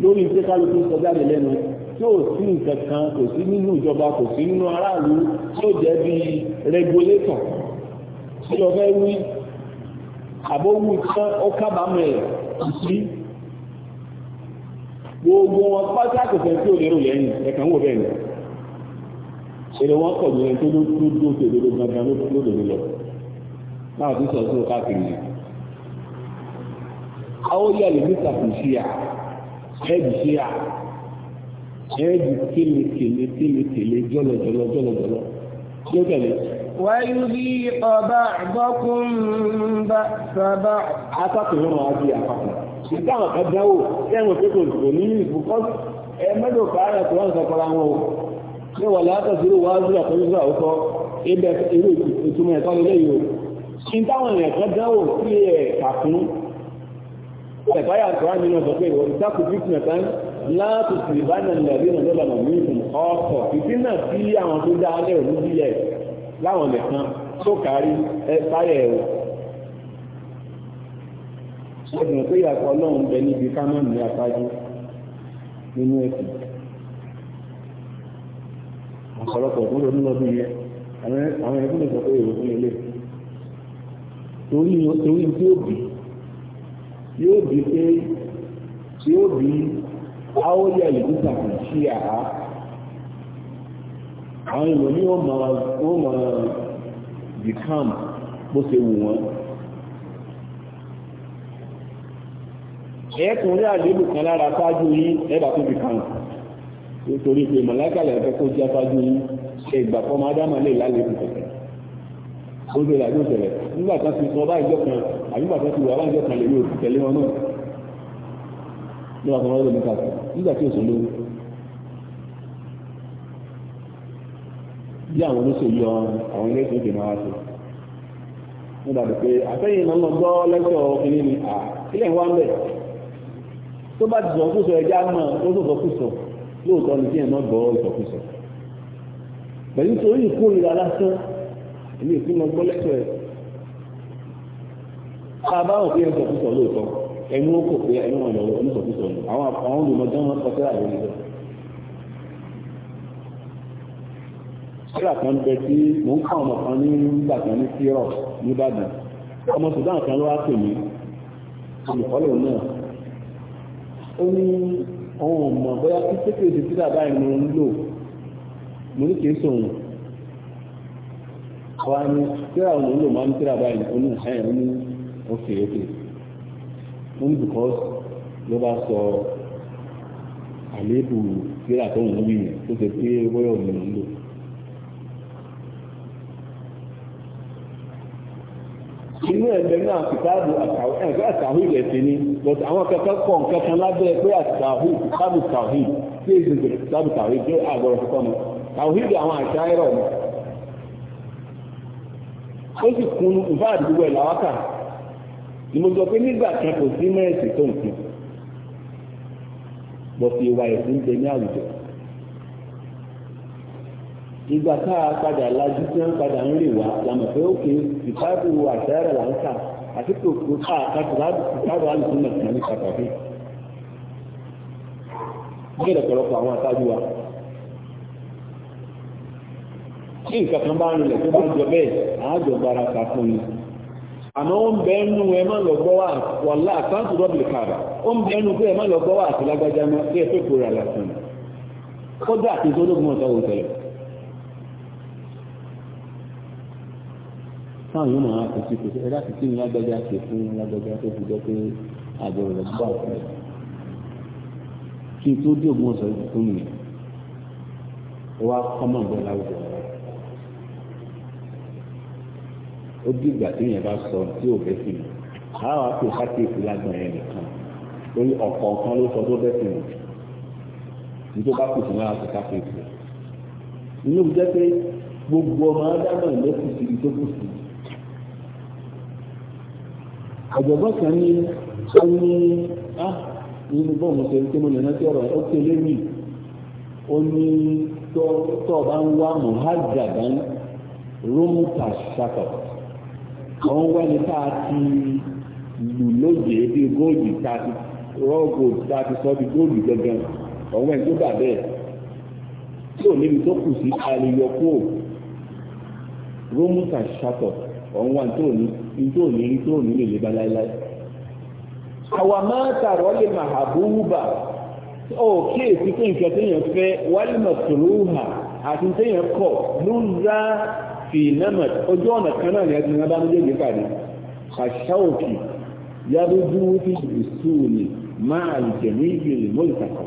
lórí pé kálukú sọ jáde lẹ́nu tí ò sí nǹkan kan kò sí nínú ìjọba kò sí nínú aráàlú tí ó jẹ́ bí rẹgulétọ̀ tí o fẹ́ wí àbówú tán ó kábàámọ̀ ẹ̀ sí gbogbo wọn pátá kò fẹ́ tí ò lérò lẹ́yìn ẹ̀kan wò bẹ́ẹ̀ ni èrè wọn kọ̀ lóyún tó ló dó tòdodo gangan lódòdó lọ láwọn tó sọ sí ọkà kìíní. àwọn yàrá ìlú sàkùnṣíà ẹ̀jì sí à ẹ̀jì kéle kéle kéle kéle jọlọ jọlọ jọlọ jọlọ tí ó tẹ̀lé. wáyú bí ọba bọ́kún bá sábà. akákùnrin náà wá di àpapọ̀ ìgbà àwọn kan dáwò ẹ̀wọ̀n pé kò ní ní ìfúkọ́ ẹ mẹ́lò káàrẹ̀ tó wọ́n sọ wọn o ṣé wà látọ̀ sí wàá sí àtọ́jú àwùkọ́ ibẹ̀ irú ìtumọ̀ ẹ̀kọ́ lélẹ́yìí o ṣì ń táwọn èèyàn kan dáwò sí ẹ̀ Ṣẹ̀fáyà Kùrán nínú sọ pé ìwọ̀n ìtàkù fífún ẹ̀tàn láti sì ìbánà lẹ̀rí ìrìn lọ́la nà mí ìfún ọkọ̀. Ìdí náà sí àwọn tó dá alẹ́ òní bí ẹ̀ láwọn nìkan tó kárí ẹ sáyẹ̀ ẹ̀rọ. Ṣẹ́gun pé ìyàtọ̀ Ọlọ́run bẹ níbi kámọ́nù ní aṣáájú nínú ẹ̀sìn. Ọ̀pọ̀lọpọ̀ tó lónú lọ bí yẹn, àwọn ẹgbẹ́ sọ pé ìwọ̀n fún ilé. Torí tí ó bìí tí ó bí pé tí ó bí áwòyà ìlú tàbí sí àá àwọn ìlú ní ó mọ ó mọ bìkám bó ṣe wù wọ́n ẹ̀ẹ́kùnrin àdébù kan lára ṣáájú yín ẹ̀bà tó bìkám nítorí pé màláìkàlẹ̀ ẹ̀fẹ́ kó jẹ́ ṣáájú yín ṣe ìgbà fọmọ ádámà lè lálẹ́ ìbùkẹ̀kẹ̀ ó bẹ̀rẹ̀ àdó ìṣẹ̀lẹ̀ nígbà kan ti sọ báyìí jọ kan àyíbàtà ti wà láìjọ kan lèmi òkú tẹ̀lé wọn náà lọ́wọ́ àtàwọn ọlọ́dún nípa nígbà tí òsùn lówó bí àwọn oníṣòwò yọ àwọn ilé ìṣòwò dènà wá sí mo dàbí pé àtẹ́yìn náà lọ gbọ́ lẹ́tọ̀ kínní ni à ilé ìwà ń bẹ̀ tó bá ti sọ kúsọ ẹja náà ó tó sọ kúsọ lóòótọ́ ni kí ẹ̀ náà gbọ́ ìsọkúsọ pẹ̀lú torí ìkórìíra lásán èmi ìpínlẹ̀ gbọ́ lẹ́tọ̀ ẹ̀ tá a bá rò pé ẹni sọ̀tún sọ lóòótọ́ ẹnu ó kò pé ẹnu wọn lọ́wọ́ onísọ̀tún sọ lóòótọ́ àwọn àwọn olùmọ̀jọ́ wọn kọ sílà lórí rẹ̀. sílà kan bẹ tí mò ń kọ́ ọmọ kan ní nígbà kan ní sírọ̀ nìbàdàn ọmọ Sudan kan ló wá pè mí olùkọ́lẹ̀ náà ó ní ohun ọmọ bóyá kí kékeré ti sílà báyìí ń lò mo ní kì í sòrò wa ni tíra òun ló máa ń tíra báyìí oní ok ok mo ní because ló bá sọ àléébù síra tó ń wí yẹn tó ṣe pé wọ́yọ̀ mi ń lò. inú ẹgbẹ́ náà kìtàbù àtàwù ilẹ̀ sí ni but àwọn akẹ́kọ̀ọ́ kọ̀ nǹkan lábẹ́ pé àtàwù kìtàbù tàwù tí èsì ìgbèrè kìtàbù tàwù jẹ́ àgbọ̀rọ̀ fúnpọ̀ mi tàwù ìdí àwọn àṣà ẹ̀rọ mi. ó sì kún un fáàdì gbogbo ẹ̀ làwákà ni mo sọ pé nígbà kan kò sí mẹ́ẹ̀sì tó nǹkan bọ̀sì ìwà ẹ̀sìn bẹ ní àwùjọ ìgbà tá a padà lajú tí wọ́n padà ń rè wá làmọ̀ pé ó kéé ìfáàbù àṣẹ́rẹ̀ là ń kà àti kòkó tá a kàtó láti ìfáàbù àlùkò náà kàn ní pàtàkì bẹ́ẹ̀ lọ́pọ̀lọpọ̀ àwọn àtàjù wa tí nǹkan kan bá ń rìnlẹ̀ tó bá jọ bẹ́ẹ̀ àájọ gbára kà fún mi àmọ́ ó ń bẹ ẹnu ẹ má lọ gbọ́ wà wàlá àkáǹtì rọ́bìlì kààbà ó ń bẹ ẹnu pé ẹ má lọ gbọ́ wà àti lágbájá náà pé ẹ fẹ́ kórè àlàsàn kódà àti ìtọ́lógún ọ̀tá wò tẹ̀lẹ̀. táwọn yóò máa kò sí kò sí ẹ̀dá kìkì ní lágbájá ṣe fún lágbájá tó fi jẹ́ pé àbọ̀ rẹ̀ gbọ́ àtẹ̀ kí n tó dé ògbómọ̀ṣọ́ fún mi wá kọ́mọ̀ bọ́ láwùjọ rẹ̀ ó di ìgbà tí yẹn bá sọ tí ò fẹ́ fìmù àwọn àpò sákèèsì lágbọ̀n yẹn nìkan lórí ọ̀kọ̀ọ̀kan ló sọ tó fẹ́ fìmù nítorí bá kù sí náà àpò sákèèsì inú mi jẹ́ pé gbogbo ọmọ adámọ̀ ló kù sí ibi tó kù sí. ọ̀jọ̀gbọ́n kan ní ó ní á ah, nínú bọ́ọ̀mù ṣe tí mo lè rántí ọ̀rọ̀ ó ké léwì ó ní tó ọba ń wá mọ̀hájàdán rómùtà ṣàkọ̀ọ́ àwọn wẹ́ni tá a ti lù lóye bíi góòlù tá a ti rọ́ọ̀gò tá a ti sọ bíi góòlù gangan àwọn wẹ́ni tó bà bẹ́ẹ̀ tí ò níbi tó kù sí àlèyọ kúrò rómùtà ṣàtọ̀ ọ̀hún wa tó ní tó ní rí tó ní lè lè ba láéláé. àwa máa tààrọ̀ lè mà hà búrúbà ó kíyèsí pé nǹkan téèyàn fẹ́ wálé mà tòlóhà àti téèyàn kọ̀ ló ń rá fi nàmà ojú ọ̀nà kan náà ni ẹgbẹ̀rún bá méjèèjì pàdé kàṣáòkì yàdójú fi ìsúni máa ìjẹ̀mí ìgbìlì mọ́lìtàkọ̀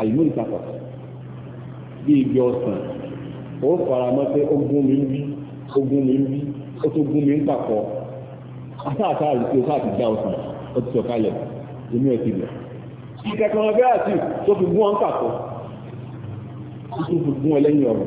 àìmọ́lìtàkọ̀ bí igi ọ̀sán ó fara mọ́ pé ó gún mi ń bí ó gún mi ń bí ó tó gún mi ń pàkọ́ asáàtà àrùkú sáàtì já ọ̀sán ó ti sọ̀kalẹ̀ inú ẹ̀ ti lẹ̀ ìkẹ̀kọ̀ ọ̀gá àti tó fi gún ọ ń pàkọ́ tó fi gún ọ lẹ́yìn ọ̀rọ̀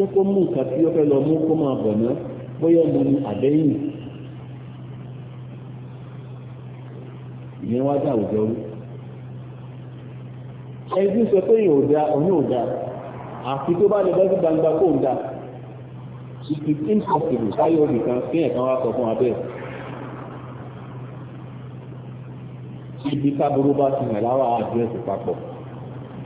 jẹ́ kó mú nǹkan tí ó fẹ́ lọ mú kó máa bọ̀ náà bóyá mo ní àdéhìn ìyẹn wá dá àwùjọ rú ẹbí sọ pé èèyàn ò da òun ò da àfi tó bá lè bọ́ sí gbangba kó ń da it is impossible káyọ̀ nìkan kí ẹ̀kan wá sọ fún wa bẹ́ẹ̀ ibi ká burú bá ti hàn láwọn àdúrẹ́sì papọ̀.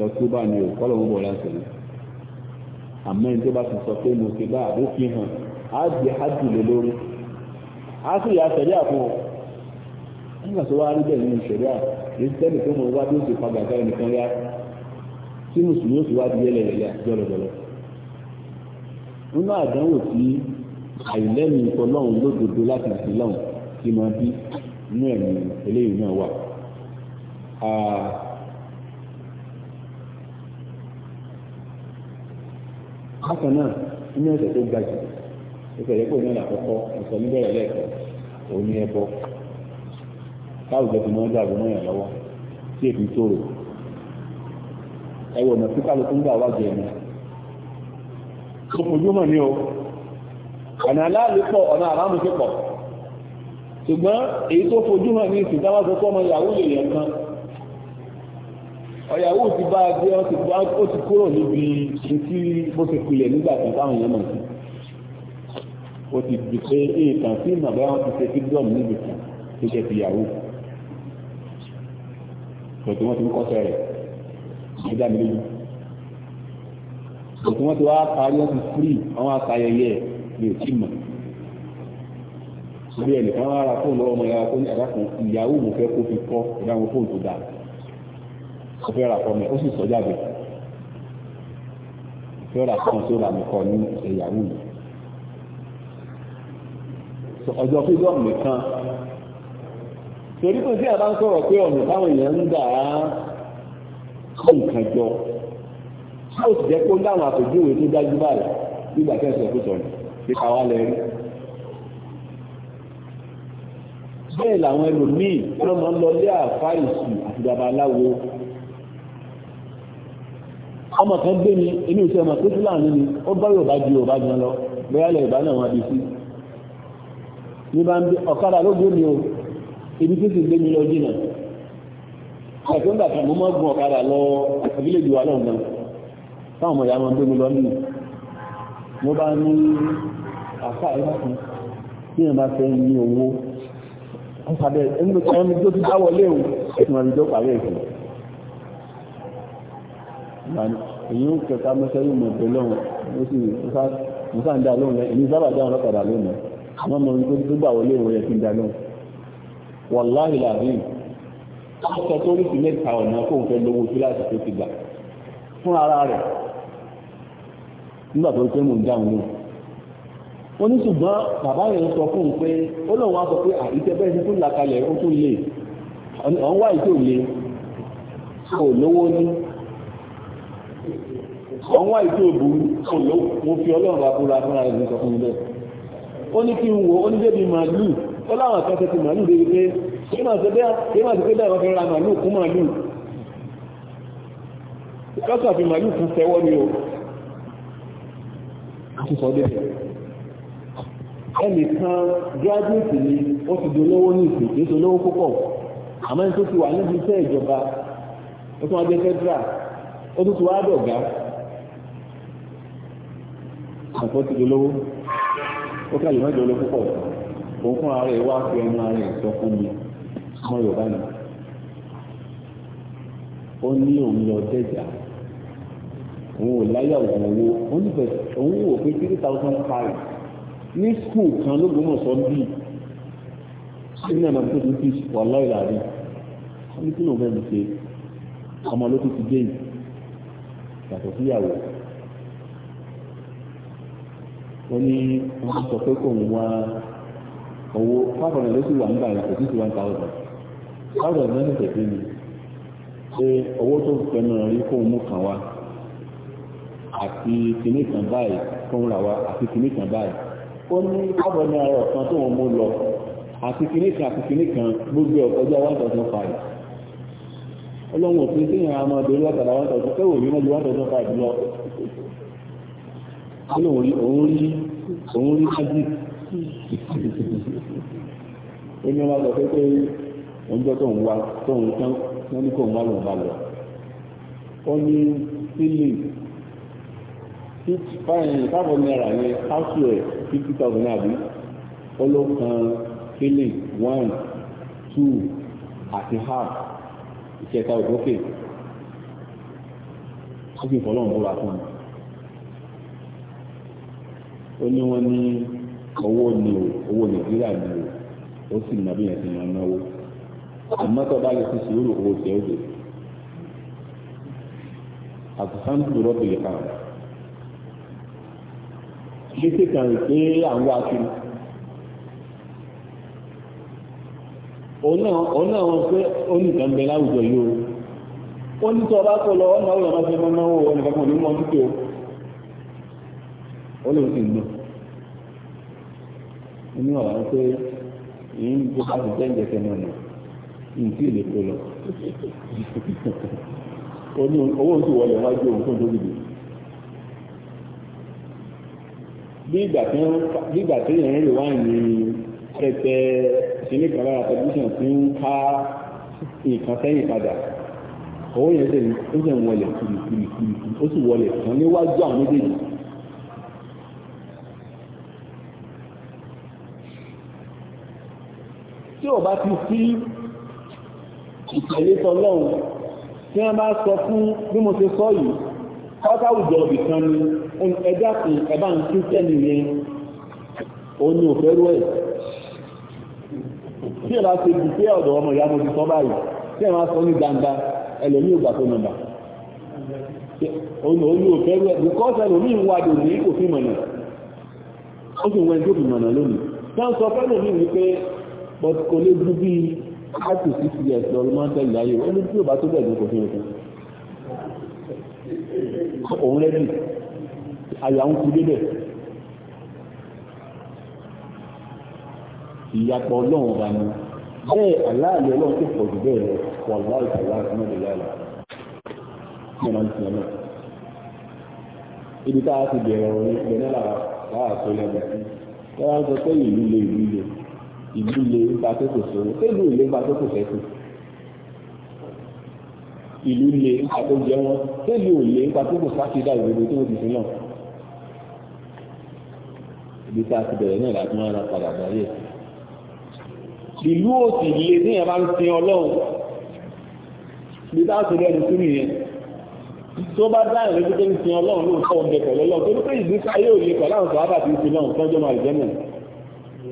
lọ tó bá ní o kọ́lọ̀ ń bọ̀ láti rí àmọ́ ẹni tó bá ti sọ pé mo ti bá àbó fi hàn á di ájùlé lórí á sì yà sẹ̀rí àpò nígbà tó wá rí bẹ́ẹ̀ nínú ìṣẹ̀rí à èyí tẹ́lẹ̀ tó mọ̀ wá bí ó ti padà ká ẹnìkan yá tí mùsùlùmí ó sì wá di yẹlẹyẹlẹ jọlọjọlọ nínú àdánwò tí àìlẹ́mìí ọlọ́run lódodo láti ìsìlọ́run tí máa bí inú ẹ̀mí eléyìí náà wà. bákan náà inú ẹ̀ṣẹ̀ tó ga jù pò ní ọ̀nà àkọ́kọ́ ẹ̀ṣẹ̀ níbẹ̀rẹ̀ lẹ́ẹ̀kọ́ òun ní ẹbọ táwùjọ tó máa ń dàbí mọ́ yàn lọ́wọ́ tí èmi tóró ẹ̀wọ̀n ọ̀nà tí kálukú ń gbà wájú ẹ̀mí ní o ọ̀nà aláàlú pọ̀ ọ̀nà pọ̀ ṣùgbọ́n èyí tó fojú hàn ní ìsìn táwọn ọmọ ọ̀yàwó ti bá a gbé ó ti kúrò níbi tí ó ti pilẹ̀ nígbà tí táwọn èèyàn mọ̀ sí ó ti di pé èèkàn sí ìmọ̀gbá wọn ti ṣe fídíọ̀m níbi kan tó jẹ́ ti yàwó pẹ̀tù wọn ti ń kọ́sẹ̀ rẹ̀ ní dá pẹ̀tù wọn ti wá parí wọn ti fúrì àwọn àtayẹyẹ mi ò mọ̀ bí ẹnìkan wá ra fóònù lọ́wọ́ ọmọ ìyàwó ìyàwó mo fẹ́ kó fi kọ́ ìdáhùn fóònù tó dáa ó fẹ́ ra fọ́mọ ó sì sọ jáde fẹ́ ra fọ́mọ tó ra nìkan ní ìyàwó yìí ọjọ́ freedom nìkan torí kò sí àbá ń sọ̀rọ̀ pé ọ̀nà táwọn èèyàn ń dà á kọ́ nǹkan jọ ó sì jẹ́ kó láwọn àpèjúwe tó dájú báyìí nígbà tẹ́sán tó sọ̀rọ̀ nípa wa lẹ́rìí bẹ́ẹ̀ làwọn ẹlòmíì wọ́n máa ń lọ lé àfáìsì àti babaláwo ọmọ kan gbé mi inú iṣẹ́ ọmọ tó fúlàní ni ó bá Yorùbá ju Yorùbá gan lọ bóyá ilẹ̀ Yorùbá náà wọn bí sí ní bá ń bí ọ̀kadà ló gbé mi o ibi tó sì gbé mi lọ jìnà ẹ̀fọ́ ńgbà kan mo máa gun ọ̀kadà lọ ìbílẹ̀ ìdìwà náà gan táwọn ọmọ ìyá wọn gbé mi lọ nìyí mo bá ní àṣà ìlà kan tí èèyàn bá fẹ́ ní owó ọ̀kadà ẹni tó ti dáwọlé o ẹ̀sìn àbíjọ́ pàrọ̀ ẹ̀sìn èyí ń kẹta mẹ́sẹ́ yóò mọ̀ bẹ́ẹ̀ lọ́wọ́ ó sì musa ń dá lóhùn rẹ̀ èyí sábà dáhùn lọ́kadà lónìí wọ́n mọ orí tó gbà wọlé òun rẹ̀ fi ń dá lóhùn wàláhì làbíyìn ọkọ̀ tó rí sílẹ̀ ta ọ̀nà kó ń fẹ́ lówó fíláàsì tó ti gbà fún ara rẹ̀ nígbà tó pé mò ń dáhùn lóhùn ó ní ṣùgbọ́n bàbá rẹ̀ sọ fún un pé ó lóun wá sọ pé ìtẹ́bẹ́ẹ́ ti tún là kalẹ̀ wọ́n wá ìtò òbú òlò mo fi ọlọ́run abúra fúnra rẹ̀ nǹkan fún ilẹ̀ ó ní kí n wo ó màálù ó láwọn kan tẹ́tí màálù débi pé kí máa ṣe pé dáwọn fẹ́ màálù kún màálù màálù fún fẹ́wọ́ ni o ti sọ débi ni ó ti ní púpọ̀ àmọ́ tó ti wà níbi iṣẹ́ ìjọba ó tún wá nǹkan ti dolówó ó kí àyè mẹ́jọ ló púpọ̀ òun fún ara rẹ̀ wá fi ẹnu ara rẹ̀ sọ fún mi ọmọ Yorùbá ni ó ní òun lọ jẹ́jà òun ò láyà òun owó òun nífẹ̀ẹ́ òun wò pé three thousand five ní skul kan lóògùn ọ̀sán bíi ṣé ní ẹ̀nà tó ti fi wà láì láàrin wọ́n ní kí lóun fẹ́ẹ́ fi ṣe ọmọ ló ti ti dé yìí yàtọ̀ síyàwó wọ́n ní wọ́n sọ pé kò ń wá owó five hundred ló sì wà nígbà yẹn sí one thousand five hundred náà ṣẹ̀ṣẹ̀ pé ni pé owó tó fẹ́nu rí kó mú kàn wá àti kìnnì kan báyìí tó ń rà wá àti kìnnì kan báyìí ó ní five hundred náírà ọ̀kan tó ń mú lọ àti kìnnì kan àti kìnnì kan gbogbo ọjọ́ one thousand five ọlọ́run òfin sí ìhàn àmọ́ ọdún látara one thousand fẹ́wò ní wọ́n ju one thousand five lọ nínú òun rí òun rí magic ó ní wọn lọ pé pé ọjọ́ tó ń wá tó ń tán wọn ní kó ń wá lòun bá ó ní sílẹ̀ fáwọn náírà yẹn áṣù fifty thousand àbí ó kan sílẹ̀ one two àti half ìṣẹ̀ta òdókè ó sì fọlọ́run búra fún mi ó ní wọ́n ní owó ni o owó nàìjíríà ni o ó sì mọ bí yẹn ti máa náwó àmọ́ tó bá lè fi sùúrù owó tẹ̀ ó dé àtúnṣáǹtì rọ́bì lè kàn án létí kan rè pé àwọn akiri òun náà wọn pé ó láwùjọ yìí o ó ní tí ọba kọ lọ ọ̀nà òun lọ́ba fẹ́ mọ́ náwó ọ̀nà kankan ò ní mọ́ títí o ó lóun sì lò inú ọ̀rọ̀ ń pé èyí ń bó bá ti jẹ́ ìjẹsẹ̀ náà nù ìtì lè kó lọ ó ní owó ń sì wọlé wájú òun tó ń tóbi dè bí ìgbà tí èèyàn lè wá ní tẹ́tẹ́ ìṣẹ́lẹ̀ kan lára tẹlifíṣàn tí ń ká nǹkan sẹ́yìn padà owó yẹn sì ń wọlé kúlùkúlùkúlù ó sì wọlé kan níwájú àwọn méjèèjì ò bá ti sí ìtẹ̀lé tọlọ́run tí wọ́n bá sọ fún bí mo ṣe sọ yìí ọ́táwùjọ ìkan ni ẹgbẹ́ àti ẹ̀bá ń tún tẹ́lẹ̀ yẹn òun ni òfẹ́ rú ẹ̀ tí ẹ̀ bá ṣe jù pé ọ̀dọ̀ ọmọ ìyá mo ti sọ báyìí tí ẹ̀ máa sọ ní gbangba ẹlòmíì ògbà tó nàbà òun ni òfẹ́ rú ẹ̀ bùkọ́sẹ̀ ẹlòmíì ń wájú ní kò fi mọ̀nà ó sì wọ́n tó fi mọ̀nà lónìí tí wọ́n sọ fẹ́ lòmíì wípé but kò lè dún bí five to six years lọ ló máa ń tẹ̀lé ayé ó ní tí ò bá tó bẹ̀ ló kò fi hàn òun rẹ́dì àyà ń kú débẹ̀ ìyàpọ̀ ọlọ́run ọba ni bẹ́ẹ̀ aláàlẹ́ ọlọ́run tó pọ̀ jù bẹ́ẹ̀ lọ wà láì tàyà àtúnmọ̀ lè yára ní ọmọ ìsìn náà ibi tá a ti bẹ̀rẹ̀ ọ̀rọ̀ ní ìpínlẹ̀ náà láàá tó lẹ́nu sí wọ́n sọ pé ìlú le ìlú le ìlú lè gba tó kò sówó tẹ́lú ìlú gba tó kò fẹ́kù ìlú lè gba tó jẹ wọn tẹ́lú ìlú gba tó kò sáfìdá ìgbèrè tó ti sílọ̀ ibi tá a ti bẹ̀rẹ̀ náà láti máa ra padà dáyé ìlú òsì lè ní ẹ̀ máa ń sin ọlọ́run ibi tá a ti rẹ̀ ní sínú yẹn tó bá dá ìrẹ́jú tó ń sin ọlọ́run lóòótọ́ ọ̀gbẹ̀kọ̀ lọ́lọ́run tó ní pé ìgbésí ayé òye pẹ̀lú àwọn sọ̀rọ̀ àbàtì ìsinmi ọ̀hún tọ́jọ́ máa jẹ́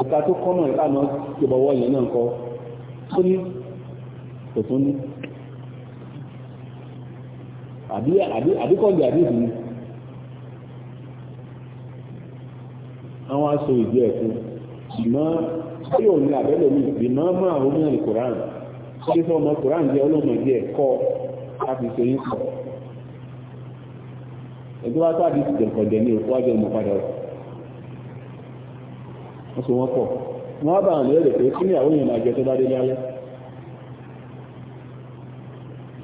ọ̀gá tó kọ́mọ̀ ìta náà ìbọ̀wọ́ yẹn náà kọ́ tó ní kò tó ní àbíkọ́ndì àdìsí ni àwọn aṣọ ìdí ẹ̀kún ṣùgbọ́n tí ò ní àbẹ́lẹ̀ mi ìgbìmọ̀ máa ń mú ìkòrán ṣé fún ọmọ ìkòrán jẹ́ ọlọ́mọ ìdí ẹ̀kọ́ láti ṣe yín kọ̀ ẹgbẹ́ wá sáà di ìdẹ̀kọ̀dẹ̀ ní òkú wájú ọmọ padà rẹ̀ wọ́n so wọ́n pọ̀ wọ́n bá àwọn lérè pé kí ni àwọn èèyàn máa jẹ tó bá dé lálẹ́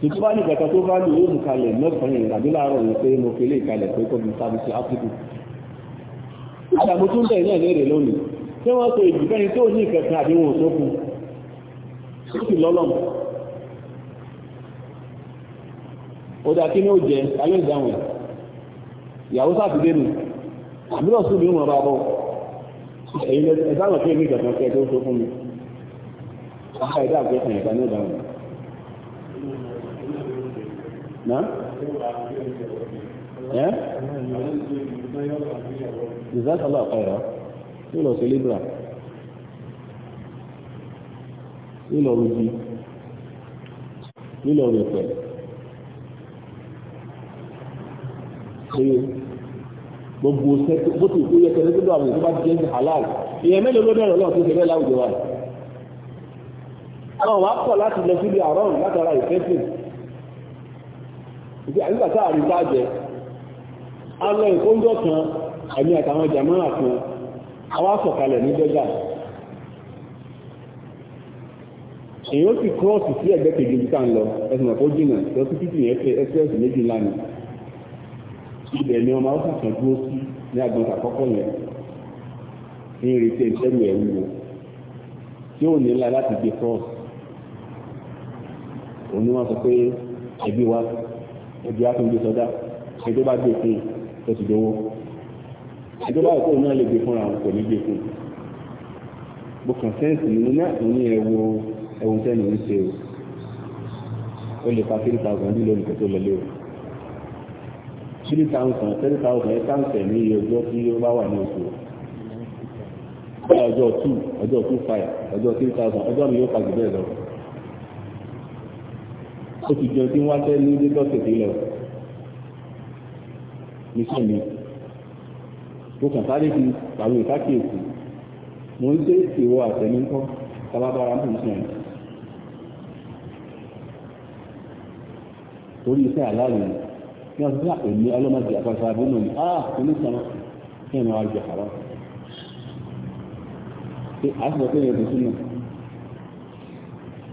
tuntun bá ní ìgbàkan tó bá ní yóò mú kalẹ̀ mẹ́fà yẹn tàbí láàárọ̀ yẹn pé mo fi lè kalẹ̀ pé kò ní sábìsì áfíríkù ìṣàmótún bẹ́ẹ̀ náà lérè lónìí tí wọ́n so èjì bẹ́ni tó ní ìkẹ̀kẹ́ àbí wọn tó fún ó sì lọ́lọ́m ó dá kí ní ó jẹ ayé ìdáhùn ìyàwó sáfidé nù àbúrò sùn ní wọn bá bọ́ ẹ̀yin ẹ̀dáwọ̀ tí èmi ìjọba kẹ́ tó fún mi ọ̀pá ẹ̀dá àgbẹ̀sẹ̀ ìgbà náà dáhùn náà ẹ́ ìzákàlá ọ̀pẹ̀rọ nílò sí libra nílò rúbí nílò rẹ̀pẹ̀ gbogbo ṣe bó ti kú yẹ kẹlẹ tó àwọn ìjọba jẹ ní halal ìyẹn mélòó ló dẹrọ lọ tó ṣe bẹ́ẹ̀ láwùjọ wa àwọn wa kọ láti lọ síbi àrọrùn látara ìfẹsìn ìdí àyíká tá àrí tá jẹ alọ ìkóńjọ kan àmì àtàwọn jàmáà kan àwa sọ̀kalẹ̀ ní jẹjà èyí ó sì kúrọ̀sì sí ẹgbẹ́ kejì tá ń lọ ẹsùn ọ̀pọ̀ jìnnà lọ sí títì yẹn fẹ́ ẹsẹ̀ ẹsẹ̀ méjì lánàá ibẹ̀ ni ọmọ ọ̀sán kan dúró sí ní agbọ̀nsà àkọ́kọ́ yẹn ní ìrètí ìṣẹ́lú ẹ̀ wúwo tí ò ní ńlá láti gbé cross òun ni wọ́n sọ pé ẹbí wa ẹbí wa tó ń gbé sọdá ẹjọ́ bá gbé fún ó ti dówó ẹjọ́ bá òkú náà lè gbé fúnra wọn kò ní gbé fún bó kàn sẹ́ǹsì nínú náà òun ní ẹ̀wọ̀ ẹ̀wọ̀n tẹ́nu ń ṣe o ó lè pa three thousand bí lónìí tó lọ lé o. three thousand three thousand ẹ̀ káńsẹ̀ ní ọjọ́ tí ó bá wà ní oṣù ọjọ́ two ọjọ́ ọjọ́ three thousand ọjọ́ mi yóò pàjù bẹ́ẹ̀ lọ. ó ti jẹun tí wọ́n á fẹ́ ní lagos mi kàn sáré fi mo ń dé ìwọ sí ní ọdún tí àpèlé ọlọ́mọdé àpapọ̀ àbúrò ní ah oníṣàmọ́ kí ẹ̀nà wájú àrọ́ pé àṣìṣe pé ẹ̀yẹ̀ tuntun náà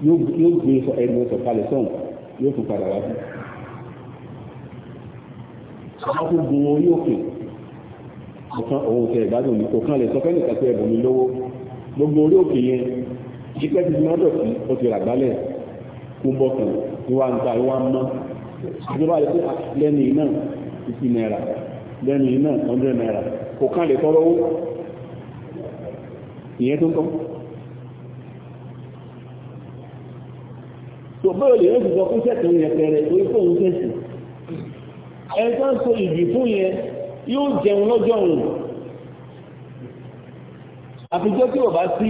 yóò gbé sọ ẹnu ẹ̀sọ̀ kalẹ̀ sọ̀hún yóò tún padà wá sí. wọ́n tún gun orí òkè ọ̀kan òun tẹ̀ ìgbádùn mi kò kan lè sọ fẹ́ nìkan pé ẹ̀bùn mi lówó gbogbo orí òkè yẹn jípẹ́ ti fi mọ́tò sí ó ti rà gbálẹ̀ kó bọ̀ ń ta ìwà mọ́ ìjọba rẹ̀ pé ah, lẹ́nu iná fifty naira lẹ́nu iná hundred naira kò kán lè tọrọ owó ìyẹn tó ń tán tó bẹ́ẹ̀ lè yóò sọ fún sẹ́tì ń yẹpẹrẹ orí fóun sẹ́sì ẹni tó ń so ìgbì fún yẹn yóò jẹun lọ́jọ́ òun àfijọ́ tí ò bá sí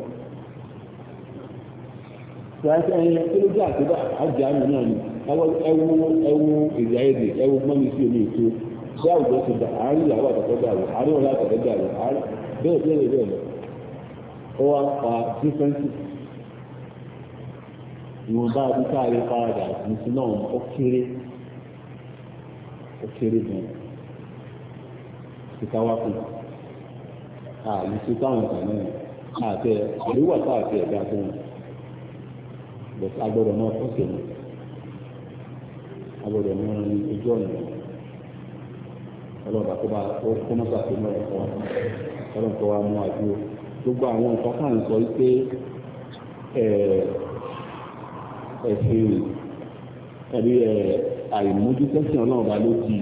kí ló jẹ́ àtúbà àjàmù náà ni ẹwu ẹwu èdè ayédè ẹwu mọ́ni sí omi ètò bí àwùjọ ti dà àárín ìyàwó àtọ̀tọ̀dà rẹ̀ àárín ọ̀la àtọ̀tọ̀dà rẹ̀ bẹ́ẹ̀ bẹ́ẹ̀ bẹ́ẹ̀ lọ. ó wá pa dífẹ́ǹsì ìwọ̀nba àdúgbò ààrẹ faradà àtúnṣe náà ó kéré ó kéré gan-an táwọn kan náà àríwá bẹ̀tẹ̀ agbọ́dọ̀ náà fún sèmi agbọ́dọ̀ náà ní ojú ọ̀nà ọlọ́ọ̀bà tó bá kó mọ́tò àti mọ́ ẹ̀kọ́ ọlọ́ọ̀bà tó wá mú àdúró gbogbo àwọn nǹkan kan sọ wípé ẹ̀sìn ẹ̀rí àìmójútẹ́sìn ọlọ́ọ̀bà ló di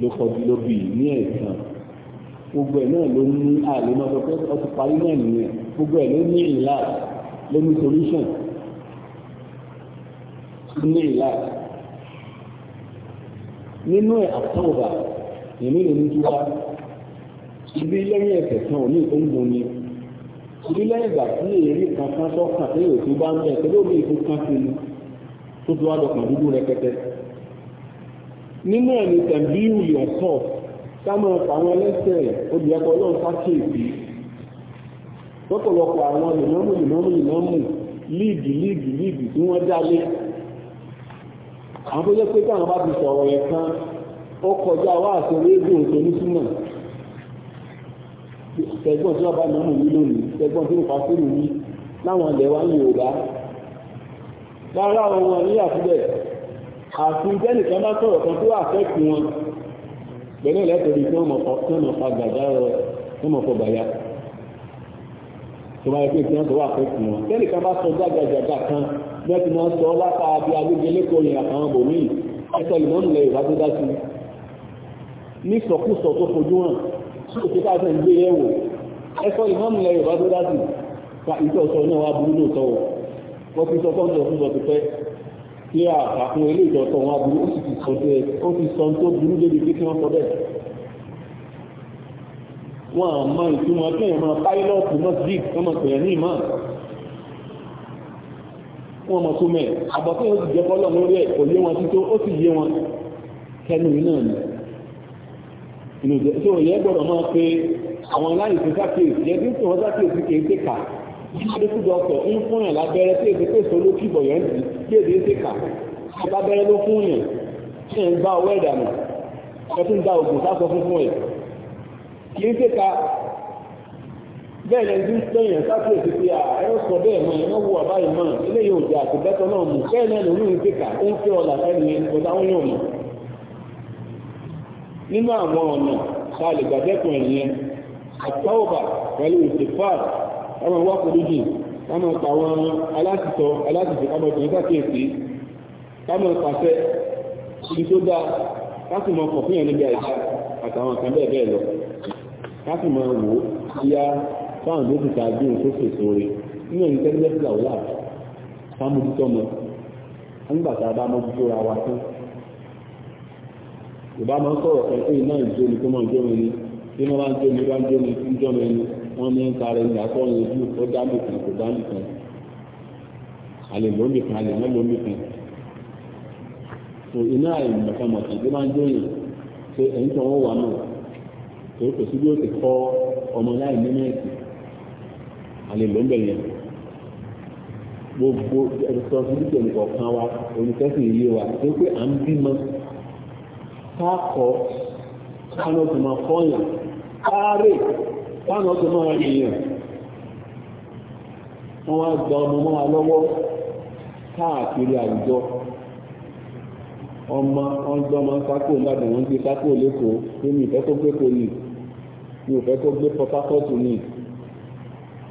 ló kọjú ló bì ní ẹ̀sán gbogbo ẹ̀ náà ló ní àlè náà sọ pé ó ti parí náà nìyẹn gbogbo ẹ̀ ló ní ìlà ló ní solution ní ìlànà nínú ẹ̀ àtọ́wà èmi lè ní tiwa ibi lẹ́yìn ẹ̀sẹ̀ kan ò ní ìkóńgbò ni ibi lẹ́yìn ìgbà tí èrí kankan sọ́kàn tí èyí tó bá ń bẹ̀ pẹ̀lú òbí ìkó kan sí ni tó ti wá dọ̀kàn dúdú rẹpẹtẹ nínú ẹ̀ ní tẹ̀bí ìwòyàn sọ̀ sámọ̀ àwọn ẹlẹ́sẹ̀ obìyàpọ̀ ọlọ́run sákèèbí lọ́pọ̀lọpọ̀ àwọn ìnáwó ìnáwó ìnáwó líìdì líìdì líìdì tí wọ́n dálé àwọn tó jẹ́ pé táwọn bá ti sọ̀rọ̀ yẹn kan ó kọjá wá àṣọ rédíò tó ní súnmọ̀ tẹ̀gbọ́n tí wọ́n bá nà mọ̀ lónìí tẹ̀gbọ́n tí wọ́n fà sí láwọn ilẹ̀ wa ń lò dá rárá wọn ní àtúbẹ̀ àti ìjẹ́nìkan bá sọ̀rọ̀ kan tó àfẹ́kù wọn pẹ̀lú ìlẹ́tọ̀rí tí wọ́n mọ̀ fa gbàgbá rẹ̀ wọ́n mọ̀ fọ gbàyà tó bá yẹ pé ìjẹ́nìkan wà àfẹ́kù wọn tẹ́nìkan bá sọ jágajàga kan bẹ́ẹ̀tì máa sọ lápá àbí agbégeléko yìí àtàwọn bòmíì ẹsẹ̀ lùmọ́nù lẹ́yìn bá tó dá sí ní sọkúsọ tó fojú hàn tí òkè tá a fẹ́ ń gbé yẹ̀wò ẹsẹ̀ lùmọ́nù lẹ́yìn bá tó dá sí ka ìtọ́ sọ náà wá burú lóòótọ́ o wọ́n fi sọ fọ́ńtọ̀ fún sọ pípẹ́ kí àkàkùn ilé ìtọ́tọ̀ wọn burú ó sì ti sọ pé ó ti sọ tó burú débi pé kí wọ́n sọ wọ́n mọ̀ tó mẹ́ àbọ̀tẹ́ ó ti jẹ́ bọ́lọ̀ lórí ẹ̀ kò yé wọn tí tó ó sì yé wọn kẹnu iná ni ìlòjẹ́ tó yẹ gbọ́dọ̀ máa pé àwọn aláìsí tó sákèésì yẹ kí wọ́n sákèésì kì í ṣe kà adékù dọ́kọ̀ ń fún yàn lábẹ́rẹ́ tí èdè pèsè olókìbọ̀ yẹn ti tí èdè ṣe kà lábẹ́rẹ́ ló fún yàn tí yẹn ń bá owó ẹ̀dà nù ẹ tún da òògùn sásọ fún fún ẹ̀ kì í ṣe kà bẹ́ẹ̀ lẹ́yìn tí ń sẹ́yìn sákèsí pé à ẹ sọ bẹ́ẹ̀ mọ́ ẹ wọ àbáyé mọ́ ilé yóò jẹ àtìbẹ́tọ̀ náà mú bẹ́ẹ̀ náà lòún ń kíkà ó ń fẹ́ ọ̀là sẹ́nu yẹn kọjá wọn yóò mọ̀. nínú àwọn ọ̀nà ta lè gbàdẹ́kùn ẹ̀ yẹn àtọ́ọ̀bà pẹ̀lú ìsèfàd ọmọ ìwà kòlíjì kámọ̀ pàwọn alásìtọ̀ alásìtọ̀ kámọ̀ tó ń sákèsí kámọ̀ pàṣẹ ibi tó dáa kásìmọ̀ kọ̀ fún yẹn níbi àìsà àtàwọn kan fáwọn ìdókòtò tàbí nǹkan fèsò rẹ̀ nínú ẹni tẹ́lẹ̀ fìlà wọ́lá sámójútó ọmọ nígbà tá a bá mójútó ra wa tán ìbá máa ń sọ̀rọ̀ kan pé iná ìjó ni tó máa ń jó mi ni bí wọ́n bá ń jó mi bá ń jó mi ń jó mi ni wọ́n ní ń tarẹ̀ ní àkọ́rin ojú ó dá mi kan kò dá mi kan àlè lómi kan àlè mọ́ lómi kan so iná ìmọ̀kànmọ̀kì tó máa ń jó yìí ṣe ẹ̀yìn tí wọ́n wà náà tó kò sí bí ó ti kọ́ ọmọ láì nínú ẹ̀sìn alẹ́ ló ń bẹ̀rẹ̀ yẹn gbogbo responsibility ẹnìkọ̀ọ̀kan wa olùkẹ́sì ilé wa tó pé à ń bímọ káàkọ́ káàná tó máa fọ́yàn káàrè káàná tó máa yìnyàn wọ́n wá gba ọmọ mọ́ra lọ́wọ́ káàkiri àwùjọ ọmọ ọgbọ́n máa ń sákò ńbàdàn wọ́n gbé sákò lẹ́kọ̀ọ́ pé mi ìfẹ́ tó gbé kò ní mi tó gbé pọ́tákọ́tù ní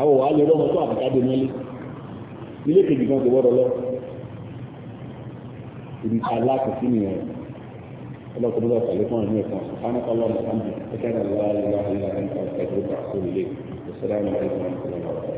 àwọn wàá lè rọmọ tó àbùkádé mọ́lé ilé kejì kan kò gbọ́dọ̀ lọ ibi aláàkó nìyẹn ọlọ́kùnrin lọ́ọ́ sàlẹ̀ fún ẹ̀mí ẹ̀kan sàkánàkọ́ lọ́nà sáńdì ẹ̀kẹ́